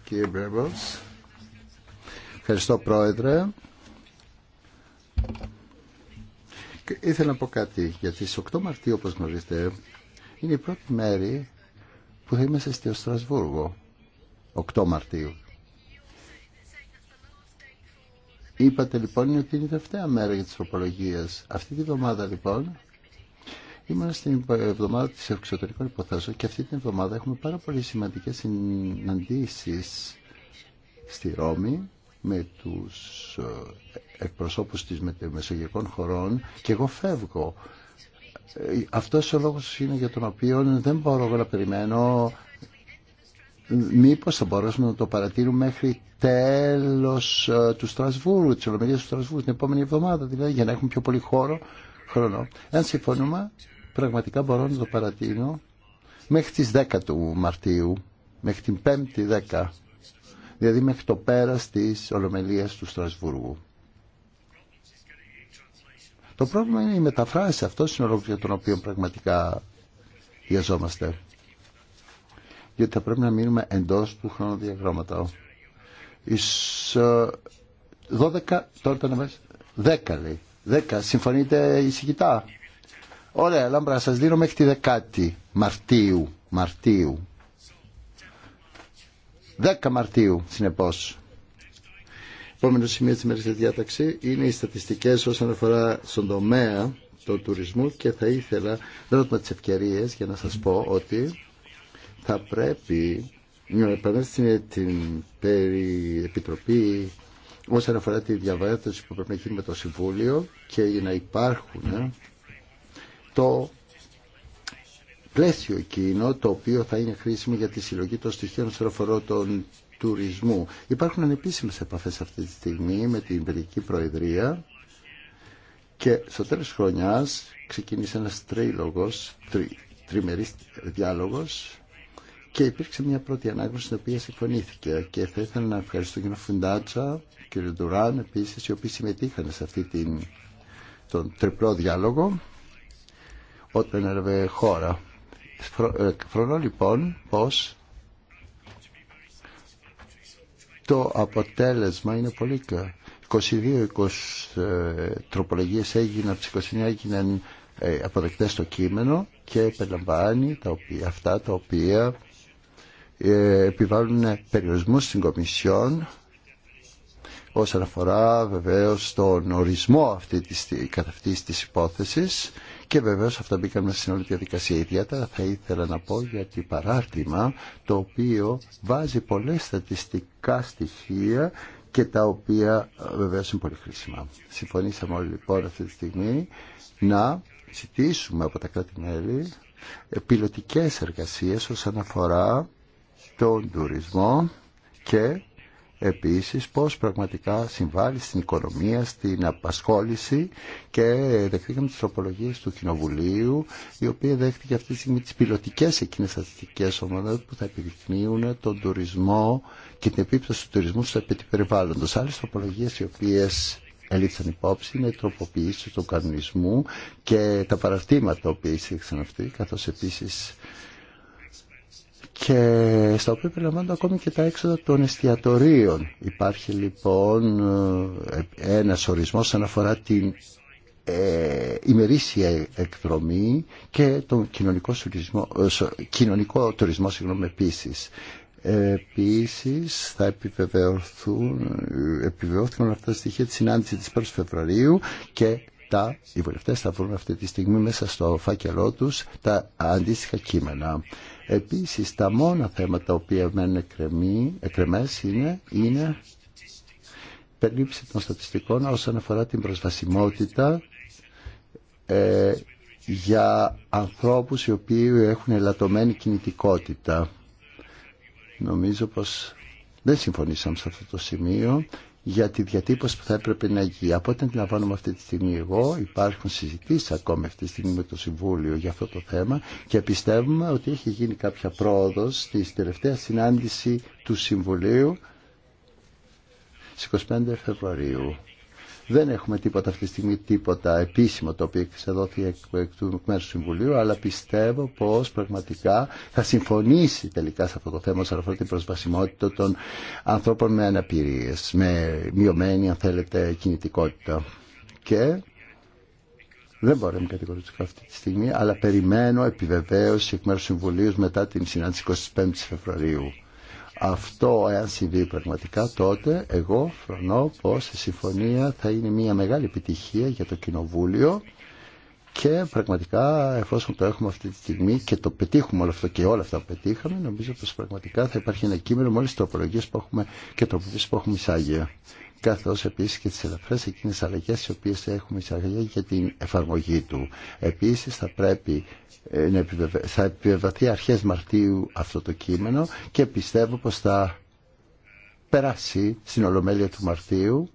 [SPEAKER 4] Κύριε Μπρέμπος. Ευχαριστώ Πρόεδρε. Και ήθελα να πω κάτι, γιατί στις 8 Μαρτίου, όπως γνωρίζετε, είναι η πρώτη μέρη που θα είμαστε στο Στρασβούργο, 8 Μαρτίου. Είπατε λοιπόν ότι είναι η τελευταία μέρα για τις τροπολογίες. Αυτή τη βδομάδα λοιπόν Είμαστε στην εβδομάδα της εξωτερικών υποθέσεων και αυτή την εβδομάδα έχουμε πάρα πολύ σημαντικές συναντήσεις στη Ρώμη με τους ε, εκπροσώπους της μεσογειακών χωρών και εγώ φεύγω. Ε, αυτός ο λόγος είναι για τον οποίο δεν μπορώ να περιμένω μήπως θα μπορέσουμε να το παρατηρούμε μέχρι τέλος ε, του Στρασβούρου, της Ολομερίας του Στρασβούρου, την επόμενη εβδομάδα δηλαδή, για να έχουμε πιο πολύ χώρο, χρόνο. Αν συμφωνούμε, πραγματικά μπορώ να το παρατείνω μέχρι τις 10 του Μαρτίου, μέχρι την 5η 10, δηλαδή μέχρι το πέρας της Ολομελίας του Στρασβούργου. Το πρόβλημα είναι η μεταφράση. Αυτό είναι ο λόγος για τον οποίο πραγματικά βιαζόμαστε. Γιατί θα πρέπει να μείνουμε εντός του χρονοδιαγράμματα. Εις 12, ε, τώρα ήταν 10 λέει. 10. Συμφωνείτε ησυχητά. Ωραία, Λάμπρα, σας δίνω μέχρι τη δεκάτη Μαρτίου. Μαρτίου. 10 Μαρτίου, συνεπώς. Επόμενο σημείο της μέρης διάταξη είναι οι στατιστικές όσον αφορά στον τομέα του τουρισμού και θα ήθελα να δώσουμε τις ευκαιρίες για να σας πω ότι θα πρέπει να επανέλθουμε την περιεπιτροπή όσον αφορά τη διαβάθμιση που πρέπει να γίνει με το Συμβούλιο και για να υπάρχουν ε, το πλαίσιο εκείνο το οποίο θα είναι χρήσιμο για τη συλλογή των στοιχείων στερεοφορώτων τουρισμού. Υπάρχουν ανεπίσημες επαφές αυτή τη στιγμή με την Υπηρετική Προεδρία και στο τέλος χρονιάς ξεκίνησε ένας τρίλογος, τρι, τριμερής διάλογος και υπήρξε μια πρώτη ανάγνωση στην οποία συμφωνήθηκε και θα ήθελα να ευχαριστώ τον κ. Φουντάτσα, κ. Ντουράν επίσης οι οποίοι συμμετείχαν σε αυτή την, τον τριπλό διάλογο όταν έλαβε χώρα. Ε, φρονώ λοιπόν πως το αποτέλεσμα είναι πολύ καλό. 22-20 ε, τροπολογίες έγιναν, από τις 29 έγιναν ε, αποδεκτές στο κείμενο και περιλαμβάνει τα οποία, αυτά τα οποία επιβάλλουν περιορισμούς στην Κομισιόν όσον αφορά βεβαίως τον ορισμό αυτή της, κατά αυτής της υπόθεσης και βεβαίω αυτά μπήκαν στην όλη διαδικασία. Ιδιαίτερα θα ήθελα να πω για το παράρτημα το οποίο βάζει πολλές στατιστικά στοιχεία και τα οποία ε, βεβαίω είναι πολύ χρήσιμα. Συμφωνήσαμε όλοι λοιπόν αυτή τη στιγμή να ζητήσουμε από τα κράτη-μέλη ε, πιλωτικές εργασίες όσον αφορά τον τουρισμό και επίσης πώς πραγματικά συμβάλλει στην οικονομία, στην απασχόληση και δεχτήκαμε τις τροπολογίες του Κοινοβουλίου η οποία δέχτηκε αυτή τη στιγμή τις πιλωτικές εκείνες στατιστικές ομάδες που θα επιδεικνύουν τον τουρισμό και την επίπτωση του τουρισμού στο επιπεριβάλλοντος. Άλλες τροπολογίες οι οποίες ελήφθαν υπόψη είναι η τροποποίηση του κανονισμού και τα παραστήματα που εισήχθησαν αυτοί καθώς επίσης και στα οποία περιλαμβάνονται ακόμη και τα έξοδα των εστιατορίων. Υπάρχει λοιπόν ε, ένας ορισμός σαν αφορά την ε, ημερήσια εκδρομή και τον κοινωνικό τουρισμό, ε, κοινωνικό τουρισμό συγγνώμη, επίσης. Επίσης θα επιβεβαιωθούν, επιβεβαιώθηκαν αυτά τα στοιχεία της συνάντησης της 1 Φεβρουαρίου και τα, οι βουλευτές θα βρουν αυτή τη στιγμή μέσα στο φάκελό τους τα αντίστοιχα κείμενα. Επίσης τα μόνα θέματα τα οποία μένουν εκρεμές είναι, είναι περίληψη των στατιστικών όσον αφορά την προσβασιμότητα ε, για ανθρώπους οι οποίοι έχουν ελαττωμένη κινητικότητα. Νομίζω πως δεν συμφωνήσαμε σε αυτό το σημείο για τη διατύπωση που θα έπρεπε να γίνει. Από ό,τι αντιλαμβάνομαι αυτή τη στιγμή εγώ, υπάρχουν συζητήσει ακόμη αυτή τη στιγμή με το Συμβούλιο για αυτό το θέμα και πιστεύουμε ότι έχει γίνει κάποια πρόοδο στη τελευταία συνάντηση του Συμβουλίου στις 25 Φεβρουαρίου. Δεν έχουμε τίποτα αυτή τη στιγμή, τίποτα επίσημο το οποίο εξεδόθηκε εκ, εκ του μέρου του Συμβουλίου, αλλά πιστεύω πω πραγματικά θα συμφωνήσει τελικά σε αυτό το θέμα, σε αυτή την προσβασιμότητα των ανθρώπων με αναπηρίε, με μειωμένη, αν θέλετε, κινητικότητα. Και δεν μπορώ να είμαι αυτή τη στιγμή, αλλά περιμένω επιβεβαίωση εκ μέρου του Συμβουλίου μετά την συνάντηση 25 Φεβρουαρίου. Αυτό, εάν συμβεί πραγματικά, τότε εγώ φρονώ πως η συμφωνία θα είναι μια μεγάλη επιτυχία για το Κοινοβούλιο και πραγματικά εφόσον το έχουμε αυτή τη στιγμή και το πετύχουμε όλο αυτό και όλα αυτά που πετύχαμε νομίζω πως πραγματικά θα υπάρχει ένα κείμενο μόλις τροπολογίες που έχουμε και το που έχουμε εισάγει καθώς επίσης και τις ελαφρές εκείνες αλλαγές οι οποίες έχουμε εισαγγελία για την εφαρμογή του. Επίσης θα πρέπει ε, να επιβεβαι... αρχές Μαρτίου αυτό το κείμενο και πιστεύω πως θα περάσει στην Ολομέλεια του Μαρτίου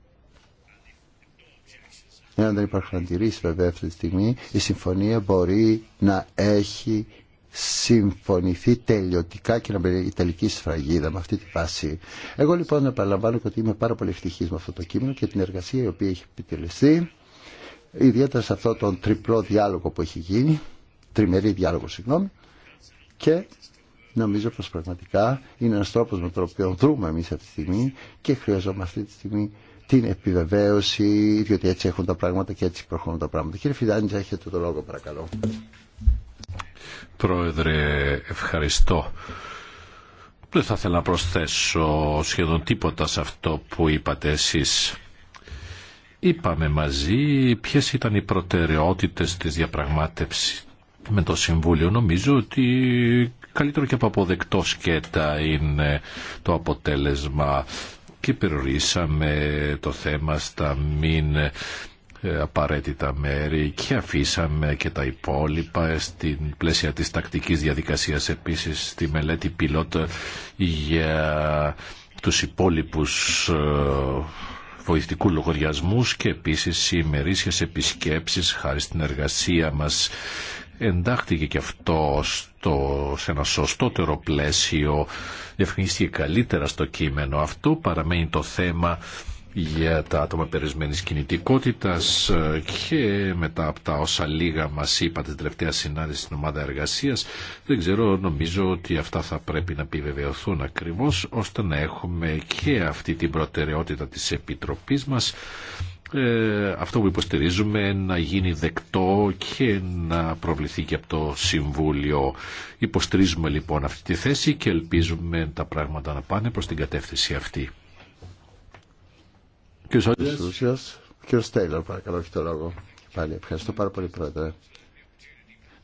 [SPEAKER 4] Εάν δεν υπάρχουν αντιρρήσεις βέβαια αυτή τη στιγμή, η συμφωνία μπορεί να έχει συμφωνηθεί τελειωτικά και να μπει η τελική σφραγίδα με αυτή τη βάση. Εγώ λοιπόν επαναλαμβάνω ότι είμαι πάρα πολύ ευτυχή με αυτό το κείμενο και την εργασία η οποία έχει επιτελεστεί ιδιαίτερα σε αυτό τον τριπλό διάλογο που έχει γίνει, τριμερή διάλογο συγγνώμη, και νομίζω πως πραγματικά είναι ένας τρόπος με τον οποίο δρούμε εμείς αυτή τη στιγμή και χρειαζόμαστε αυτή τη στιγμή την επιβεβαίωση, διότι έτσι έχουν τα πράγματα και έτσι προχωρούν τα πράγματα. Κύριε Φιδάνιτζα, έχετε το λόγο παρακαλώ.
[SPEAKER 3] Πρόεδρε, ευχαριστώ. Δεν θα ήθελα να προσθέσω σχεδόν τίποτα σε αυτό που είπατε εσείς. Είπαμε μαζί ποιες ήταν οι προτεραιότητες της διαπραγμάτευσης με το Συμβούλιο. Νομίζω ότι καλύτερο και από αποδεκτό σκέτα είναι το αποτέλεσμα και περιορίσαμε το θέμα στα μην ε, απαραίτητα μέρη και αφήσαμε και τα υπόλοιπα στην πλαίσια της τακτικής διαδικασίας επίσης στη μελέτη πιλότ για τους υπόλοιπους ε, βοηθητικού λογαριασμού και επίσης οι ημερήσιες επισκέψεις χάρη στην εργασία μας εντάχθηκε και αυτό στο, σε ένα σωστότερο πλαίσιο, διευκρινίστηκε καλύτερα στο κείμενο αυτό, παραμένει το θέμα για τα άτομα περισμένης κινητικότητας ε, και μετά από τα όσα λίγα μας είπα την τελευταία συνάντηση στην ομάδα εργασίας δεν ξέρω νομίζω ότι αυτά θα πρέπει να επιβεβαιωθούν ακριβώς ώστε να έχουμε και αυτή την προτεραιότητα της Επιτροπής μας ε, αυτό που υποστηρίζουμε να γίνει δεκτό και να προβληθεί και από το Συμβούλιο. Υποστηρίζουμε λοιπόν αυτή τη θέση και ελπίζουμε τα πράγματα να πάνε προς την κατεύθυνση αυτή
[SPEAKER 4] κύριε Στέιλορ, παρακαλώ, έχει το λόγο. Πάλι ευχαριστώ πάρα πολύ, Πρόεδρε. Να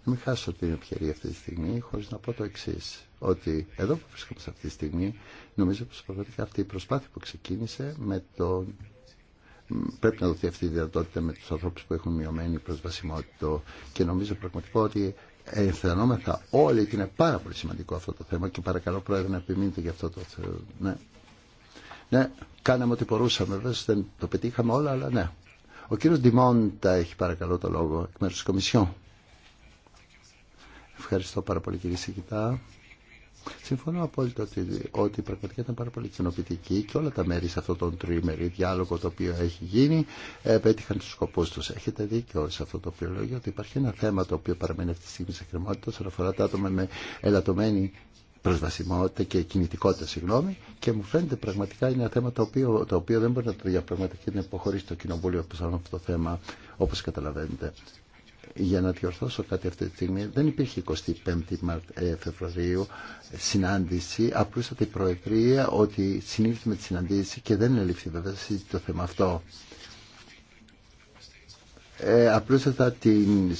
[SPEAKER 4] μην χάσω την ευκαιρία αυτή τη στιγμή, χωρί να πω το εξή. Ότι εδώ που βρισκόμαστε αυτή τη στιγμή, νομίζω πω πραγματικά αυτή η προσπάθεια που ξεκίνησε με το. Πρέπει να δοθεί αυτή η δυνατότητα με του ανθρώπου που έχουν μειωμένη προσβασιμότητα και νομίζω πραγματικά ότι ενθερνόμεθα όλοι ότι είναι πάρα πολύ σημαντικό αυτό το θέμα και παρακαλώ πρόεδρε να επιμείνετε για αυτό το θέμα. Ναι. ναι, Κάναμε ό,τι μπορούσαμε, βέβαια δεν το πετύχαμε όλα, αλλά ναι. Ο κύριος Ντιμόντα έχει παρακαλώ το λόγο εκ μέρους της Κομισιόν. Ευχαριστώ πάρα πολύ κύριε Σιγητά. Συμφωνώ απόλυτα ότι, ότι πραγματικά ήταν πάρα πολύ κοινοποιητική και όλα τα μέρη σε αυτόν τον τριήμερη διάλογο το οποίο έχει γίνει επέτυχαν πέτυχαν του σκοπούς τους. Έχετε δίκιο σε αυτό το οποίο ότι υπάρχει ένα θέμα το οποίο παραμένει αυτή τη στιγμή σε κρεμότητα όσον αφορά τα άτομα με ελαττωμένη προσβασιμότητα και κινητικότητα, συγγνώμη, και μου φαίνεται πραγματικά είναι ένα θέμα το οποίο, το οποίο δεν μπορεί να το διαπραγματευτεί να υποχωρήσει το Κοινοβούλιο από αυτό το θέμα, όπω καταλαβαίνετε. Για να διορθώσω κάτι αυτή τη στιγμή, δεν υπήρχε 25η ε, Φεβρουαρίου ε, συνάντηση. Απλούστατη η Προεδρία ότι συνήλθε με τη συναντήση και δεν ελήφθη βέβαια το θέμα αυτό ε, απλούστατα την,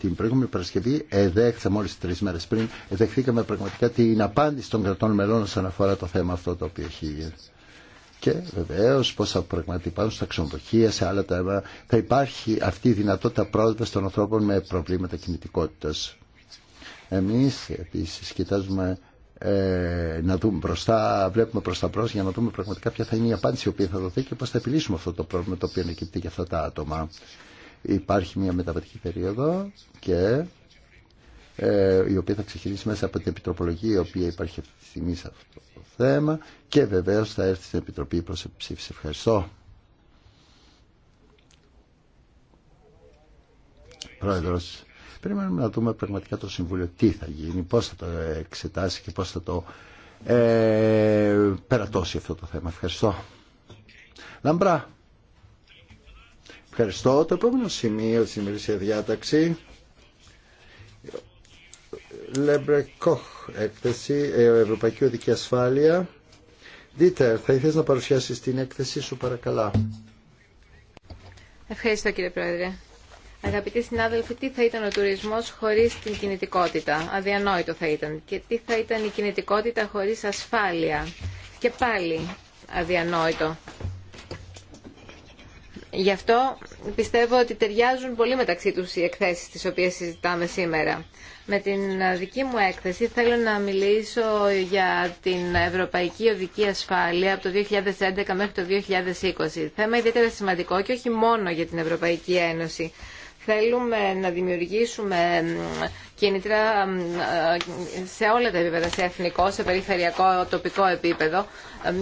[SPEAKER 4] την προηγούμενη Παρασκευή εδέχθηκα μόλις τρεις μέρες πριν εδεχθήκαμε πραγματικά την απάντηση των κρατών μελών όσον αφορά το θέμα αυτό το οποίο έχει και βεβαίω θα πραγματικά πάνω στα ξενοδοχεία, σε άλλα τα θα υπάρχει αυτή η δυνατότητα πρόσβαση των ανθρώπων με προβλήματα κινητικότητα. Εμεί επίση κοιτάζουμε ε, να δούμε μπροστά, βλέπουμε προς τα μπρος για να δούμε πραγματικά ποια θα είναι η απάντηση η οποία θα δοθεί και πώς θα επιλύσουμε αυτό το πρόβλημα το οποίο ανακύπτει για αυτά τα άτομα. Υπάρχει μια μεταβατική περίοδο και ε, η οποία θα ξεκινήσει μέσα από την Επιτροπολογία η οποία υπάρχει αυτή τη στιγμή σε αυτό το θέμα και βεβαίως θα έρθει στην Επιτροπή προς ψήφιση. Ευχαριστώ. Πρόεδρος, Περιμένουμε να δούμε πραγματικά το Συμβούλιο τι θα γίνει, πώς θα το εξετάσει και πώς θα το ε, περατώσει αυτό το θέμα. Ευχαριστώ. Λαμπρά. Ευχαριστώ. Το επόμενο σημείο της ημερήσια διάταξη Κόχ έκθεση ε, Ευρωπαϊκή Οδική Ασφάλεια Δίτερ, θα ήθελες να παρουσιάσεις την έκθεση σου παρακαλά.
[SPEAKER 1] Ευχαριστώ κύριε Πρόεδρε. Αγαπητοί συνάδελφοι, τι θα ήταν ο τουρισμός χωρίς την κινητικότητα. Αδιανόητο θα ήταν. Και τι θα ήταν η κινητικότητα χωρίς ασφάλεια. Και πάλι αδιανόητο. Γι' αυτό πιστεύω ότι ταιριάζουν πολύ μεταξύ τους οι εκθέσεις τις οποίες συζητάμε σήμερα. Με την δική μου έκθεση θέλω να μιλήσω για την Ευρωπαϊκή Οδική Ασφάλεια από το 2011 μέχρι το 2020. Θέμα ιδιαίτερα σημαντικό και όχι μόνο για την Ευρωπαϊκή Ένωση θέλουμε να δημιουργήσουμε κίνητρα ε, σε όλα τα επίπεδα, σε εθνικό, σε περιφερειακό, τοπικό επίπεδο,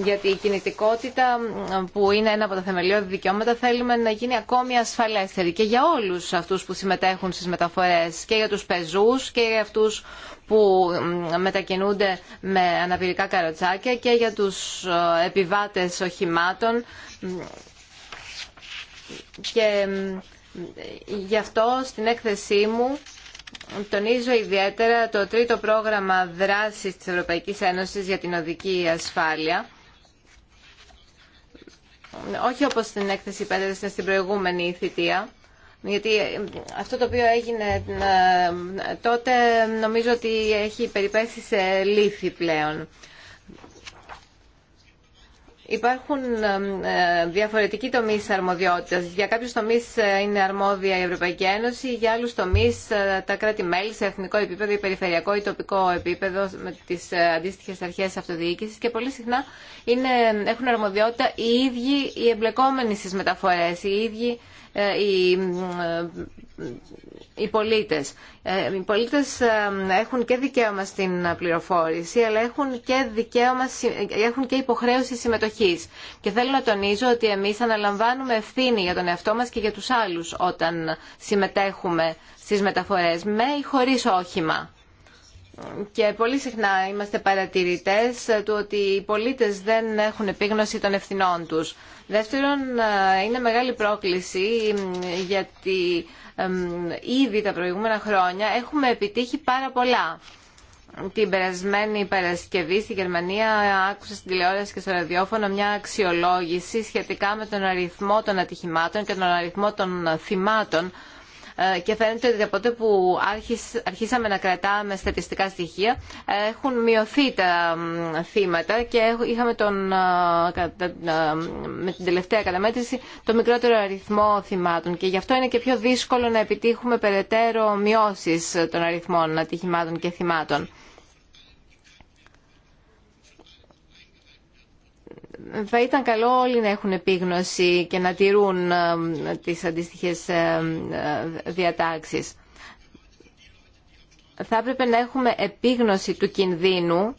[SPEAKER 1] γιατί η κινητικότητα που είναι ένα από τα θεμελιώδη δικαιώματα θέλουμε να γίνει ακόμη ασφαλέστερη και για όλους αυτούς που συμμετέχουν στις μεταφορές και για τους πεζούς και για αυτούς που μετακινούνται με αναπηρικά καροτσάκια και για τους ε, επιβάτες οχημάτων και Γι' αυτό στην έκθεσή μου τονίζω ιδιαίτερα το τρίτο πρόγραμμα δράσης της Ευρωπαϊκής Ένωσης για την οδική ασφάλεια. Όχι όπως στην έκθεση πέντε στην προηγούμενη θητεία, γιατί αυτό το οποίο έγινε ε, τότε νομίζω ότι έχει περιπέσει σε λύθη πλέον. Υπάρχουν ε, διαφορετικοί τομεί αρμοδιότητα. Για κάποιου τομεί ε, είναι αρμόδια η Ευρωπαϊκή Ένωση, για άλλου τομεί ε, τα κράτη-μέλη σε εθνικό επίπεδο ή περιφερειακό ή τοπικό επίπεδο με τι αντίστοιχε αρχέ αυτοδιοίκηση και πολύ συχνά είναι, έχουν αρμοδιότητα οι ίδιοι οι εμπλεκόμενοι στι μεταφορέ, οι ίδιοι οι οι πολίτες. Ε, οι πολίτες ε, έχουν και δικαίωμα στην πληροφόρηση, αλλά έχουν και, δικαίωμα, έχουν και υποχρέωση συμμετοχής. Και θέλω να τονίζω ότι εμείς αναλαμβάνουμε ευθύνη για τον εαυτό μας και για τους άλλους όταν συμμετέχουμε στις μεταφορές, με ή χωρίς όχημα και πολύ συχνά είμαστε παρατηρητές του ότι οι πολίτες δεν έχουν επίγνωση των ευθυνών τους. Δεύτερον, ε, είναι μεγάλη πρόκληση γιατί ε, ήδη τα προηγούμενα χρόνια έχουμε επιτύχει πάρα πολλά. Την περασμένη Παρασκευή στη Γερμανία άκουσα στην τηλεόραση και στο ραδιόφωνο μια αξιολόγηση σχετικά με τον αριθμό των ατυχημάτων και τον αριθμό των θυμάτων ε, και φαίνεται ότι από τότε που αρχίσαμε να κρατάμε στατιστικά στοιχεία έχουν μειωθεί τα θύματα και είχαμε τον, ε, ε, με την τελευταία καταμέτρηση το μικρότερο αριθμό θυμάτων και γι' αυτό είναι και πιο δύσκολο να επιτύχουμε περαιτέρω μειώσεις των αριθμών ατυχημάτων και θυμάτων. θα ήταν καλό όλοι να έχουν επίγνωση και να τηρούν ε, τις αντίστοιχες ε, διατάξεις. Θα έπρεπε να έχουμε επίγνωση του κινδύνου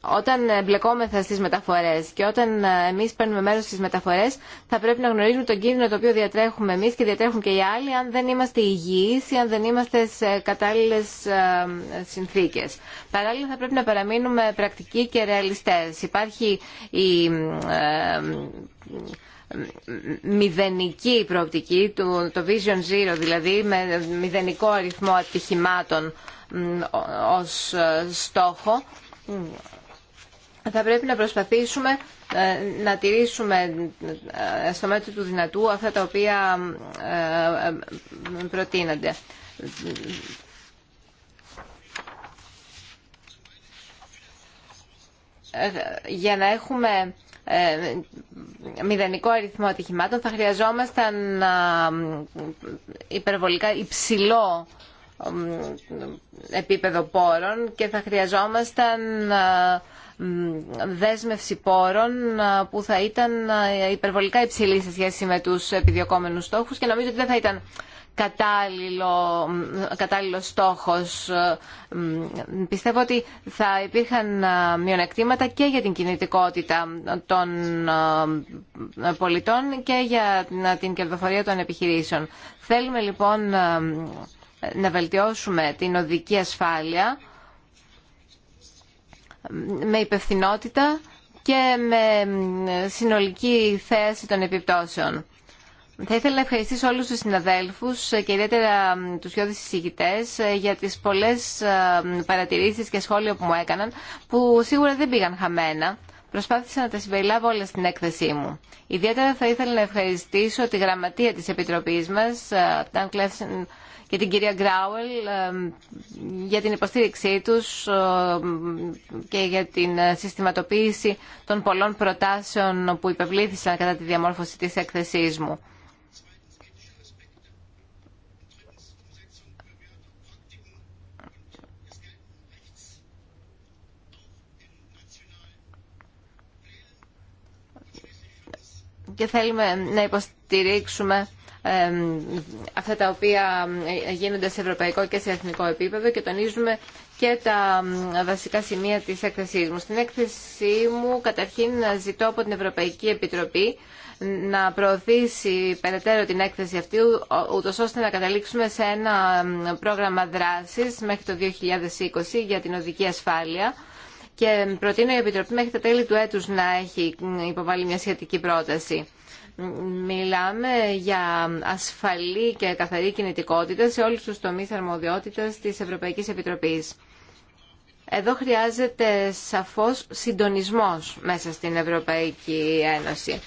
[SPEAKER 1] όταν μπλεκόμεθα στις μεταφορές και όταν ε, εμείς παίρνουμε μέρος στις μεταφορές θα πρέπει να γνωρίζουμε τον κίνδυνο το οποίο διατρέχουμε εμείς και διατρέχουν και οι άλλοι αν δεν είμαστε υγιείς ή αν δεν είμαστε σε κατάλληλες ε, συνθήκες. Παράλληλα θα πρέπει να παραμείνουμε πρακτικοί και ρεαλιστές. Υπάρχει η ε, μηδενική προοπτική, το Vision Zero δηλαδή, με μηδενικό αριθμό ατυχημάτων ως στόχο θα πρέπει να προσπαθήσουμε ε, να τηρήσουμε ε, στο μέτρο του δυνατού αυτά τα οποία ε, προτείνονται. Για να έχουμε μηδενικό αριθμό ατυχημάτων θα χρειαζόμασταν υπερβολικά υψηλό επίπεδο πόρων και θα χρειαζόμασταν ε, δέσμευση πόρων ε, που θα ήταν ε, υπερβολικά υψηλή σε σχέση με τους επιδιωκόμενους στόχους και νομίζω ότι δεν θα ήταν κατάλληλο, κατάλληλο στόχος. Πιστεύω ότι θα υπήρχαν μειονεκτήματα και για την κινητικότητα των πολιτών και για την κερδοφορία των επιχειρήσεων. Θέλουμε λοιπόν να βελτιώσουμε την οδική ασφάλεια με υπευθυνότητα και με συνολική θέαση των επιπτώσεων. Θα ήθελα να ευχαριστήσω όλους τους συναδέλφους και ιδιαίτερα τους δυο συζητητές για τις πολλές ε, παρατηρήσεις και σχόλια που μου έκαναν που σίγουρα δεν πήγαν χαμένα. Προσπάθησα να τα συμπεριλάβω όλα στην έκθεσή μου. Ιδιαίτερα θα ήθελα να ευχαριστήσω τη γραμματεία της Επιτροπής μας, ε, Dan Clefson, για την κυρία Γκράουελ για την υποστήριξή τους και για την ε, συστηματοποίηση των πολλών προτάσεων που υπευλήθησαν κατά τη διαμόρφωση της έκθεσής μου. και θέλουμε να υποστηρίξουμε αυτά τα οποία γίνονται σε ευρωπαϊκό και σε εθνικό επίπεδο και τονίζουμε και τα βασικά σημεία της έκθεσής μου. Στην έκθεσή μου καταρχήν ζητώ από την Ευρωπαϊκή Επιτροπή να προωθήσει περαιτέρω την έκθεση αυτή, ούτω ώστε να καταλήξουμε σε ένα πρόγραμμα δράσης μέχρι το 2020 για την οδική ασφάλεια και προτείνω η Επιτροπή μέχρι τα τέλη του έτους να έχει υποβάλει μια σχετική πρόταση. Μιλάμε για ασφαλή και καθαρή κινητικότητα σε όλους τους τομείς αρμοδιότητας της Ευρωπαϊκής Επιτροπής. Εδώ χρειάζεται σαφώς συντονισμός μέσα στην Ευρωπαϊκή Ένωση.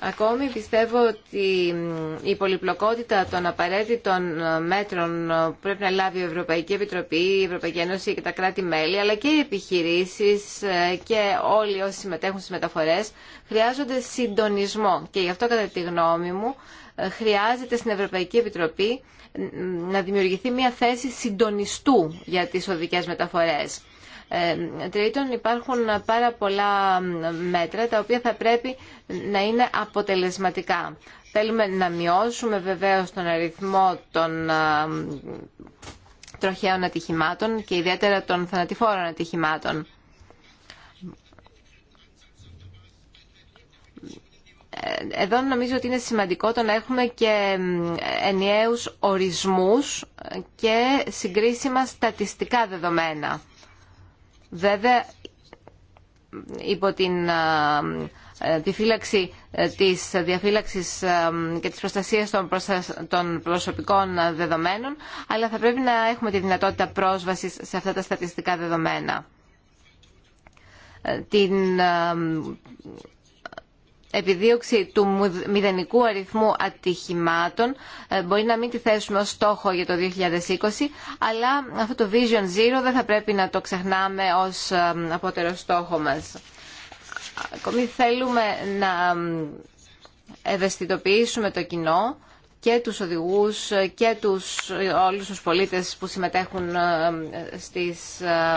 [SPEAKER 1] Ακόμη πιστεύω ότι η πολυπλοκότητα των απαραίτητων ε, μέτρων που ε, πρέπει να λάβει η Ευρωπαϊκή Επιτροπή, η Ευρωπαϊκή Ένωση και τα κράτη-μέλη, αλλά και οι επιχειρήσεις ε, και όλοι όσοι συμμετέχουν στις μεταφορές, χρειάζονται συντονισμό. Και γι' αυτό, κατά τη γνώμη μου, χρειάζεται στην Ευρωπαϊκή Επιτροπή να δημιουργηθεί μια θέση συντονιστού για τις οδικές μεταφορές ε, τρίτον, υπάρχουν πάρα πολλά μέτρα τα οποία θα πρέπει να είναι αποτελεσματικά. Θέλουμε να μειώσουμε βεβαίως τον αριθμό των ε, τροχαίων ατυχημάτων και ιδιαίτερα των θανατηφόρων ατυχημάτων. Ε, εδώ νομίζω ότι είναι σημαντικό το να έχουμε και ενιαίους ορισμούς και συγκρίσιμα στατιστικά δεδομένα. Βέβαια, υπό την ε, τη φύλαξη ε, της διαφύλαξης ε, και της προστασίας των προσωπικών δεδομένων, αλλά θα πρέπει να έχουμε τη δυνατότητα πρόσβασης σε αυτά τα στατιστικά δεδομένα. Την επιδίωξη του μηδενικού αριθμού ατυχημάτων ε, μπορεί να μην τη θέσουμε ως στόχο για το 2020 αλλά αυτό το Vision Zero δεν θα πρέπει να το ξεχνάμε ως ε, απότερο στόχο μας. Ακόμη θέλουμε να ευαισθητοποιήσουμε το κοινό και τους οδηγούς ε, και τους, όλους τους πολίτες που συμμετέχουν στις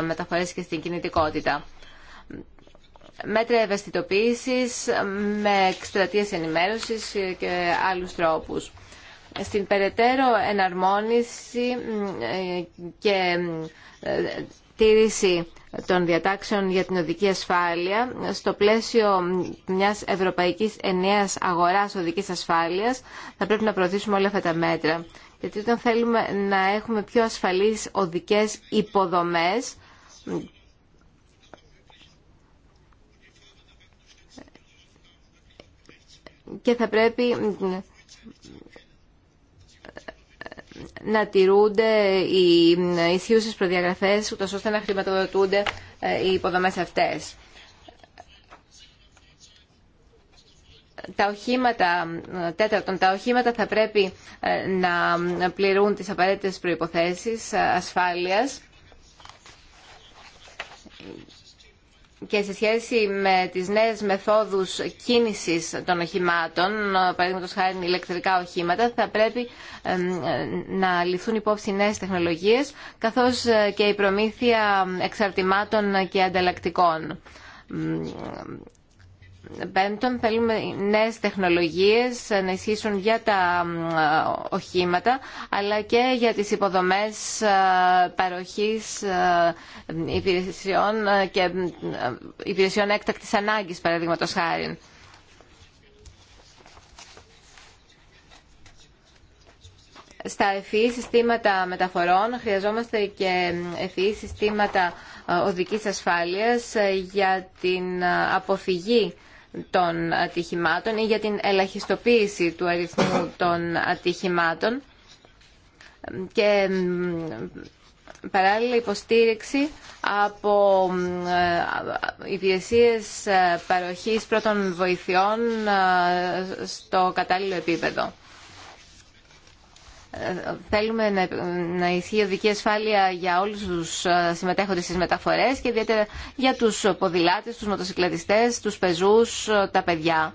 [SPEAKER 1] μεταφορές και στην κινητικότητα μέτρα ευαισθητοποίησης με εκστρατείες ενημέρωσης και άλλους τρόπους. Στην περαιτέρω εναρμόνιση και ε, τήρηση των διατάξεων για την οδική ασφάλεια στο πλαίσιο μιας ευρωπαϊκής ενιαίας αγοράς οδικής ασφάλειας θα πρέπει να προωθήσουμε όλα αυτά τα μέτρα. Γιατί όταν θέλουμε να έχουμε πιο ασφαλείς οδικές υποδομές και θα πρέπει να τηρούνται οι ισχύουσες προδιαγραφές ούτως ώστε να χρηματοδοτούνται ε, οι υποδομές αυτές. τα οχήματα, τέταρτον, τα οχήματα θα πρέπει ε, να πληρούν τις απαραίτητες προϋποθέσεις ε, ασφάλειας και σε σχέση με τις νέες μεθόδους κίνησης των οχημάτων, παραδείγματος χάρη ηλεκτρικά οχήματα, θα πρέπει να ληφθούν υπόψη νέες τεχνολογίες, καθώς ε, και η προμήθεια εξαρτημάτων και ανταλλακτικών Πέμπτον, θέλουμε νέες τεχνολογίες να ισχύσουν για τα οχήματα, αλλά και για τις υποδομές ε, παροχής ε, υπηρεσιών και ε, υπηρεσιών έκτακτης ανάγκης, παραδείγματος χάρη. Στα ευφυή e συστήματα μεταφορών χρειαζόμαστε και ευφυή e συστήματα οδικής ασφάλειας για την αποφυγή των ατυχημάτων ή για την ελαχιστοποίηση του αριθμού των ατυχημάτων και παράλληλα υποστήριξη από υπηρεσίες ε, παροχής πρώτων βοηθειών ε, στο κατάλληλο επίπεδο θέλουμε να, ισχύει οδική ασφάλεια για όλους τους ε, συμμετέχοντες στις μεταφορές και ιδιαίτερα για τους ποδηλάτες, τους μοτοσυκλετιστές, τους πεζούς, ε, τα παιδιά.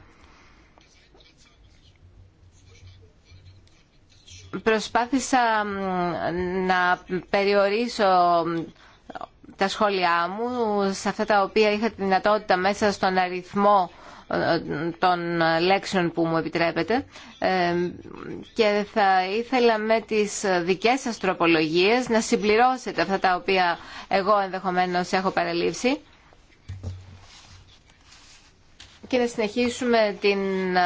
[SPEAKER 1] Προσπάθησα να περιορίσω τα σχόλιά μου σε αυτά τα οποία είχα τη δυνατότητα μέσα στον αριθμό των λέξεων που μου επιτρέπετε ε, και θα ήθελα με τις δικές σας τροπολογίες να συμπληρώσετε αυτά τα οποία εγώ ενδεχομένως έχω παραλείψει και να συνεχίσουμε την ε,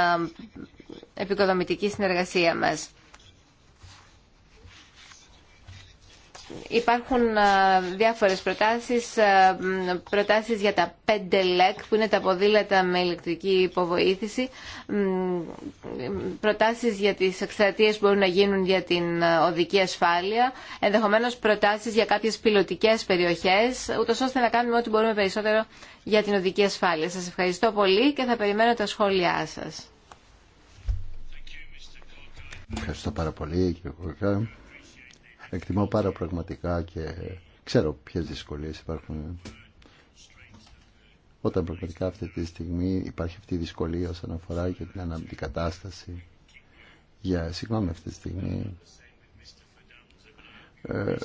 [SPEAKER 1] επικοδομητική συνεργασία μας. Υπάρχουν ε, διάφορες προτάσεις, ε, προτάσεις για τα 5 λεκ που είναι τα ποδήλατα με ηλεκτρική υποβοήθηση, προτάσεις για τις εκστρατείες που μπορούν να γίνουν για την ε, οδική ασφάλεια, ενδεχομένως προτάσεις για κάποιες πιλωτικές περιοχές, ούτως ώστε να κάνουμε ό,τι μπορούμε περισσότερο για την οδική ασφάλεια. Σας ευχαριστώ πολύ και θα περιμένω τα σχόλιά σας.
[SPEAKER 4] Ευχαριστώ πάρα πολύ κύριε εκτιμώ πάρα πραγματικά και ξέρω ποιες δυσκολίες υπάρχουν όταν πραγματικά αυτή τη στιγμή υπάρχει αυτή η δυσκολία όσον αφορά και την κατάσταση. για yeah, συγγνώμη αυτή τη στιγμή ε,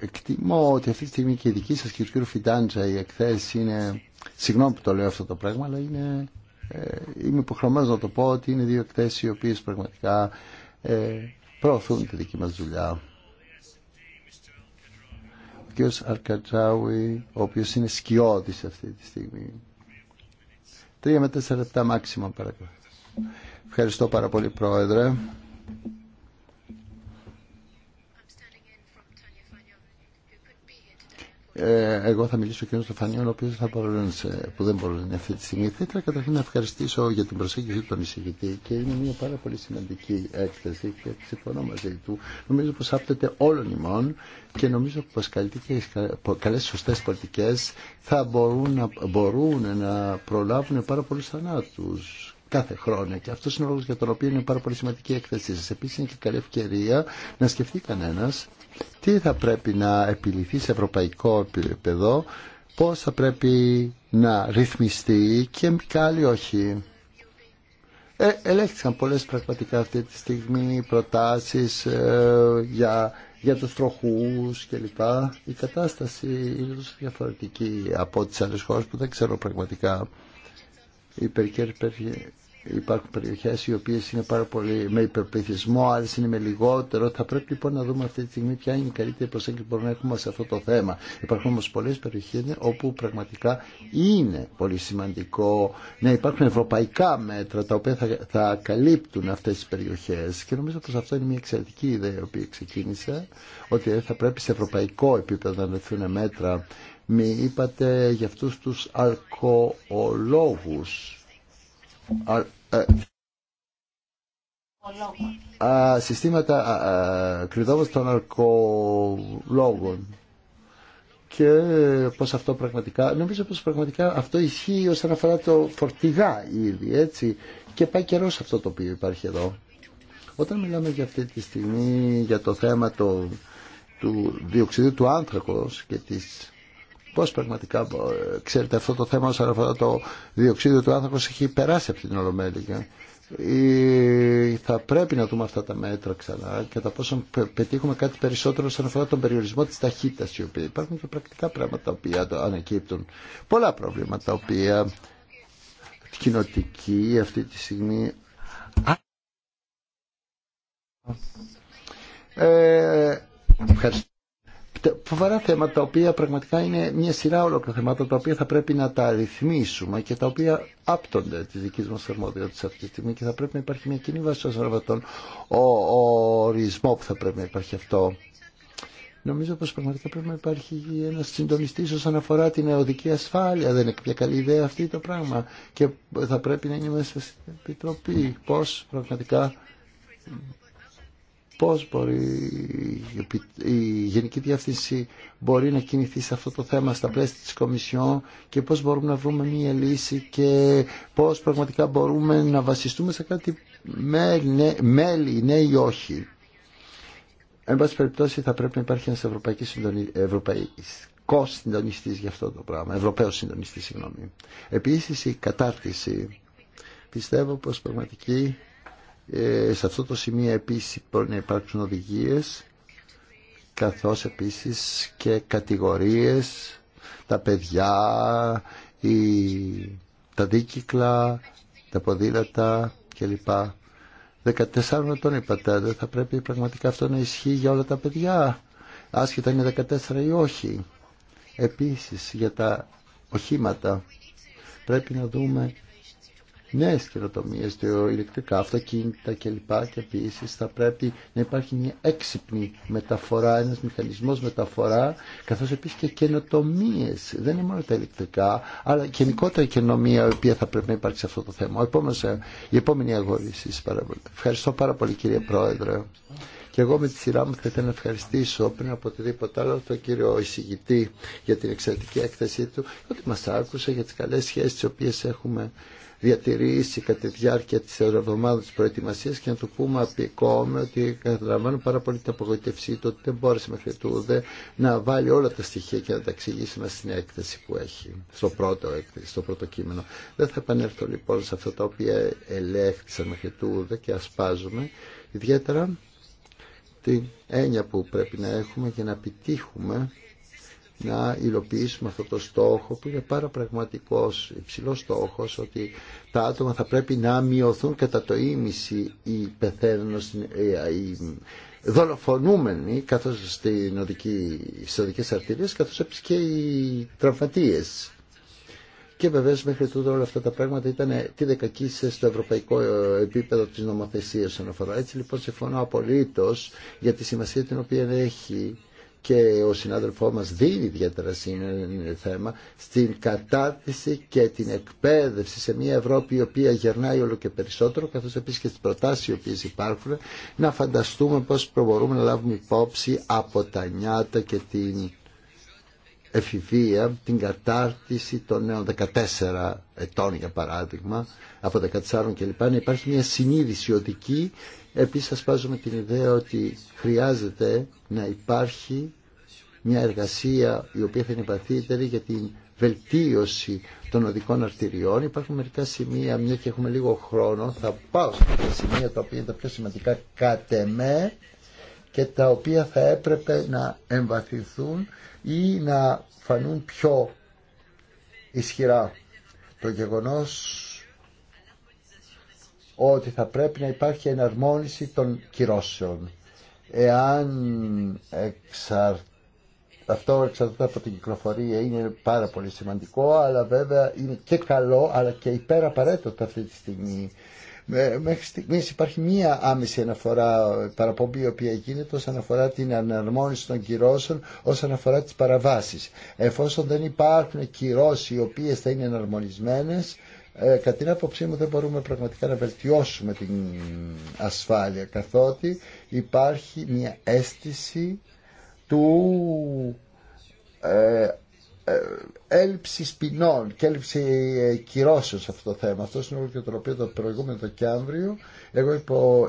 [SPEAKER 4] εκτιμώ ότι αυτή τη στιγμή και η δική σας και του κ. Φιντάντζα η εκθέση είναι συγγνώμη που το λέω αυτό το πράγμα αλλά είναι ε, είμαι υποχρεωμένος να το πω ότι είναι δύο εκθέσεις οι οποίες πραγματικά ε, προωθούν τη δική μας δουλειά κύριος Αρκατράουι, ο οποίος είναι σκιώδης αυτή τη στιγμή. Τρία με τέσσερα λεπτά μάξιμα παρακαλώ. Ευχαριστώ πάρα πολύ πρόεδρε. Ε, εγώ θα μιλήσω ο Στεφανίων, ο οποίο που δεν μπορεί να είναι αυτή τη στιγμή. Θα ήθελα καταρχήν να ευχαριστήσω για την προσέγγιση του τον εισηγητή και είναι μια πάρα πολύ σημαντική έκθεση και συμφωνώ μαζί του. Νομίζω πω άπτεται όλων ημών και νομίζω πως καλέ καλές σωστέ πολιτικέ θα μπορούν να, μπορούν να προλάβουν πάρα πολλού θανάτου κάθε χρόνο. Και αυτό είναι ο λόγο για τον οποίο είναι πάρα πολύ σημαντική η έκθεσή σα. Επίση, είναι και καλή ευκαιρία να σκεφτεί κανένα τι θα πρέπει να επιληθεί σε ευρωπαϊκό επίπεδο, πώς θα πρέπει να ρυθμιστεί και άλλοι όχι. Ε, ελέγχθηκαν πολλές πραγματικά αυτή τη στιγμή προτάσεις ε, για, για τους τροχούς κλπ. Η κατάσταση είναι τόσο διαφορετική από τις άλλες χώρες που δεν ξέρω πραγματικά. Υπερκέρ, Υπάρχουν περιοχέ οι οποίε είναι πάρα πολύ με υπερπληθυσμό, άλλε είναι με λιγότερο. Θα πρέπει λοιπόν να δούμε αυτή τη στιγμή ποια είναι η καλύτερη προσέγγιση που μπορούμε να έχουμε σε αυτό το θέμα. Υπάρχουν όμω πολλέ περιοχέ όπου πραγματικά είναι πολύ σημαντικό να υπάρχουν ευρωπαϊκά μέτρα τα οποία θα, θα καλύπτουν αυτέ τι περιοχέ. και νομίζω πω αυτό είναι μια εξαιρετική ιδέα η οποία ξεκίνησε ότι θα πρέπει σε ευρωπαϊκό επίπεδο να λεφθούν μέτρα. Μη είπατε για αυτού τους αλκοολόγους ε, συστήματα κρυδόμως των αρκολόγων και πως αυτό πραγματικά νομίζω πως πραγματικά αυτό ισχύει όσον αφορά το φορτηγά ήδη έτσι και πάει καιρό αυτό το οποίο υπάρχει εδώ όταν μιλάμε για αυτή τη στιγμή για το θέμα του διοξιδίου του άνθρακος και της πώς πραγματικά ε, ξέρετε αυτό το θέμα όσον αφορά το διοξείδιο του άνθρακος έχει περάσει από την Ολομέλεια ή ε, θα πρέπει να δούμε αυτά τα μέτρα ξανά και κατά πόσο πετύχουμε κάτι περισσότερο όσον αφορά τον περιορισμό της ταχύτητας οποία υπάρχουν και πρακτικά πράγματα τα μετρα ξανα και τα ποσο ανακύπτουν πολλά προβλήματα τα οποία κοινοτική αυτή τη στιγμή ε, ευχαριστώ φοβερά θέματα τα οποία πραγματικά είναι μια σειρά ολόκληρα θέματα τα οποία θα πρέπει να τα ρυθμίσουμε και τα οποία άπτονται τη δική μα αρμοδιότητα αυτή τη στιγμή και θα πρέπει να υπάρχει μια κοινή βάση των σαρβατών ο, ο ορισμό που θα πρέπει να υπάρχει αυτό. Νομίζω πως πραγματικά πρέπει να υπάρχει ένας συντονιστής όσον αφορά την εωδική ασφάλεια. Δεν είναι μια καλή ιδέα αυτή το πράγμα. Και θα πρέπει να είναι μέσα στην Επιτροπή. Πώς πραγματικά πώς μπορεί η Γενική Διεύθυνση μπορεί να κινηθεί σε αυτό το θέμα στα πλαίσια της Κομισιόν και πώς μπορούμε να βρούμε μία λύση και πώς πραγματικά μπορούμε να βασιστούμε σε κάτι μέλη, ναι, μέλη, ναι ή όχι. Εν πάση περιπτώσει θα πρέπει να υπάρχει ένας ευρωπαϊκός συντονιστής για αυτό το πράγμα, ευρωπαίος συντονιστής, συγγνώμη. Επίσης η κατάρτιση πιστεύω πως μπορει η γενικη διευθυνση μπορει να κινηθει σε αυτο το θεμα στα πλαισια της κομισιον και πως μπορουμε να βρουμε μια λυση και πως πραγματικα μπορουμε να βασιστουμε σε κατι μελη ναι ναι η οχι εν παση περιπτωσει θα πρεπει να υπαρχει ενας ευρωπαικος συντονιστης για αυτο το πραγμα ευρωπαιος συντονιστης συγγνωμη επισης η καταρτιση πιστευω πως πραγματικη ε, σε αυτό το σημείο επίσης μπορεί να υπάρξουν οδηγίες καθώς επίσης και κατηγορίες, τα παιδιά, τα δίκυκλα, τα ποδήλατα κλπ. 14 ετών είπατε, δεν θα πρέπει πραγματικά αυτό να ισχύει για όλα τα παιδιά, άσχετα είναι 14 ή όχι. Επίσης για τα οχήματα πρέπει να δούμε νέες καινοτομίες, ηλεκτρικά αυτοκίνητα κλπ. Και επίση θα πρέπει να υπάρχει μια έξυπνη μεταφορά, ένας μηχανισμός μεταφορά, καθώς επίσης και καινοτομίες. Δεν είναι μόνο τα ηλεκτρικά, αλλά γενικότερα η καινομία η οποία θα πρέπει να υπάρξει σε αυτό το θέμα. Επόμενος, η επόμενη αγόρηση. Ευχαριστώ πάρα πολύ κύριε Πρόεδρε. Και εγώ με τη σειρά μου θα ήθελα να ευχαριστήσω πριν από οτιδήποτε άλλο τον κύριο εισηγητή για την εξαιρετική έκθεσή του, ότι μας άκουσε για τις καλές σχέσεις τις οποίες έχουμε διατηρήσει κατά τη διάρκεια της εβδομάδας της προετοιμασίας και να του πούμε απεικόμε ότι καταλαβαίνω πάρα πολύ την απογοητευσή του ότι δεν μπόρεσε μέχρι τούδε να βάλει όλα τα στοιχεία και να τα εξηγήσει μας στην έκθεση που έχει, στο πρώτο, στο πρώτο κείμενο. Δεν θα επανέλθω λοιπόν σε αυτά τα οποία ελέγχθησαν μέχρι τούδε και ασπάζουμε, ιδιαίτερα την έννοια που πρέπει να έχουμε για να επιτύχουμε να υλοποιήσουμε αυτό το στόχο που είναι πάρα πραγματικός υψηλός στόχος ότι τα άτομα θα πρέπει να μειωθούν κατά το ίμιση οι πεθαίνουν οι δολοφονούμενοι καθώς στην οδική, στις οδικές αρτηρίες καθώς και οι τραυματίες. Και βεβαίω μέχρι τούτο όλα αυτά τα πράγματα ήταν τι δεκακή στο ευρωπαϊκό ε, επίπεδο τη νομοθεσία αναφορά. Έτσι λοιπόν συμφωνώ απολύτω για τη σημασία την οποία έχει και ο συνάδελφό μας δίνει ιδιαίτερα θέμα στην κατάρτιση και την εκπαίδευση σε μια Ευρώπη η οποία γερνάει όλο και περισσότερο καθώς επίσης και στις προτάσεις οι οποίες υπάρχουν να φανταστούμε πώς μπορούμε να λάβουμε υπόψη από τα νιάτα και την εφηβεία την κατάρτιση των νέων 14 ετών για παράδειγμα από 14 και λοιπά να υπάρχει μια συνείδηση οδική επίσης ασπάζουμε την ιδέα ότι χρειάζεται να υπάρχει μια εργασία η οποία θα είναι βαθύτερη για την βελτίωση των οδικών αρτηριών. Υπάρχουν μερικά σημεία, μια και έχουμε λίγο χρόνο, θα πάω στα σημεία τα οποία είναι τα πιο σημαντικά κατ' εμέ και τα οποία θα έπρεπε να εμβαθυνθούν ή να φανούν πιο ισχυρά. Το γεγονός ότι θα πρέπει να υπάρχει εναρμόνιση των κυρώσεων. Εάν εξαρ... αυτό εξαρτάται από την κυκλοφορία είναι πάρα πολύ σημαντικό, αλλά βέβαια είναι και καλό, αλλά και υπεραπαραίτητο αυτή τη στιγμή Μέχρι στιγμή υπάρχει μία άμεση αναφορά παραπομπή η οποία γίνεται όσον αφορά την αναρμόνιση των κυρώσεων όσον αφορά τις παραβάσεις. Εφόσον δεν υπάρχουν κυρώσεις οι οποίες θα είναι εναρμονισμένες ε, κατά την άποψή μου δεν μπορούμε πραγματικά να βελτιώσουμε την ασφάλεια καθότι υπάρχει μια αίσθηση του ε, ε, έλλειψη ποινών και έλλειψη ε, κυρώσεων σε αυτό το θέμα. Αυτό είναι όλο και το οποίο το προηγούμενο Δεκέμβριο. Εγώ υπο,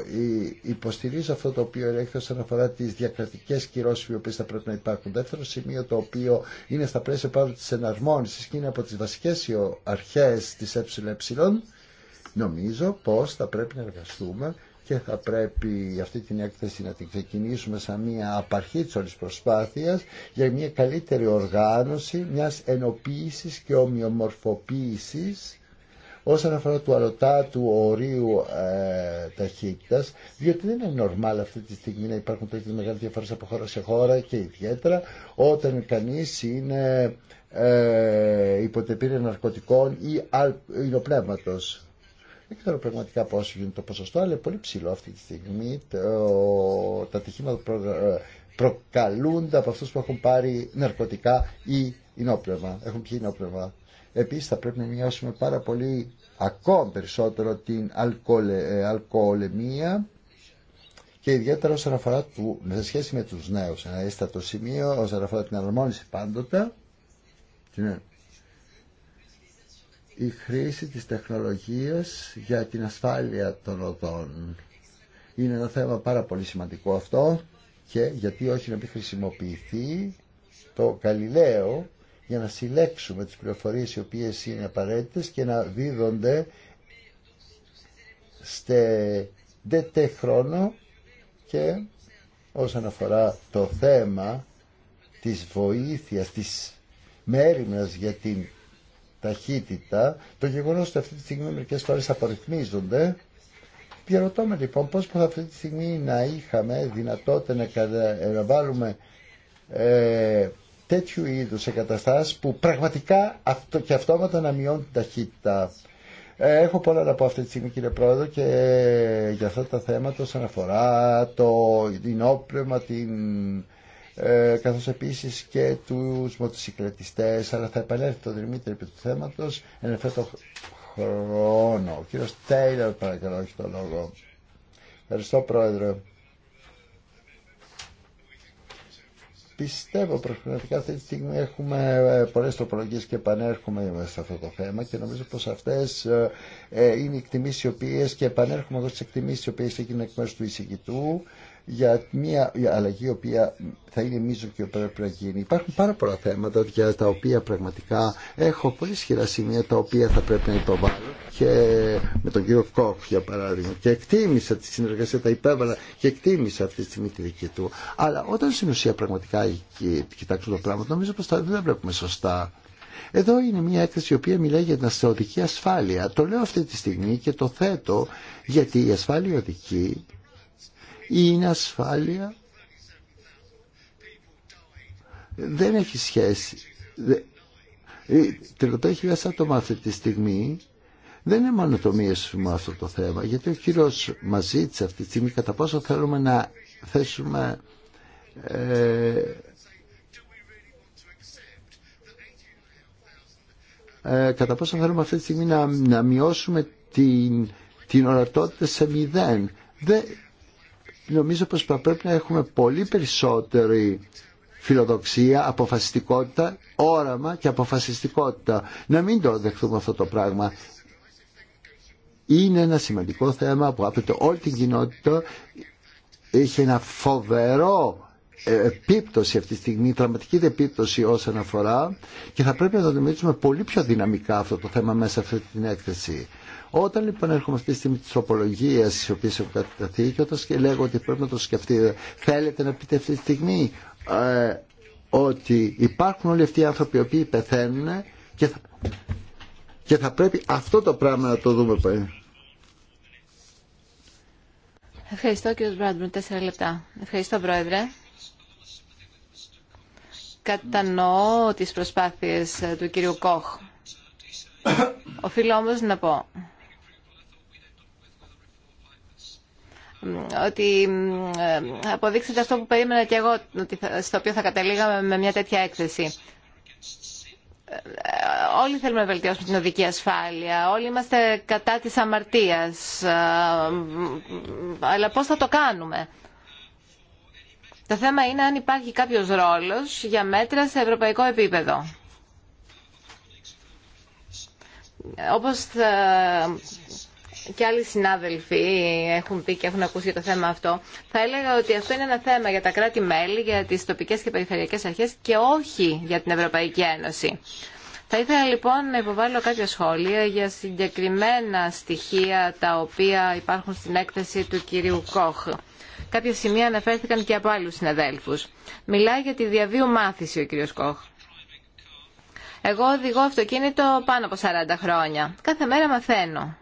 [SPEAKER 4] υποστηρίζω αυτό το οποίο έρχεται όσον αφορά τι διακρατικέ κυρώσει οι οποίε θα πρέπει να υπάρχουν. Δεύτερο σημείο το οποίο είναι στα πλαίσια πάνω τη εναρμόνιση και είναι από τι βασικέ αρχέ τη ΕΕ, νομίζω πω θα πρέπει να εργαστούμε και θα πρέπει αυτή την έκθεση να την ξεκινήσουμε σαν μια απαρχή της όλης προσπάθειας για μια καλύτερη οργάνωση μιας ενοποίησης και ομοιομορφοποίησης όσον αφορά του αρωτά ορίου ε, ταχύτητας, διότι δεν είναι normal αυτή τη στιγμή να υπάρχουν τέτοιες μεγάλες διαφορές από χώρα σε χώρα και ιδιαίτερα όταν κανείς είναι ε, ναρκωτικών ή υλοπνεύματο. Δεν ξέρω πραγματικά πόσο γίνεται το ποσοστό, αλλά είναι πολύ ψηλό αυτή τη στιγμή. Το, τα ατυχήματα προ, ε, προκαλούνται από αυτούς που έχουν πάρει ναρκωτικά ή ενόπνευμα, έχουν πιει ενόπνευμα. Επίσης θα πρέπει να μειώσουμε πάρα πολύ ακόμα περισσότερο την αλκοολε, ε, αλκοολεμία και ιδιαίτερα όσον αφορά του, σε σχέση με τους νέους, ένα σημείο όσον αφορά την αρμόνιση πάντοτε, την η χρήση της τεχνολογίας για την ασφάλεια των οδών. Είναι ένα θέμα πάρα πολύ σημαντικό αυτό και γιατί όχι να μην χρησιμοποιηθεί το καλλιλαίο για να συλλέξουμε τις πληροφορίες οι οποίες είναι απαραίτητες και να δίδονται στε δετε χρόνο και όσον αφορά το θέμα της βοήθειας, της μέρημνας για την ταχύτητα, το γεγονός ότι αυτή τη στιγμή μερικές φορές απορριθμίζονται, διαρωτώμε λοιπόν πώς θα αυτή τη στιγμή να είχαμε δυνατότητα να ε, βάλουμε ε, τέτοιου είδους εγκαταστάσεις που πραγματικά αυτό και αυτόματα να μειώνουν την ταχύτητα. Ε, έχω πολλά να πω αυτή τη στιγμή κύριε Πρόεδρο και για αυτά τα θέματα όσον αφορά το, την την ε, καθώς επίσης και τους μοτοσυκλετιστές αλλά θα επανέλθει το Δημήτρη επί του θέματος εν ευθέτω χρόνο ο κύριος Τέιλερ παρακαλώ έχει το λόγο ευχαριστώ πρόεδρε Πιστεύω πραγματικά αυτή τη στιγμή έχουμε ε, πολλές τροπολογίες και επανέρχομαι σε αυτό το θέμα και νομίζω πως αυτές ε, ε, είναι οι εκτιμήσεις οι οποίες και επανέρχομαι εδώ στις εκτιμήσεις οι οποίες έγινε εκ μέρους του εισηγητού για μια αλλαγή η οποία θα είναι μίζω και πρέπει να γίνει. Υπάρχουν πάρα πολλά θέματα για τα οποία πραγματικά έχω πολύ ισχυρά σημεία τα οποία θα πρέπει να υποβάλω και με τον κύριο Κόκ για παράδειγμα και εκτίμησα τη συνεργασία, τα υπέβαλα και εκτίμησα αυτή τη στιγμή τη δική του. Αλλά όταν στην ουσία πραγματικά κοιτάξω το πράγμα νομίζω πως τα δεν βλέπουμε σωστά. Εδώ είναι μια έκθεση η οποία μιλάει για την αστεοδική ασφάλεια. Το λέω αυτή τη στιγμή και το θέτω γιατί η ασφάλεια οδική είναι ασφάλεια. Δεν έχει σχέση. 35.000 ε, άτομα αυτή τη στιγμή δεν είναι μόνο το αυτό το θέμα, γιατί ο κύριος μας ζήτησε αυτή τη στιγμή κατά πόσο θέλουμε να θέσουμε ε, ε κατά πόσο θέλουμε αυτή τη στιγμή να, να μειώσουμε την, την ορατότητα σε μηδέν. Δεν, νομίζω πως θα πρέπει να έχουμε πολύ περισσότερη φιλοδοξία, αποφασιστικότητα, όραμα και αποφασιστικότητα. Να μην το δεχθούμε αυτό το πράγμα. Είναι ένα σημαντικό θέμα που άπλεται όλη την κοινότητα. Έχει ένα φοβερό ε, επίπτωση αυτή τη στιγμή, δραματική επίπτωση όσον αφορά και θα πρέπει να το αντιμετωπίσουμε πολύ πιο δυναμικά αυτό το θέμα μέσα σε αυτή την έκθεση. Όταν λοιπόν έρχομαι αυτή τη στιγμή τη τροπολογία τη οποία έχω καταταθεί και όταν λέγω ότι πρέπει να το σκεφτείτε, θέλετε να πείτε αυτή τη στιγμή ε, ότι υπάρχουν όλοι αυτοί οι άνθρωποι οι οποίοι πεθαίνουν και θα, και θα πρέπει αυτό το πράγμα να το δούμε πάλι.
[SPEAKER 1] Ευχαριστώ κύριο Μπράντμπρουν. Τέσσερα λεπτά. Ευχαριστώ πρόεδρε. Κατανοώ τις προσπάθειες ε, του κύριου Κόχ. Οφείλω όμως να πω ότι ε, αποδείξετε αυτό που περίμενα και εγώ στο οποίο θα καταλήγαμε με μια τέτοια έκθεση. Ε, όλοι θέλουμε να βελτιώσουμε την οδική ασφάλεια, όλοι είμαστε κατά της αμαρτίας, ε, αλλά πώς θα το κάνουμε. Το θέμα είναι αν υπάρχει κάποιος ρόλος για μέτρα σε ευρωπαϊκό επίπεδο. Όπως και άλλοι συνάδελφοι έχουν πει και έχουν ακούσει για το θέμα αυτό, θα έλεγα ότι αυτό είναι ένα θέμα για τα κράτη-μέλη, για τις τοπικές και περιφερειακές αρχές και όχι για την Ευρωπαϊκή Ένωση. Θα ήθελα λοιπόν να υποβάλω κάποια σχόλια για συγκεκριμένα στοιχεία τα οποία υπάρχουν στην έκθεση του κυρίου Κόχ. Κάποια σημεία αναφέρθηκαν και από άλλους συναδέλφους. Μιλάει για τη διαβίου μάθηση ο κύριος Κόχ. Εγώ οδηγώ αυτοκίνητο πάνω από 40 χρόνια. Κάθε μέρα μαθαίνω.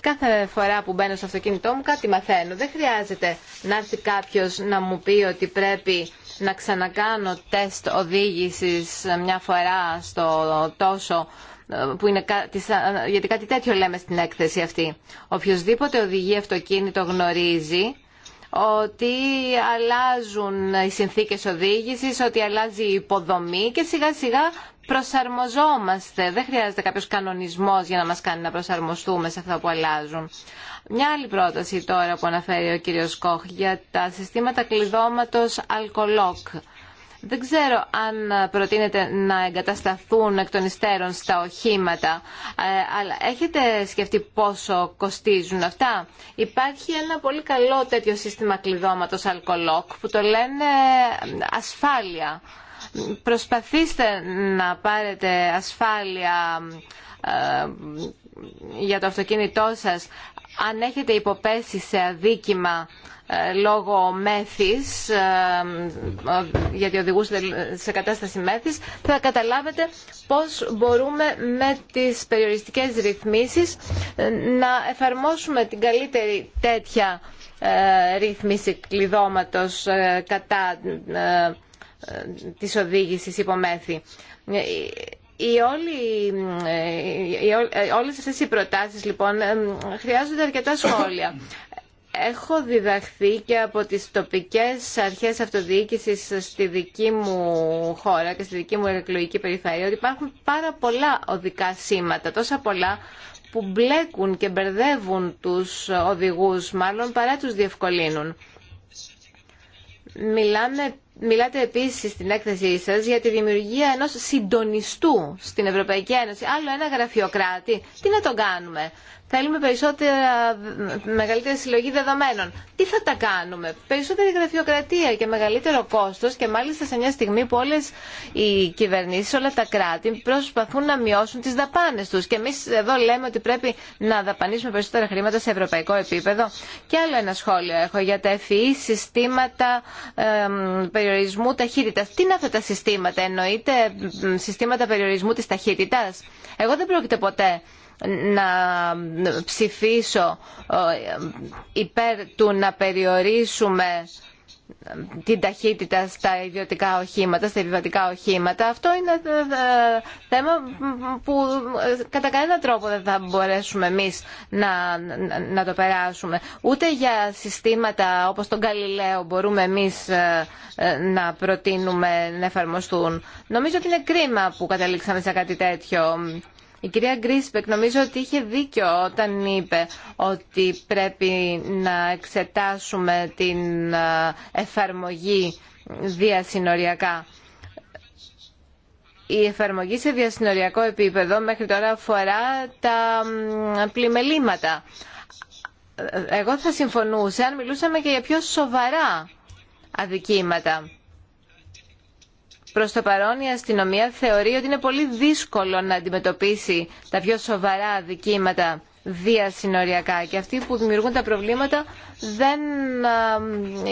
[SPEAKER 1] Κάθε φορά που μπαίνω στο αυτοκίνητό μου κάτι μαθαίνω. Δεν χρειάζεται να έρθει κάποιος να μου πει ότι πρέπει να ξανακάνω τεστ οδήγησης μια φορά στο τόσο ε, που είναι ε, γιατί κάτι τέτοιο λέμε στην έκθεση αυτή. Οποιοδήποτε οδηγεί αυτοκίνητο γνωρίζει ότι αλλάζουν οι συνθήκες οδήγησης, ότι αλλάζει η υποδομή και σιγά σιγά προσαρμοζόμαστε. Δεν χρειάζεται κάποιος κανονισμός για να μας κάνει να προσαρμοστούμε σε αυτά που αλλάζουν. Μια άλλη πρόταση τώρα που αναφέρει ο κύριος Κόχ για τα συστήματα κλειδώματο αλκοολόκ. Δεν ξέρω αν προτείνεται να εγκατασταθούν εκ των υστέρων στα οχήματα, ε, αλλά έχετε σκεφτεί πόσο κοστίζουν αυτά. Υπάρχει ένα πολύ καλό τέτοιο σύστημα κλειδώματος αλκοολόκ που το λένε ε, ασφάλεια. Προσπαθήστε να πάρετε ασφάλεια ε, για το αυτοκίνητό σας αν έχετε υποπέσει σε αδίκημα ε, λόγω μέθης, ε, γιατί οδηγούσετε σε κατάσταση μέθης, θα καταλάβετε πώς μπορούμε με τις περιοριστικές ρυθμίσεις να εφαρμόσουμε την καλύτερη τέτοια ρύθμιση κλειδώματος κατά της οδήγησης υπομέθη. Οι όλοι, οι όλες αυτές οι προτάσεις λοιπόν ε, χρειάζονται αρκετά σχόλια. Έχω διδαχθεί και από τις τοπικές αρχές αυτοδιοίκησης στη δική μου χώρα και στη δική μου εκλογική περιφέρεια ότι υπάρχουν πάρα πολλά οδικά σήματα, τόσα πολλά που μπλέκουν και μπερδεύουν τους οδηγούς μάλλον παρά τους διευκολύνουν. Μιλάμε Μιλάτε επίσης στην έκθεσή σας για τη δημιουργία ενός συντονιστού στην Ευρωπαϊκή Ένωση. Άλλο ένα γραφειοκράτη. Τι να τον κάνουμε. Θέλουμε περισσότερα, μεγαλύτερη συλλογή δεδομένων. Τι θα τα κάνουμε. Περισσότερη γραφειοκρατία και μεγαλύτερο κόστο και μάλιστα σε μια στιγμή που όλε οι κυβερνήσει, όλα τα κράτη προσπαθούν να μειώσουν τι δαπάνε του. Και εμεί εδώ λέμε ότι πρέπει να δαπανίσουμε περισσότερα χρήματα σε ευρωπαϊκό επίπεδο. Και άλλο ένα σχόλιο έχω για τα FEE, e συστήματα περιορισμού ταχύτητα. Τι είναι αυτά τα συστήματα, εννοείται συστήματα περιορισμού τη ταχύτητα. Εγώ δεν πρόκειται ποτέ να ψηφίσω ε, υπέρ του να περιορίσουμε την ταχύτητα στα ιδιωτικά οχήματα, στα επιβατικά οχήματα. Αυτό είναι ε, θέμα που ε, κατά κανένα τρόπο δεν θα μπορέσουμε εμείς να, να το περάσουμε. Ούτε για συστήματα όπως τον Καλλιλέο μπορούμε εμείς να προτείνουμε να εφαρμοστούν. Νομίζω ότι είναι κρίμα που καταλήξαμε σε κάτι τέτοιο. Η κυρία Γκρίσπεκ νομίζω ότι είχε δίκιο όταν είπε ότι πρέπει να εξετάσουμε την ε, εφαρμογή διασυνοριακά. Η εφαρμογή σε διασυνοριακό επίπεδο μέχρι τώρα αφορά τα πλημελήματα. Ε, εγώ θα συμφωνούσα αν μιλούσαμε και για πιο σοβαρά αδικήματα. Προ το παρόν η αστυνομία θεωρεί ότι είναι πολύ δύσκολο να αντιμετωπίσει τα πιο σοβαρά δικήματα διασυνοριακά και αυτοί που δημιουργούν τα προβλήματα δεν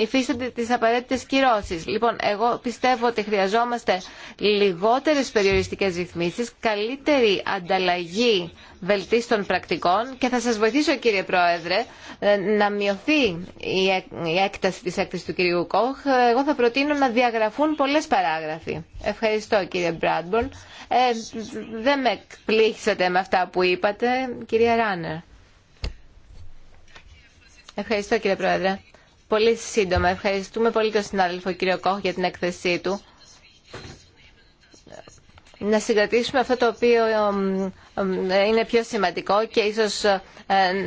[SPEAKER 1] υφίστανται τις απαραίτητες κυρώσεις. Λοιπόν, εγώ πιστεύω ότι χρειαζόμαστε λιγότερες περιοριστικές ρυθμίσεις, καλύτερη ανταλλαγή βελτίστων πρακτικών και θα σας βοηθήσω κύριε Πρόεδρε ε, να μειωθεί η έκταση της έκθεσης του κυρίου Κόχ. Εγώ θα προτείνω να διαγραφούν πολλές παράγραφοι. Ευχαριστώ κύριε Μπράντμπορν. Ε, δεν με εκπλήξατε με αυτά που είπατε κύριε Ράνερ. Ευχαριστώ κύριε Πρόεδρε. Πολύ σύντομα. Ευχαριστούμε πολύ τον συνάδελφο κύριο Κόχ για την έκθεσή του να συγκρατήσουμε αυτό το οποίο είναι πιο σημαντικό και ίσως ε,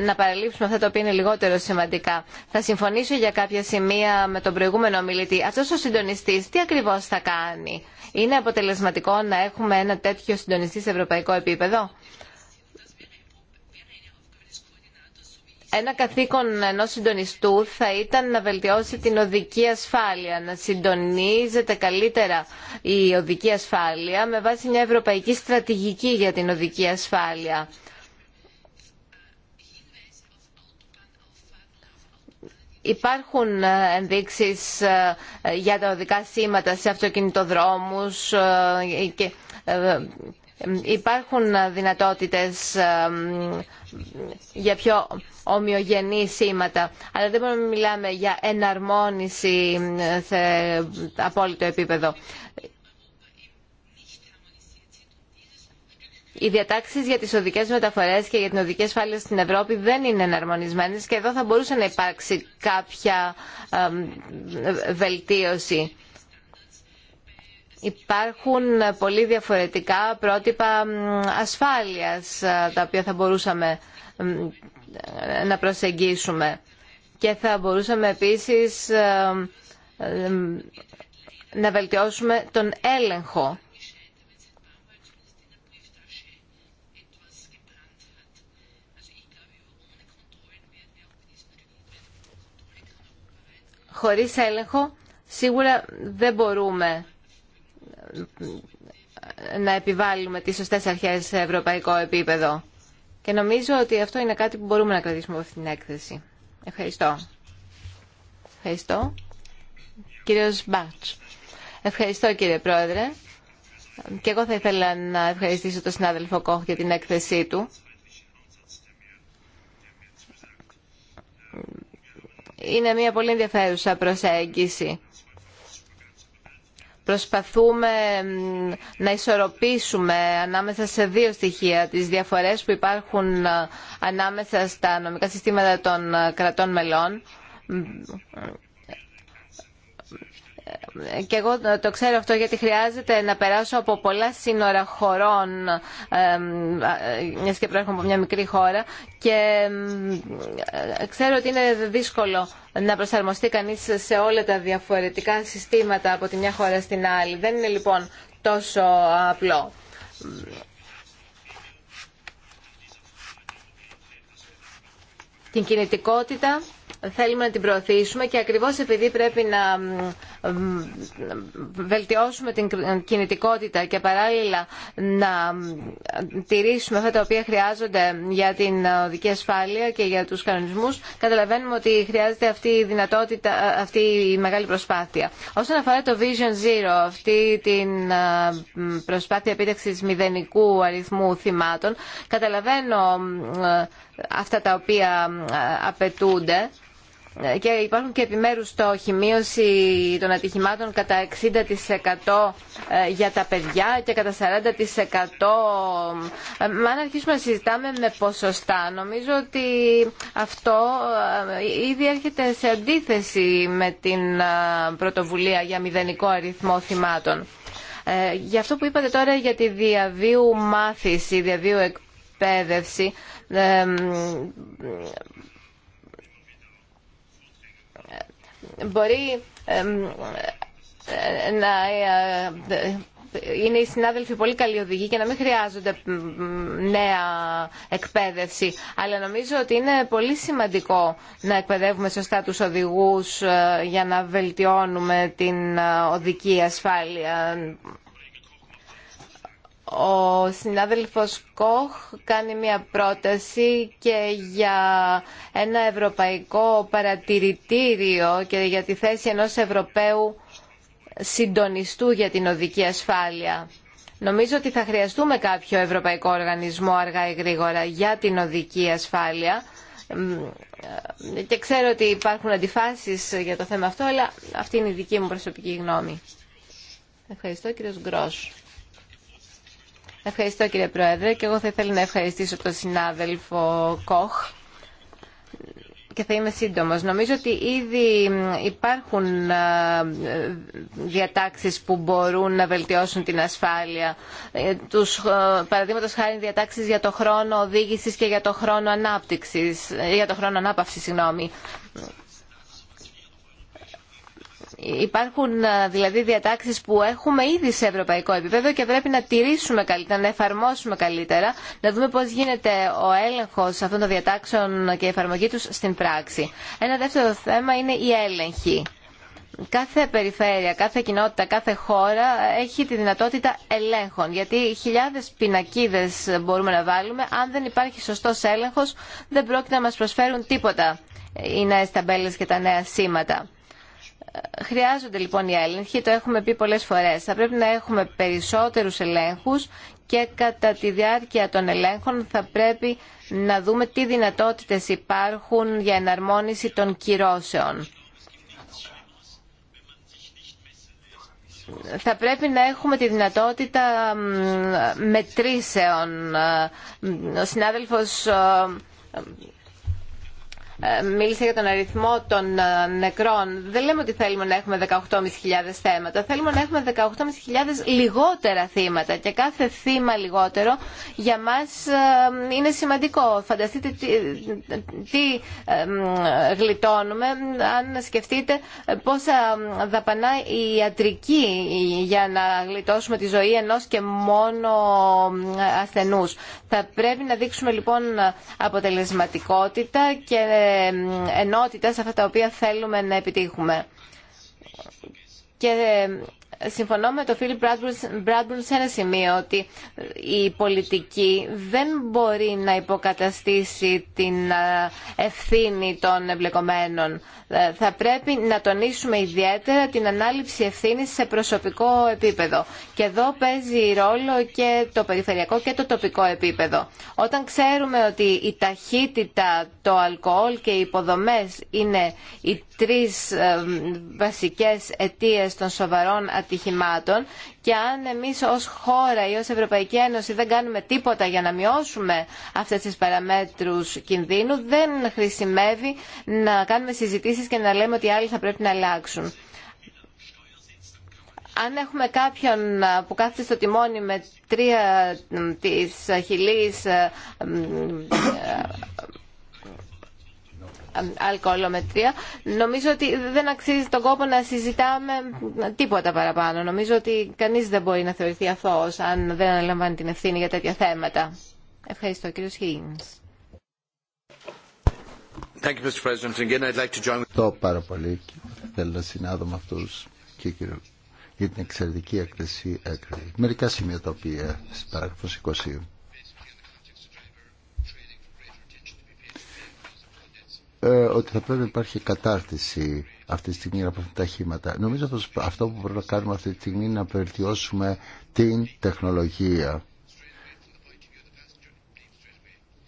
[SPEAKER 1] να παραλείψουμε αυτά τα οποία είναι λιγότερο σημαντικά. Θα συμφωνήσω για κάποια σημεία με τον προηγούμενο ομιλητή. Αυτός ο συντονιστής τι ακριβώς θα κάνει. Είναι αποτελεσματικό να έχουμε ένα τέτοιο συντονιστή σε ευρωπαϊκό επίπεδο. ένα καθήκον ενός συντονιστού θα ήταν να βελτιώσει την οδική ασφάλεια, να συντονίζεται καλύτερα η οδική ασφάλεια με βάση μια ευρωπαϊκή στρατηγική για την οδική ασφάλεια. Υπάρχουν ενδείξεις ε, για τα οδικά σήματα σε αυτοκινητοδρόμους ε, και ε, Υπάρχουν ε, δυνατότητες για πιο ομοιογενή σήματα, αλλά δεν μπορούμε να μιλάμε για εναρμόνιση σε απόλυτο επίπεδο. Οι διατάξεις για τις οδικές μεταφορές και για την οδική ασφάλεια στην Ευρώπη δεν είναι εναρμονισμένες και εδώ θα μπορούσε να υπάρξει κάποια βελτίωση. Υπάρχουν πολύ διαφορετικά πρότυπα ασφάλειας ε, τα οποία θα μπορούσαμε ε, να προσεγγίσουμε. Και θα μπορούσαμε επίσης ε, να βελτιώσουμε τον έλεγχο. Χωρίς έλεγχο σίγουρα δεν μπορούμε να επιβάλλουμε τις σωστές αρχές σε ευρωπαϊκό επίπεδο. Και νομίζω ότι αυτό είναι κάτι που μπορούμε να κρατήσουμε από αυτή την έκθεση. Ευχαριστώ. Ευχαριστώ. Κύριος Μπάτς. Ευχαριστώ κύριε Πρόεδρε. Και εγώ θα ήθελα να ευχαριστήσω τον συνάδελφο Κόχ για την έκθεσή του. Είναι μια πολύ ενδιαφέρουσα προσέγγιση προσπαθούμε να ισορροπήσουμε ανάμεσα σε δύο στοιχεία τις διαφορές που υπάρχουν ε, ανάμεσα στα νομικά συστήματα των ε, κρατών μελών και εγώ το ξέρω αυτό γιατί χρειάζεται να περάσω από πολλά σύνορα χωρών μιας και προέρχομαι από μια μικρή χώρα και ξέρω ότι είναι δύσκολο να προσαρμοστεί κανείς σε όλα τα διαφορετικά συστήματα από τη μια χώρα στην άλλη. Δεν είναι λοιπόν τόσο απλό. Την κινητικότητα θέλουμε να την προωθήσουμε και ακριβώς επειδή πρέπει να βελτιώσουμε την κινητικότητα και παράλληλα να τηρήσουμε αυτά τα οποία χρειάζονται για την οδική ασφάλεια και για τους κανονισμούς, καταλαβαίνουμε ότι χρειάζεται αυτή η δυνατότητα, αυτή η μεγάλη προσπάθεια. Όσον αφορά το Vision Zero, αυτή την προσπάθεια επίτευξης μηδενικού αριθμού θυμάτων, καταλαβαίνω αυτά τα οποία απαιτούνται ε, και υπάρχουν και επιμέρους στόχοι μείωση των ατυχημάτων κατά 60% ε, για τα παιδιά και κατά 40% ε, αν αρχίσουμε να συζητάμε με ποσοστά νομίζω ότι αυτό ήδη έρχεται σε αντίθεση με την πρωτοβουλία για μηδενικό αριθμό θυμάτων. Για αυτό που είπατε τώρα για τη διαβίου μάθηση, διαβίου εκπαίδευση, μπορεί ε, να ε, ε, είναι οι συνάδελφοι πολύ καλοί οδηγοί και να μην χρειάζονται νέα εκπαίδευση. Αλλά νομίζω ότι είναι πολύ σημαντικό να εκπαιδεύουμε σωστά τους οδηγούς για να βελτιώνουμε την οδική ασφάλεια. Ο συνάδελφος Κοχ κάνει μια πρόταση και για ένα ευρωπαϊκό παρατηρητήριο και για τη θέση ενός Ευρωπαίου συντονιστού για την οδική ασφάλεια. Νομίζω ότι θα χρειαστούμε κάποιο ευρωπαϊκό οργανισμό αργά ή γρήγορα για την οδική ασφάλεια ε, και ξέρω ότι υπάρχουν αντιφάσεις για το θέμα αυτό, αλλά αυτή είναι η δική μου προσωπική γνώμη. Ευχαριστώ κύριος Γκρός. Ευχαριστώ κύριε Πρόεδρε και εγώ θα ήθελα να ευχαριστήσω τον συνάδελφο Κοχ και θα είμαι σύντομος. Νομίζω ότι ήδη υπάρχουν διατάξεις που μπορούν να βελτιώσουν την ασφάλεια. Ε, τους, ε, παραδείγματος χάρη διατάξεις για το χρόνο οδήγησης και για το χρόνο ανάπτυξης, ε, για το χρόνο ανάπαυσης, συγγνώμη. Υπάρχουν ε, δηλαδή διατάξεις που έχουμε ήδη σε ευρωπαϊκό επίπεδο και πρέπει να τηρήσουμε καλύτερα, να εφαρμόσουμε καλύτερα, να δούμε πώς γίνεται ο έλεγχος αυτών των διατάξεων και η εφαρμογή τους στην πράξη. Ένα δεύτερο θέμα είναι η έλεγχη. Κάθε περιφέρεια, κάθε κοινότητα, κάθε χώρα έχει τη δυνατότητα ελέγχων, γιατί χιλιάδες πινακίδες μπορούμε να βάλουμε. Αν δεν υπάρχει σωστός έλεγχος, δεν πρόκειται να μας προσφέρουν τίποτα οι νέες ταμπέλες και τα νέα σήματα. Χρειάζονται λοιπόν οι έλεγχοι, το έχουμε πει πολλές φορές. Θα πρέπει να έχουμε περισσότερους ελέγχους και κατά τη διάρκεια των ελέγχων θα πρέπει να δούμε τι δυνατότητες υπάρχουν για εναρμόνιση των κυρώσεων. Θα πρέπει να έχουμε τη δυνατότητα μετρήσεων. Ο συνάδελφος ε, μίλησε για τον αριθμό των ε, νεκρών. Δεν λέμε ότι θέλουμε να έχουμε 18.500 θέματα. Θέλουμε να έχουμε 18.500 λιγότερα θύματα. Και κάθε θύμα λιγότερο για μας ε, είναι σημαντικό. Φανταστείτε τι, τι γλιτώνουμε αν σκεφτείτε πόσα δαπανά η ιατρική για να γλιτώσουμε τη ζωή ενός και μόνο ασθενούς. Θα πρέπει να δείξουμε λοιπόν αποτελεσματικότητα και ενότητες αυτά τα οποία θέλουμε να επιτύχουμε. Και συμφωνώ με τον Φίλιπ Μπράντμπουλ σε ένα σημείο ότι η πολιτική δεν μπορεί να υποκαταστήσει την ευθύνη των εμπλεκομένων. Ε, θα πρέπει να τονίσουμε ιδιαίτερα την ανάληψη ευθύνης σε προσωπικό επίπεδο. Και εδώ παίζει ρόλο και το περιφερειακό και το τοπικό επίπεδο. Όταν ξέρουμε ότι η ταχύτητα, το αλκοόλ και οι υποδομές είναι τρεις βασικές αιτίες των σοβαρών ατυχημάτων και αν εμείς ως χώρα ή ως Ευρωπαϊκή Ένωση δεν κάνουμε τίποτα για να μειώσουμε αυτές τις παραμέτρους κινδύνου δεν χρησιμεύει να κάνουμε συζητήσεις και να λέμε ότι οι άλλοι θα πρέπει να αλλάξουν. Αν έχουμε κάποιον ε, που κάθεται στο τιμόνι με τρία ε, της χιλής ε, αλκοολομετρία. Νομίζω ότι δεν αξίζει τον κόπο να συζητάμε τίποτα παραπάνω. Νομίζω ότι κανείς δεν μπορεί να θεωρηθεί αθώος αν δεν αναλαμβάνει την ευθύνη για τέτοια θέματα. Ευχαριστώ κύριος Χίγινς.
[SPEAKER 2] Ευχαριστώ
[SPEAKER 4] πάρα πολύ. Θέλω να συνάδω με αυτούς και κύριο για την εξαιρετική έκθεση Μερικά σημεία τα οποία στην παράγραφος 20 Ε, ότι θα πρέπει να υπάρχει κατάρτιση αυτή τη στιγμή από αυτά τα χήματα. Νομίζω πως αυτό που πρέπει να κάνουμε αυτή τη στιγμή είναι να βελτιώσουμε την τεχνολογία.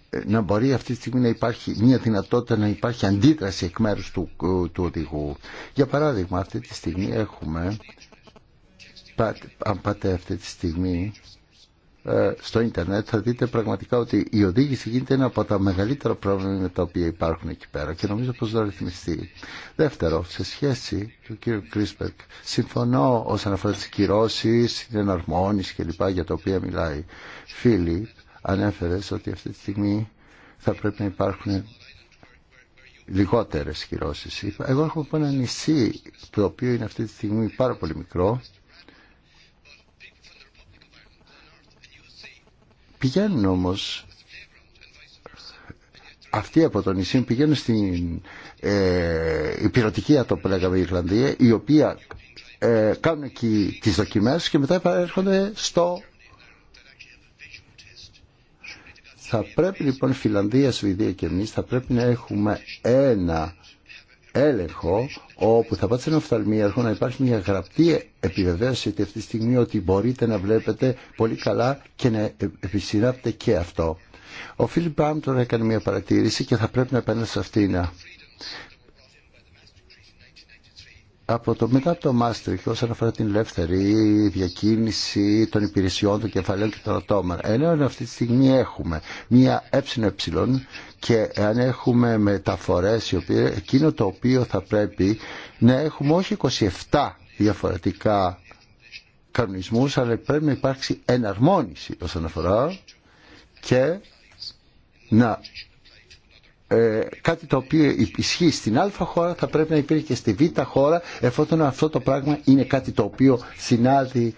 [SPEAKER 4] Ε, να μπορεί αυτή τη στιγμή να υπάρχει μια δυνατότητα να υπάρχει αντίδραση εκ μέρους του, ε, του οδηγού. Για παράδειγμα, αυτή τη στιγμή έχουμε, αν πάτε αυτή τη στιγμή ε, στο ίντερνετ θα δείτε πραγματικά ότι η οδήγηση γίνεται ένα από τα μεγαλύτερα πρόβλημα με τα οποία υπάρχουν εκεί πέρα και νομίζω πως θα ρυθμιστεί. Δεύτερο, σε σχέση του κύριου Κρίσπερκ, συμφωνώ όσον αφορά τις κυρώσεις, την εναρμόνιση κλπ. για τα οποία μιλάει. Φίλοι, ανέφερε ότι αυτή τη στιγμή θα πρέπει να υπάρχουν λιγότερες κυρώσεις. Εγώ έχω από ένα νησί το οποίο είναι αυτή τη στιγμή πάρα πολύ μικρό Πηγαίνουν όμως αυτοί από το νησί πηγαίνουν στην ε, υπηρετική το που λέγαμε η Ιρλανδία, η οποία ε, κάνουν εκεί τις δοκιμές και μετά έρχονται στο... Θα πρέπει λοιπόν η Φιλανδία, Σουηδία και εμείς θα πρέπει να έχουμε ένα έλεγχο όπου θα πάτε σε ένα οφθαλμίαρχο να υπάρχει μια γραπτή επιβεβαίωση αυτή τη στιγμή ότι μπορείτε να βλέπετε πολύ καλά και να επισυνάπτε και αυτό. Ο Φίλιπ Μπάμ τώρα έκανε μια παρατήρηση και θα πρέπει να επανέλθω σε αυτήν από το μετά το Μάστριχ όσον αφορά την ελεύθερη διακίνηση των υπηρεσιών, των κεφαλαίων και των ατόμων. Ενώ αυτή τη στιγμή έχουμε μία ε και αν έχουμε μεταφορές οι οποίες, εκείνο το οποίο θα πρέπει να έχουμε όχι 27 διαφορετικά κανονισμούς αλλά πρέπει να υπάρξει εναρμόνιση όσον αφορά και να ε, κάτι το οποίο ισχύει στην Α χώρα θα πρέπει να υπήρχε και στη Β χώρα εφόσον αυτό το πράγμα είναι κάτι το οποίο συνάδει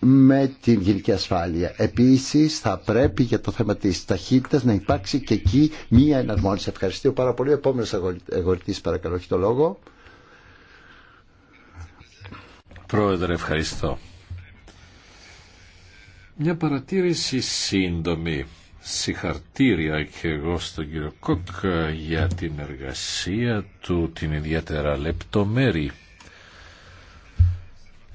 [SPEAKER 4] με την γενική ασφάλεια. Επίσης θα πρέπει για το θέμα της ταχύτητας να υπάρξει και εκεί μία εναρμόνιση. Ευχαριστώ πάρα πολύ. Επόμενος αγορητής παρακαλώ έχει το λόγο.
[SPEAKER 3] Πρόεδρε ευχαριστώ. Μια εναρμονιση ευχαριστω παρα πολυ επόμενο αγορητης παρακαλω εχει σύντομη. Συγχαρτήρια και εγώ στον κύριο Κοκ για την εργασία του, την ιδιαίτερα λεπτομέρη.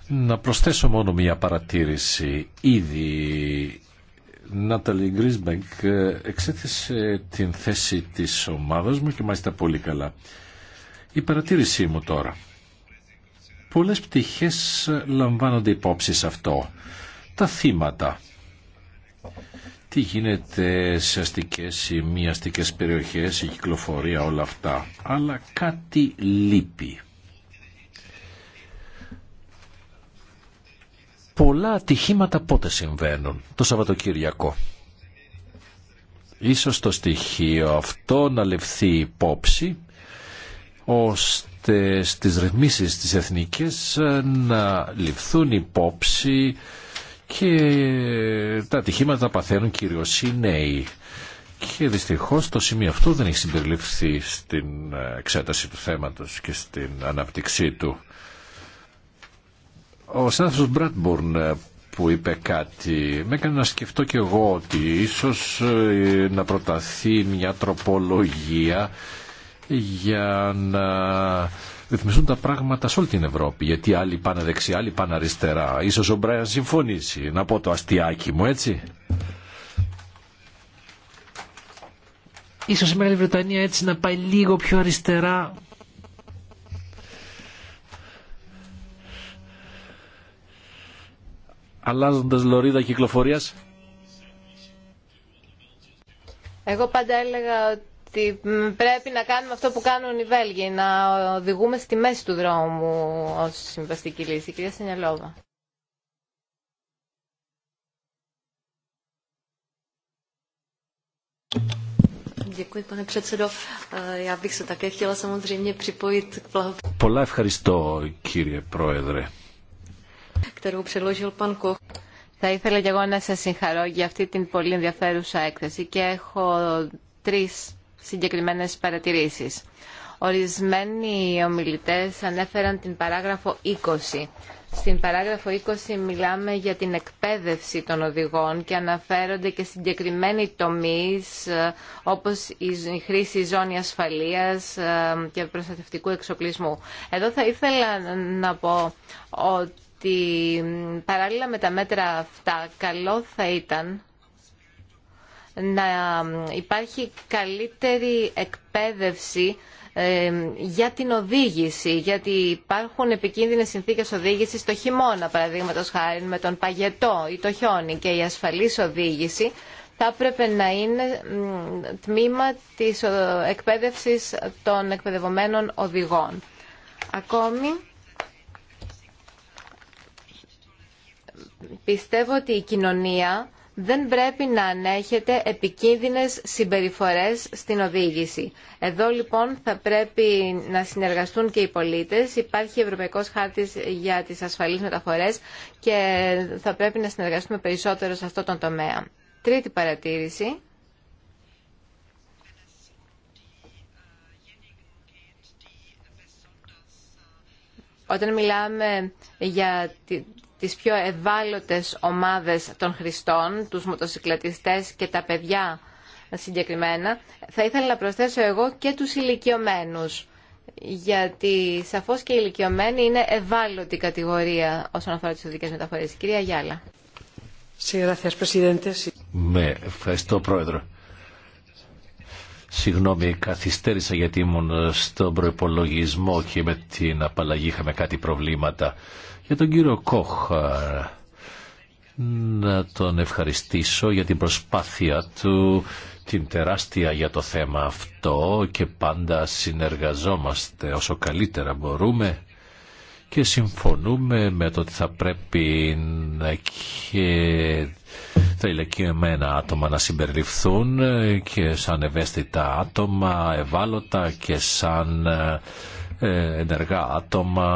[SPEAKER 3] Να προσθέσω μόνο μια παρατήρηση. Ήδη Νάταλη Γκρισμπέγκ εξέθεσε την θέση της ομάδας μου και μάλιστα πολύ καλά. Η παρατήρησή μου τώρα. Πολλές πτυχές λαμβάνονται υπόψη σε αυτό. Τα θύματα, τι γίνεται σε αστικές ή μη αστικές περιοχές, η κυκλοφορία, όλα αυτά. Αλλά κάτι λείπει. Πολλά ατυχήματα πότε συμβαίνουν. Το Σαββατοκύριακο. Ίσως το στοιχείο αυτό να λευθεί υπόψη ώστε στις ρυθμίσεις τις εθνικές να ληφθούν υπόψη και τα ατυχήματα παθαίνουν κυρίως οι νέοι. Και δυστυχώς το σημείο αυτό δεν έχει συμπεριληφθεί στην ε, εξέταση του θέματος και στην αναπτυξή του. Ο συνάδελφος Μπράτμπορν ε, που είπε κάτι με έκανε να σκεφτώ και εγώ ότι ίσως ε, να προταθεί μια τροπολογία για να ρυθμιστούν τα πράγματα σε όλη την Ευρώπη. Γιατί άλλοι πάνε δεξιά, άλλοι πάνε αριστερά. Ίσως ο Μπράιν συμφωνήσει. Να πω το αστιάκι μου, έτσι. Ίσως η Μεγάλη Βρετανία έτσι να πάει λίγο πιο αριστερά. Αλλάζοντας λωρίδα κυκλοφορία.
[SPEAKER 1] Εγώ πάντα έλεγα πρέπει να κάνουμε αυτό που κάνουν οι Βέλγοι, να οδηγούμε στη μέση του δρόμου ως συμβαστική λύση. Κυρία Σενιαλόβα. Eh,
[SPEAKER 3] Πολλά ευχαριστώ κύριε Πρόεδρε.
[SPEAKER 1] Θα ήθελα και εγώ να σας συγχαρώ για αυτή την πολύ ενδιαφέρουσα έκθεση και έχω τρεις συγκεκριμένες παρατηρήσεις. Ορισμένοι ομιλητές ανέφεραν την παράγραφο 20. Στην παράγραφο 20 μιλάμε για την εκπαίδευση των οδηγών και αναφέρονται και συγκεκριμένοι τομείς ε, όπως η χρήση ζώνη ασφαλείας ε, και προστατευτικού εξοπλισμού. Εδώ θα ήθελα να πω ότι παράλληλα με τα μέτρα αυτά καλό θα ήταν να υπάρχει καλύτερη εκπαίδευση ε, για την οδήγηση, γιατί υπάρχουν επικίνδυνες συνθήκες οδήγησης το χειμώνα, παραδείγματο χάρη με τον παγετό ή το χιόνι και η ασφαλής οδήγηση θα έπρεπε να είναι τμήμα της ε, εκπαίδευσης των εκπαιδευομένων οδηγών. Ακόμη, πιστεύω ότι η κοινωνία δεν πρέπει να ανέχετε επικίνδυνες συμπεριφορές στην οδήγηση. Εδώ λοιπόν θα πρέπει να συνεργαστούν και οι πολίτες. Υπάρχει Ευρωπαϊκός Χάρτης για τις ασφαλείς μεταφορές και θα πρέπει να συνεργαστούμε περισσότερο σε αυτό τον τομέα. Τρίτη παρατήρηση. Όταν μιλάμε για τις πιο ευάλωτες ομάδες των χρηστών, τους μοτοσυκλετιστές και τα παιδιά συγκεκριμένα, θα ήθελα να προσθέσω εγώ και τους ηλικιωμένους. Γιατί σαφώς και οι ηλικιωμένοι είναι ευάλωτη κατηγορία όσον αφορά τις οδικές μεταφορές. Κυρία Γιάλα.
[SPEAKER 3] Με ναι, ευχαριστώ πρόεδρο. Συγγνώμη, καθυστέρησα γιατί ήμουν στον προπολογισμό και με την απαλλαγή είχαμε κάτι προβλήματα. Για τον κύριο Κόχ να τον ευχαριστήσω για την προσπάθεια του, την τεράστια για το θέμα αυτό και πάντα συνεργαζόμαστε όσο καλύτερα μπορούμε και συμφωνούμε με το ότι θα πρέπει να και τα ηλικιωμένα άτομα να συμπεριληφθούν και σαν ευαίσθητα άτομα, ευάλωτα και σαν ε, ενεργά άτομα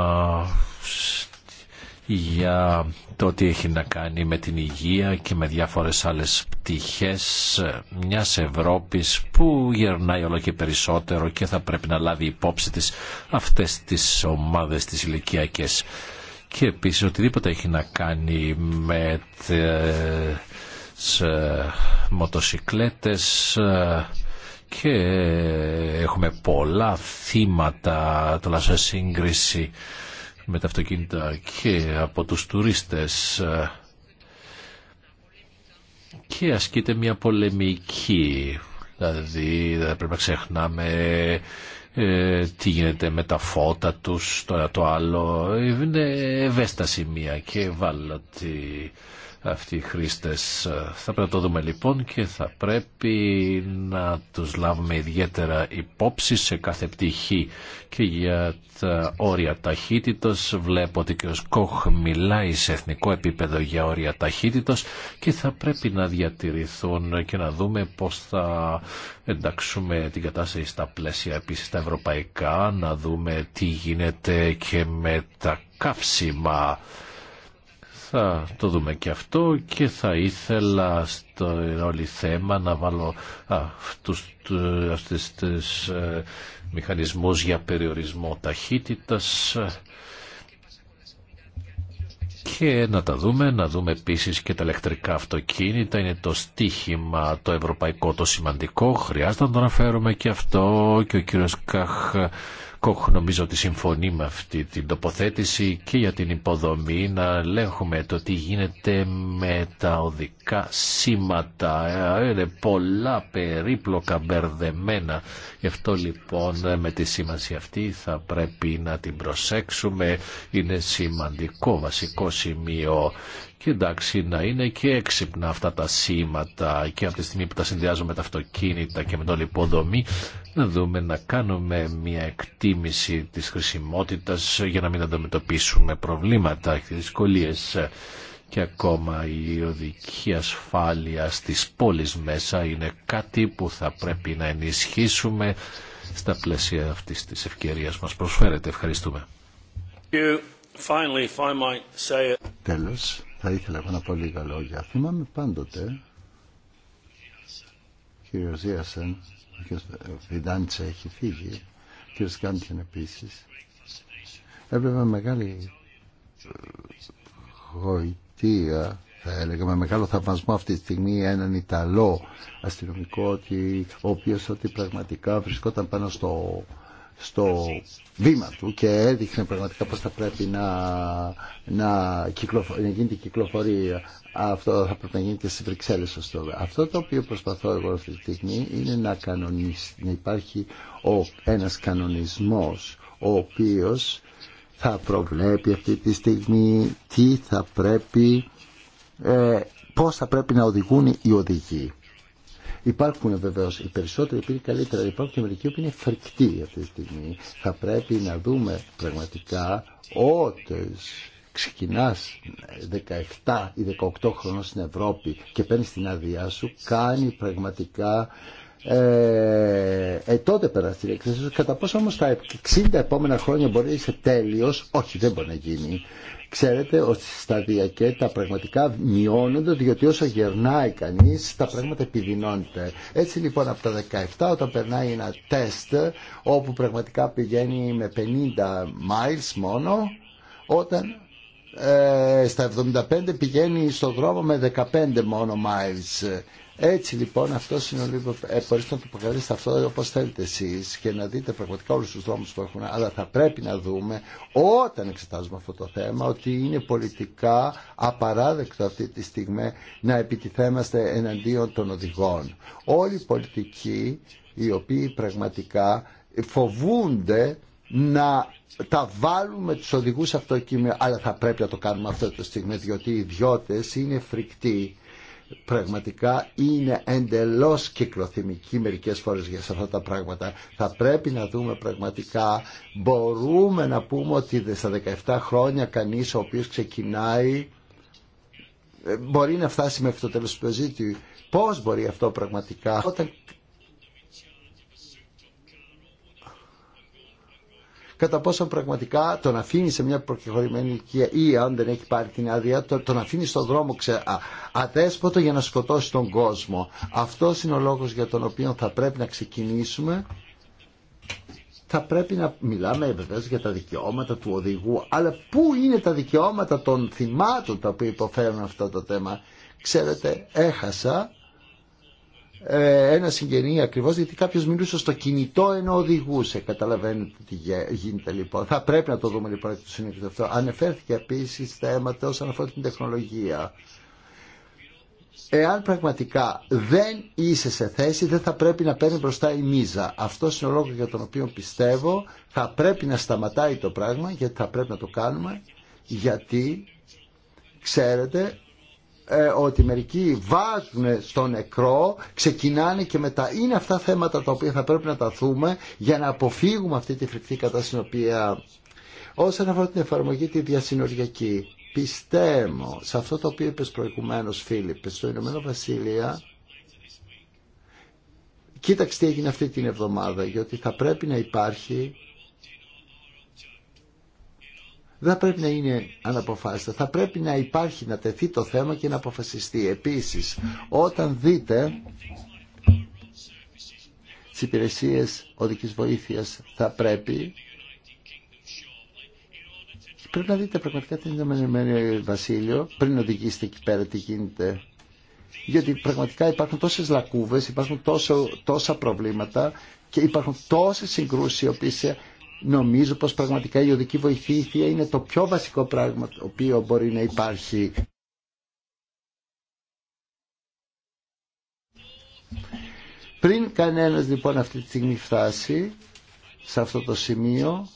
[SPEAKER 3] για το τι έχει να κάνει με την υγεία και με διάφορες άλλες πτυχές μιας Ευρώπης που γερνάει όλο και περισσότερο και θα πρέπει να λάβει υπόψη της αυτές τις ομάδες τις ηλικιακέ. Και επίσης οτιδήποτε έχει να κάνει με τις ε, μοτοσικλέτες ε, και έχουμε πολλά θύματα, τώρα σε σύγκριση με τα αυτοκίνητα και από τους τουρίστες και ασκείται μια πολεμική δηλαδή δεν πρέπει να ξεχνάμε ε, τι γίνεται με τα φώτα τους, το, το άλλο είναι ευαίσθητα σημεία και ότι αυτοί οι χρήστες. Θα πρέπει να το δούμε λοιπόν και θα πρέπει να τους λάβουμε ιδιαίτερα υπόψη σε κάθε πτυχή και για τα όρια ταχύτητος. Βλέπω ότι και ο Σκόχ μιλάει σε εθνικό επίπεδο για όρια ταχύτητος και θα πρέπει να διατηρηθούν και να δούμε πώς θα εντάξουμε την κατάσταση στα πλαίσια επίσης τα ευρωπαϊκά, να δούμε τι γίνεται και με τα καύσιμα θα το δούμε και αυτό και θα ήθελα στο όλη θέμα να βάλω αυτούς τους ε, μηχανισμούς για περιορισμό ταχύτητας και να τα δούμε, να δούμε επίσης και τα ηλεκτρικά αυτοκίνητα, είναι το στίχημα το ευρωπαϊκό το σημαντικό, χρειάζεται να το αναφέρουμε και αυτό και ο κύριος Καχ Κόχ νομίζω ότι συμφωνεί με αυτή την τοποθέτηση και για την υποδομή να ελέγχουμε το τι γίνεται με τα οδικά σήματα. Είναι πολλά περίπλοκα μπερδεμένα. Γι' αυτό λοιπόν με τη σήμανση αυτή θα πρέπει να την προσέξουμε. Είναι σημαντικό βασικό σημείο και εντάξει να είναι και έξυπνα αυτά τα σήματα και από τη στιγμή που τα συνδυάζουμε με τα αυτοκίνητα και με το λιποδομή να δούμε να κάνουμε μια εκτίμηση της χρησιμότητας για να μην αντιμετωπίσουμε προβλήματα και δυσκολίες. Και ακόμα η οδική ασφάλεια στις πόλεις μέσα είναι κάτι που θα πρέπει να ενισχύσουμε στα πλαίσια αυτής της ευκαιρίας μας προσφέρεται. Ευχαριστούμε.
[SPEAKER 4] Τέλος, θα ήθελα εγώ να πω λίγα λόγια. Θυμάμαι πάντοτε, κύριο Ζίασεν, ο κύριο Βιντάντσε έχει φύγει, ο κύριος Γκάντιαν επίσης, έβλεπα μεγάλη ε, γοητεία θα έλεγα με μεγάλο θαυμασμό αυτή τη στιγμή έναν Ιταλό αστυνομικό ο οποίος ότι πραγματικά βρισκόταν πάνω στο στο βήμα του και έδειχνε πραγματικά πώς θα πρέπει να, να, κυκλοφο... γίνεται η κυκλοφορία. Αυτό θα πρέπει να γίνει και στις Βρυξέλλες Αυτό το οποίο προσπαθώ εγώ αυτή τη στιγμή είναι να, κανονίσει, υπάρχει ο, ένας κανονισμός ο οποίος θα προβλέπει αυτή τη στιγμή τι θα πρέπει, ε, πώς θα πρέπει να οδηγούν οι οδηγοί. Υπάρχουν βεβαίω οι περισσότεροι που είναι καλύτερα, υπάρχουν και μερικοί που είναι φρικτοί αυτή τη στιγμή. Θα πρέπει να δούμε πραγματικά όταν ξεκινά 17 ή 18 χρόνια στην Ευρώπη και παίρνει την άδειά σου, κάνει πραγματικά ε, ε, τότε περάσει την έκθεση Κατά πόσο όμω τα 60 επόμενα χρόνια μπορεί να είσαι τέλειο, όχι δεν μπορεί να γίνει. Ξέρετε ότι σταδιακέ τα πραγματικά μειώνονται, διότι όσο γερνάει κανείς τα πράγματα επιδεινώνεται. Έτσι λοιπόν από τα 17, όταν περνάει ένα τεστ, όπου πραγματικά πηγαίνει με 50 miles μόνο, όταν ε, στα 75 πηγαίνει στο δρόμο με 15 μόνο miles έτσι λοιπόν αυτό είναι ο λίγο. Ε, μπορείτε να το προκαλέσετε αυτό όπω θέλετε εσεί και να δείτε πραγματικά όλου του δρόμου που έχουν. Αλλά θα πρέπει να δούμε όταν εξετάζουμε αυτό το θέμα ότι είναι πολιτικά απαράδεκτο αυτή τη στιγμή να επιτιθέμαστε εναντίον των οδηγών. Όλοι οι πολιτικοί οι οποίοι πραγματικά φοβούνται να τα βάλουμε τους οδηγούς αυτοκίνητα αλλά θα πρέπει να το κάνουμε αυτό το στιγμή διότι οι ιδιώτες είναι φρικτοί πραγματικά είναι εντελώς κυκλοθυμική μερικές φορές για αυτά τα πράγματα. Θα πρέπει να δούμε πραγματικά, μπορούμε να πούμε ότι στα 17 χρόνια κανείς ο οποίος ξεκινάει ε, μπορεί να φτάσει αυτό το τέλος του πεζίτη. Πώς μπορεί αυτό πραγματικά κατά πόσο πραγματικά τον αφήνει σε μια προκεχωρημένη ηλικία ή αν δεν έχει πάρει την άδεια, τον αφήνει στον δρόμο ξε, ατέσποτο για να σκοτώσει τον κόσμο. Αυτό είναι ο λόγος για τον οποίο θα πρέπει να ξεκινήσουμε. Θα πρέπει να μιλάμε βεβαίω για τα δικαιώματα του οδηγού, αλλά πού είναι τα δικαιώματα των θυμάτων τα οποία υποφέρουν αυτό το θέμα. Ξέρετε, έχασα ε, ένα συγγενή ακριβώς γιατί κάποιος μιλούσε στο κινητό ενώ οδηγούσε. Καταλαβαίνετε τι γίνεται λοιπόν. Θα πρέπει να το δούμε λοιπόν του αυτό. Ανεφέρθηκε επίση θέματα όσον αφορά την τεχνολογία. Εάν πραγματικά δεν είσαι σε θέση, δεν θα πρέπει να παίρνει μπροστά η μίζα. Αυτό είναι ο λόγος για τον οποίο πιστεύω θα πρέπει να σταματάει το πράγμα, γιατί θα πρέπει να το κάνουμε, γιατί ξέρετε ε, ότι μερικοί βάζουν στον νεκρό, ξεκινάνε και μετά. Είναι αυτά θέματα τα οποία θα πρέπει να τα δούμε για να αποφύγουμε αυτή τη φρικτή κατάσταση οποία... Όσον αφορά την εφαρμογή τη διασυνοριακή, πιστεύω σε αυτό το οποίο είπες προηγουμένως Φίλιππ, στο Ηνωμένο Βασίλεια, κοίταξε τι έγινε αυτή την εβδομάδα, γιατί θα πρέπει να υπάρχει δεν πρέπει να είναι αναποφάσιστα. Θα πρέπει να υπάρχει, να τεθεί το θέμα και να αποφασιστεί. Επίσης, όταν δείτε τις υπηρεσίες οδικής βοήθειας θα πρέπει πρέπει να δείτε πραγματικά τι είναι το Βασίλειο πριν οδηγήσετε εκεί πέρα τι γίνεται. Γιατί πραγματικά υπάρχουν τόσες λακκούβες, υπάρχουν τόσο, τόσα προβλήματα και υπάρχουν τόσες συγκρούσεις οι οποίες Νομίζω πως πραγματικά η οδική βοηθήθεια είναι το πιο βασικό πράγμα το οποίο μπορεί να υπάρχει. Πριν κανένας λοιπόν αυτή τη στιγμή φτάσει σε αυτό το σημείο,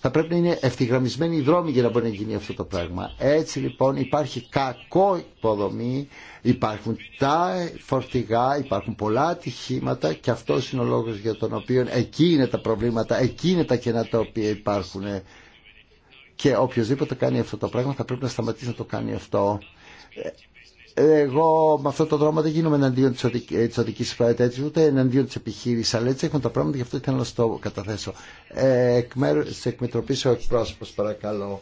[SPEAKER 4] θα πρέπει να είναι ευθυγραμμισμένοι οι δρόμοι για να μπορεί να γίνει αυτό το πράγμα. Έτσι λοιπόν υπάρχει κακό υποδομή, υπάρχουν τα φορτηγά, υπάρχουν πολλά ατυχήματα και αυτό είναι ο λόγος για τον οποίο εκεί είναι τα προβλήματα, εκεί είναι τα κενά τα οποία υπάρχουν. Και οποιοδήποτε κάνει αυτό το πράγμα θα πρέπει να σταματήσει να το κάνει αυτό εγώ με αυτό το δρόμο δεν γίνομαι εναντίον τη ε, οδική φραγματέτηση ούτε εναντίον τη επιχείρηση, αλλά έτσι έχουν τα πράγματα, γι' αυτό ήθελα να το καταθέσω. Ε, εκ μέρου τη εκμετροπή ο εκπρόσωπο, παρακαλώ.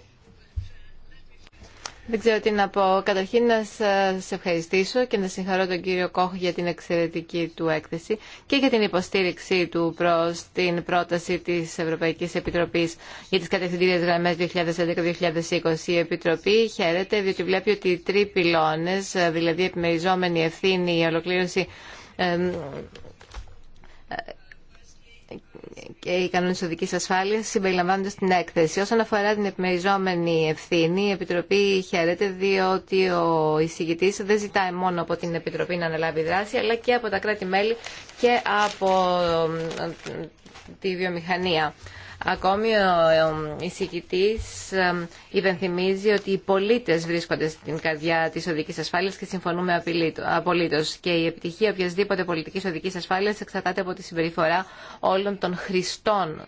[SPEAKER 1] Δεν ξέρω τι να πω. Καταρχήν να σα ευχαριστήσω και να συγχαρώ τον κύριο Κόχ για την εξαιρετική του έκθεση και για την υποστήριξή του προς την πρόταση της Ευρωπαϊκής Επιτροπής για τις κατευθυντήριε γραμμές 2011-2020. Η Επιτροπή χαίρεται διότι βλέπει ότι οι τρει πυλώνες, δηλαδή επιμεριζόμενη ευθύνη, η ολοκλήρωση και οι κανόνες οδικής ασφάλειας συμπεριλαμβάνονται στην έκθεση. Όσον αφορά την επιμεριζόμενη ευθύνη, η Επιτροπή χαίρεται διότι ο εισηγητής δεν ζητάει μόνο από την Επιτροπή να αναλάβει δράση, αλλά και από τα κράτη-μέλη και από τη βιομηχανία. Ακόμη ο εισηγητής ε, υπενθυμίζει ότι οι πολίτες βρίσκονται στην καρδιά της οδικής ασφάλειας και συμφωνούμε απολύτως. Και η επιτυχία οποιασδήποτε πολιτικής οδικής ασφάλειας εξαρτάται από τη συμπεριφορά όλων των χρηστών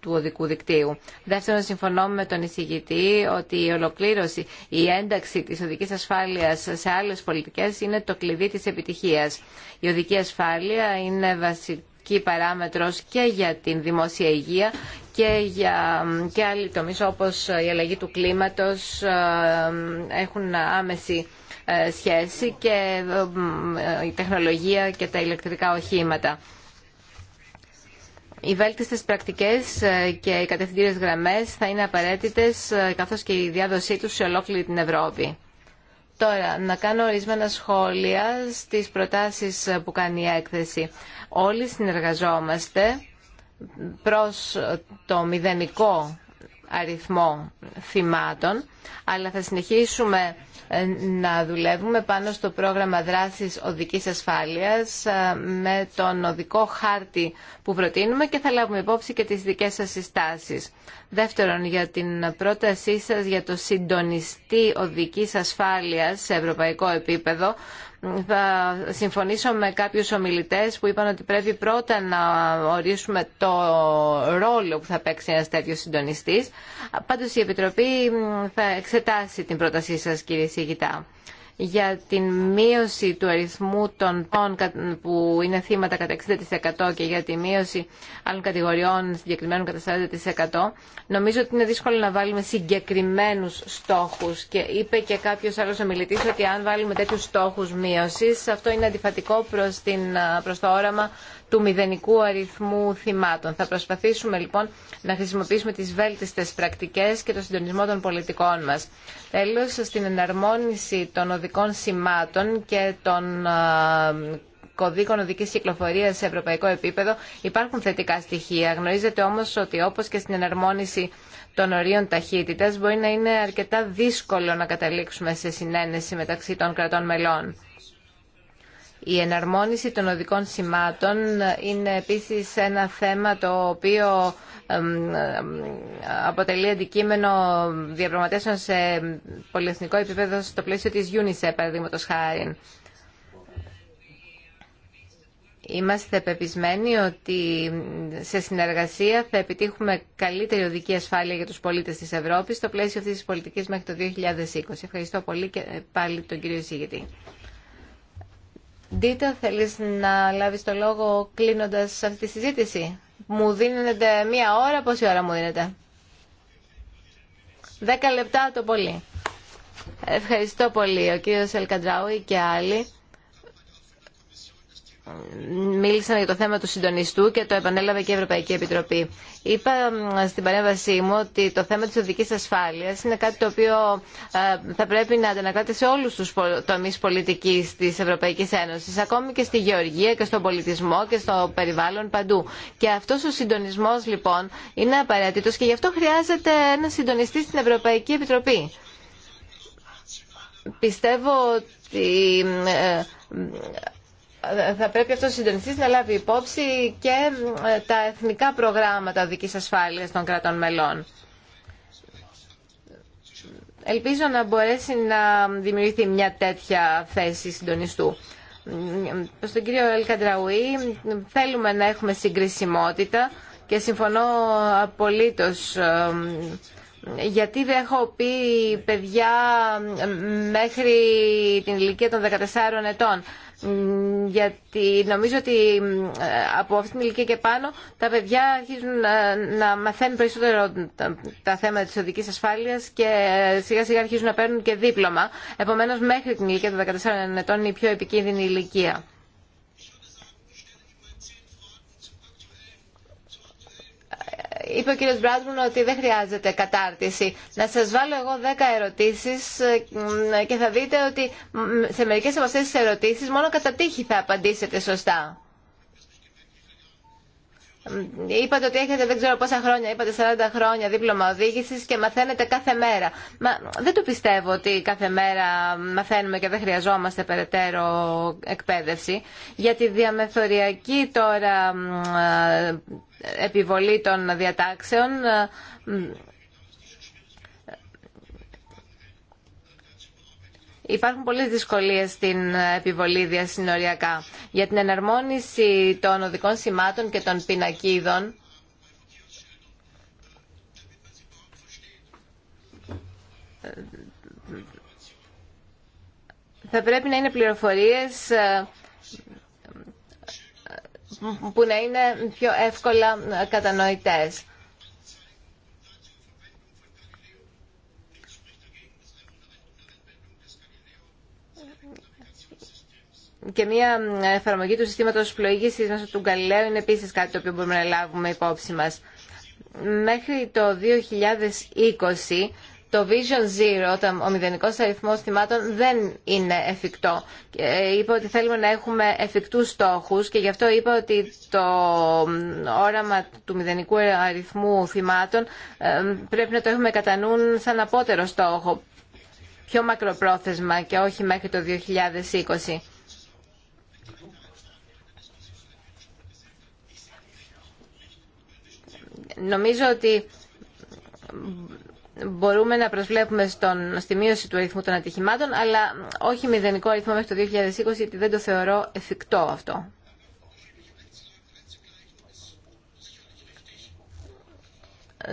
[SPEAKER 1] του οδικού δικτύου. Δεύτερον, συμφωνώ με τον εισηγητή ότι η ολοκλήρωση, η ένταξη της οδικής ασφάλειας σε άλλες πολιτικές είναι το κλειδί της επιτυχίας. Η οδική ασφάλεια είναι βασική βασική παράμετρος και για την δημόσια υγεία και για και άλλοι τομείς όπως η αλλαγή του κλίματος ε, έχουν άμεση ε, σχέση και ε, η τεχνολογία και τα ηλεκτρικά οχήματα. Οι βέλτιστες πρακτικές και οι κατευθυντήρες γραμμές θα είναι απαραίτητες καθώς και η διάδοσή τους σε ολόκληρη την Ευρώπη. Τώρα, να κάνω ορισμένα σχόλια στις προτάσεις που κάνει η έκθεση. Όλοι συνεργαζόμαστε προς το μηδενικό αριθμό θυμάτων, αλλά θα συνεχίσουμε να δουλεύουμε πάνω στο πρόγραμμα δράσης οδικής ασφάλειας ε, με τον οδικό χάρτη που προτείνουμε και θα λάβουμε υπόψη και τις δικές σας συστάσεις. Δεύτερον, για την πρότασή σας για το συντονιστή οδικής ασφάλειας σε ευρωπαϊκό επίπεδο, θα συμφωνήσω με κάποιους ομιλητές που είπαν ότι πρέπει πρώτα να ορίσουμε το ρόλο που θα παίξει ένα τέτοιο συντονιστή. Πάντως η Επιτροπή θα εξετάσει την πρότασή σας κύριε Σιγητά για την μείωση του αριθμού των πόν που είναι θύματα κατά 60% και για τη μείωση άλλων κατηγοριών συγκεκριμένων κατά 40%, νομίζω ότι είναι δύσκολο να βάλουμε συγκεκριμένους στόχους και είπε και κάποιος άλλος ομιλητής ότι αν βάλουμε τέτοιους στόχους μείωσης, αυτό είναι αντιφατικό προς, την, προς το όραμα του μηδενικού αριθμού θυμάτων. Θα προσπαθήσουμε λοιπόν να χρησιμοποιήσουμε τις βέλτιστες πρακτικές και το συντονισμό των πολιτικών μας. Τέλος, στην εναρμόνιση των οδικών σημάτων και των κωδίκων οδική κυκλοφορία σε ευρωπαϊκό επίπεδο υπάρχουν θετικά στοιχεία. Γνωρίζετε όμω ότι όπω και στην εναρμόνιση των ορίων ταχύτητα μπορεί να είναι αρκετά δύσκολο να καταλήξουμε σε συνένεση μεταξύ των κρατών μελών. Η εναρμόνιση των οδικών σημάτων είναι επίσης ένα θέμα το οποίο αποτελεί αντικείμενο διαπραγματεύσεων σε πολυεθνικό επίπεδο στο πλαίσιο της UNICEF, παραδείγματο χάρη. Είμαστε πεπισμένοι ότι σε συνεργασία θα επιτύχουμε καλύτερη οδική ασφάλεια για τους πολίτες της Ευρώπης στο πλαίσιο αυτής της πολιτικής μέχρι το 2020. Ευχαριστώ πολύ και πάλι τον κύριο Σίγητη. Ντίτα, θέλεις να λάβεις το λόγο κλείνοντας αυτή τη συζήτηση. Μου δίνετε μία ώρα, πόση ώρα μου δίνετε. Δέκα λεπτά το πολύ. Ευχαριστώ πολύ ο κύριος Ελκαντράουι και άλλοι μίλησαν για το θέμα του συντονιστού και το επανέλαβε και η Ευρωπαϊκή Επιτροπή. Είπα στην παρέμβασή μου ότι το θέμα της οδικής ασφάλειας είναι κάτι το οποίο ε, θα πρέπει να αντανακλάται σε όλους τους τομείς πολιτικής της Ευρωπαϊκής Ένωσης, ακόμη και στη γεωργία και στον πολιτισμό και στο περιβάλλον παντού. Και αυτός ο συντονισμός λοιπόν είναι απαραίτητος και γι' αυτό χρειάζεται ένα συντονιστή στην Ευρωπαϊκή Επιτροπή. Πιστεύω ότι ε, θα πρέπει αυτός ο συντονιστής να λάβει υπόψη και ε, τα εθνικά προγράμματα δικής ασφάλειας των κρατών μελών. Ελπίζω να μπορέσει να δημιουργηθεί μια τέτοια θέση συντονιστού. Προς τον κύριο Ελκαντραουή θέλουμε να έχουμε συγκρισιμότητα και συμφωνώ απολύτως ε, γιατί δεν έχω πει παιδιά μέχρι την ηλικία των 14 ετών γιατί νομίζω ότι από αυτή την ηλικία και πάνω τα παιδιά αρχίζουν να, μαθαίνουν περισσότερο τα, θέματα της οδικής ασφάλειας και ε, σιγά σιγά αρχίζουν να παίρνουν και δίπλωμα. Επομένως μέχρι την ηλικία των 14 ετών είναι η πιο επικίνδυνη ηλικία. είπε ο κύριος Μπράτμουν ότι δεν χρειάζεται κατάρτιση. Να σας βάλω εγώ 10 ερωτήσεις και θα δείτε ότι σε μερικές από αυτές τις ερωτήσεις μόνο κατά τύχη θα απαντήσετε σωστά. Είπατε ότι έχετε δεν ξέρω πόσα χρόνια, είπατε 40 χρόνια δίπλωμα οδήγηση και μαθαίνετε κάθε μέρα. Μα δεν το πιστεύω ότι κάθε μέρα μαθαίνουμε και δεν χρειαζόμαστε περαιτέρω εκπαίδευση. Για τη διαμεθοριακή τώρα ε, επιβολή των διατάξεων Υπάρχουν πολλές δυσκολίες στην επιβολή διασυνοριακά. Για την εναρμόνιση των οδικών σημάτων και των πινακίδων, θα πρέπει να είναι πληροφορίες ε, που να είναι πιο εύκολα κατανοητές. και μια εφαρμογή του συστήματος πλοήγηση μέσω του Γκαλιλαίου είναι επίση κάτι το οποίο μπορούμε να λάβουμε υπόψη μας. Μέχρι το 2020 το Vision Zero, ο μηδενικό αριθμό θυμάτων, δεν είναι εφικτό. Ε, είπα ότι θέλουμε να έχουμε εφικτού στόχου και γι' αυτό είπα ότι το όραμα του μηδενικού αριθμού θυμάτων ε, πρέπει να το έχουμε κατά νου σαν απότερο στόχο. Πιο μακροπρόθεσμα και όχι μέχρι το 2020. Νομίζω ότι μπορούμε να προσβλέπουμε στον, στη μείωση του αριθμού των ατυχημάτων, αλλά όχι μηδενικό αριθμό μέχρι το 2020, γιατί δεν το θεωρώ εφικτό αυτό.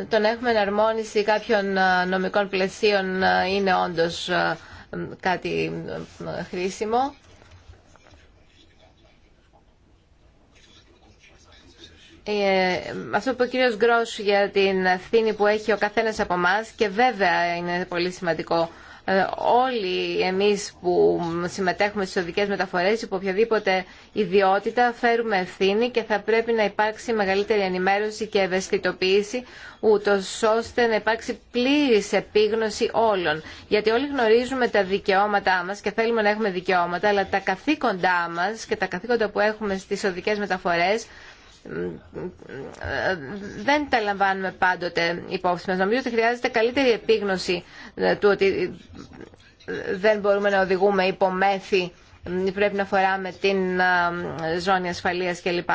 [SPEAKER 1] Το να έχουμε εναρμόνιση κάποιων ε, νομικών πλαισίων ε, είναι όντως ε, κάτι χρήσιμο. Ε, αυτό που ο κύριος Γκρός για την ευθύνη που έχει ο καθένας από εμά και βέβαια είναι πολύ σημαντικό ε, όλοι εμείς που συμμετέχουμε στις οδικές μεταφορές υπό οποιαδήποτε ιδιότητα φέρουμε ευθύνη και θα πρέπει να υπάρξει μεγαλύτερη ενημέρωση και ευαισθητοποίηση ούτω ώστε να υπάρξει πλήρης επίγνωση όλων. Γιατί όλοι γνωρίζουμε τα δικαιώματά μας και θέλουμε να έχουμε δικαιώματα αλλά τα καθήκοντά μας και τα καθήκοντα που έχουμε στις οδικές μεταφορές δεν τα λαμβάνουμε πάντοτε υπόψη μας. Νομίζω ότι χρειάζεται καλύτερη επίγνωση ε, του ότι ε, δεν μπορούμε να οδηγούμε υπομέθη, ε, πρέπει να φοράμε την ζώνη ασφαλείας κλπ.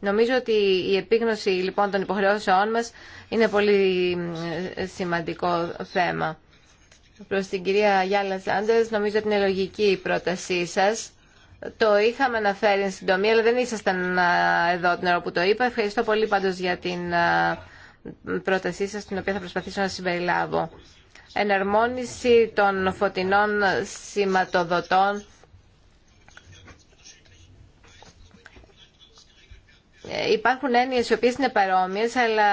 [SPEAKER 1] Νομίζω ότι η επίγνωση λοιπόν των υποχρεώσεών μας είναι πολύ σημαντικό θέμα. Προς την κυρία Γιάλα νομίζω ότι είναι λογική η πρότασή σας το είχαμε αναφέρει στην συντομία, αλλά δεν ήσασταν εδώ την ώρα που το είπα. Ευχαριστώ πολύ πάντως για την πρότασή σας, την οποία θα προσπαθήσω να συμπεριλάβω. Εναρμόνιση των φωτεινών σηματοδοτών Ε, υπάρχουν έννοιες οι οποίες είναι παρόμοιες, αλλά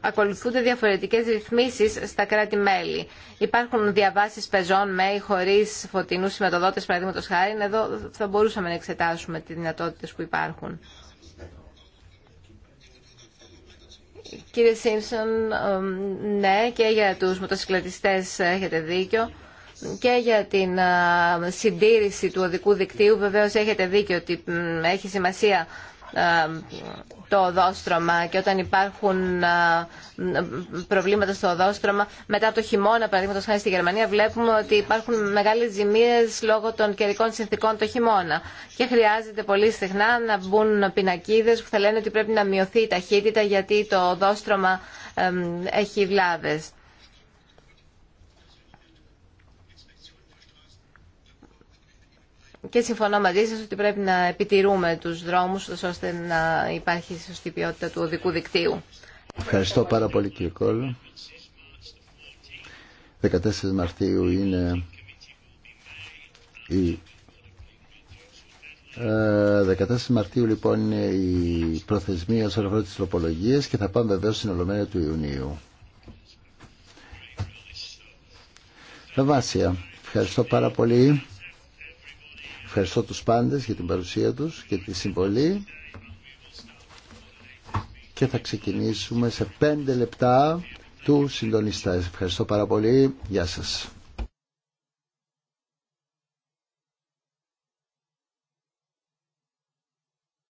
[SPEAKER 1] ακολουθούνται διαφορετικές ρυθμίσεις στα κράτη-μέλη. Υπάρχουν διαβάσεις πεζών με ή χωρίς φωτεινούς συμμετοδότες, παραδείγματο χάρη. Εδώ θα μπορούσαμε να εξετάσουμε τις δυνατότητες που υπάρχουν. Κύριε Σίμψον, ναι, και για τους μοτοσυκλετιστές έχετε δίκιο και για την συντήρηση του οδικού δικτύου. Βεβαίως έχετε δίκιο ότι έχει σημασία το οδόστρωμα και όταν υπάρχουν προβλήματα στο οδόστρωμα μετά από το χειμώνα, παραδείγματο χάρη στη Γερμανία, βλέπουμε ότι υπάρχουν μεγάλε ζημίε λόγω των καιρικών συνθήκων το χειμώνα. Και χρειάζεται πολύ συχνά να μπουν πινακίδε που θα λένε ότι πρέπει να μειωθεί η ταχύτητα γιατί το οδόστρωμα έχει βλάβες. και συμφωνώ μαζί σας ότι πρέπει να επιτηρούμε τους δρόμους ώστε να υπάρχει σωστή ποιότητα του οδικού δικτύου.
[SPEAKER 4] Ευχαριστώ πάρα πολύ κύριε Κόλλο. 14 Μαρτίου είναι η 14 ε, Μαρτίου λοιπόν είναι η προθεσμία όσον αφορά τις τροπολογίες και θα πάμε βεβαίω στην Ολομέλεια του Ιουνίου. Βεβάσια, Ευχαριστώ πάρα πολύ. Ευχαριστώ τους πάντες για την παρουσία τους και τη συμβολή και θα ξεκινήσουμε σε πέντε λεπτά του συντονιστά. Ευχαριστώ πάρα πολύ. Γεια σας.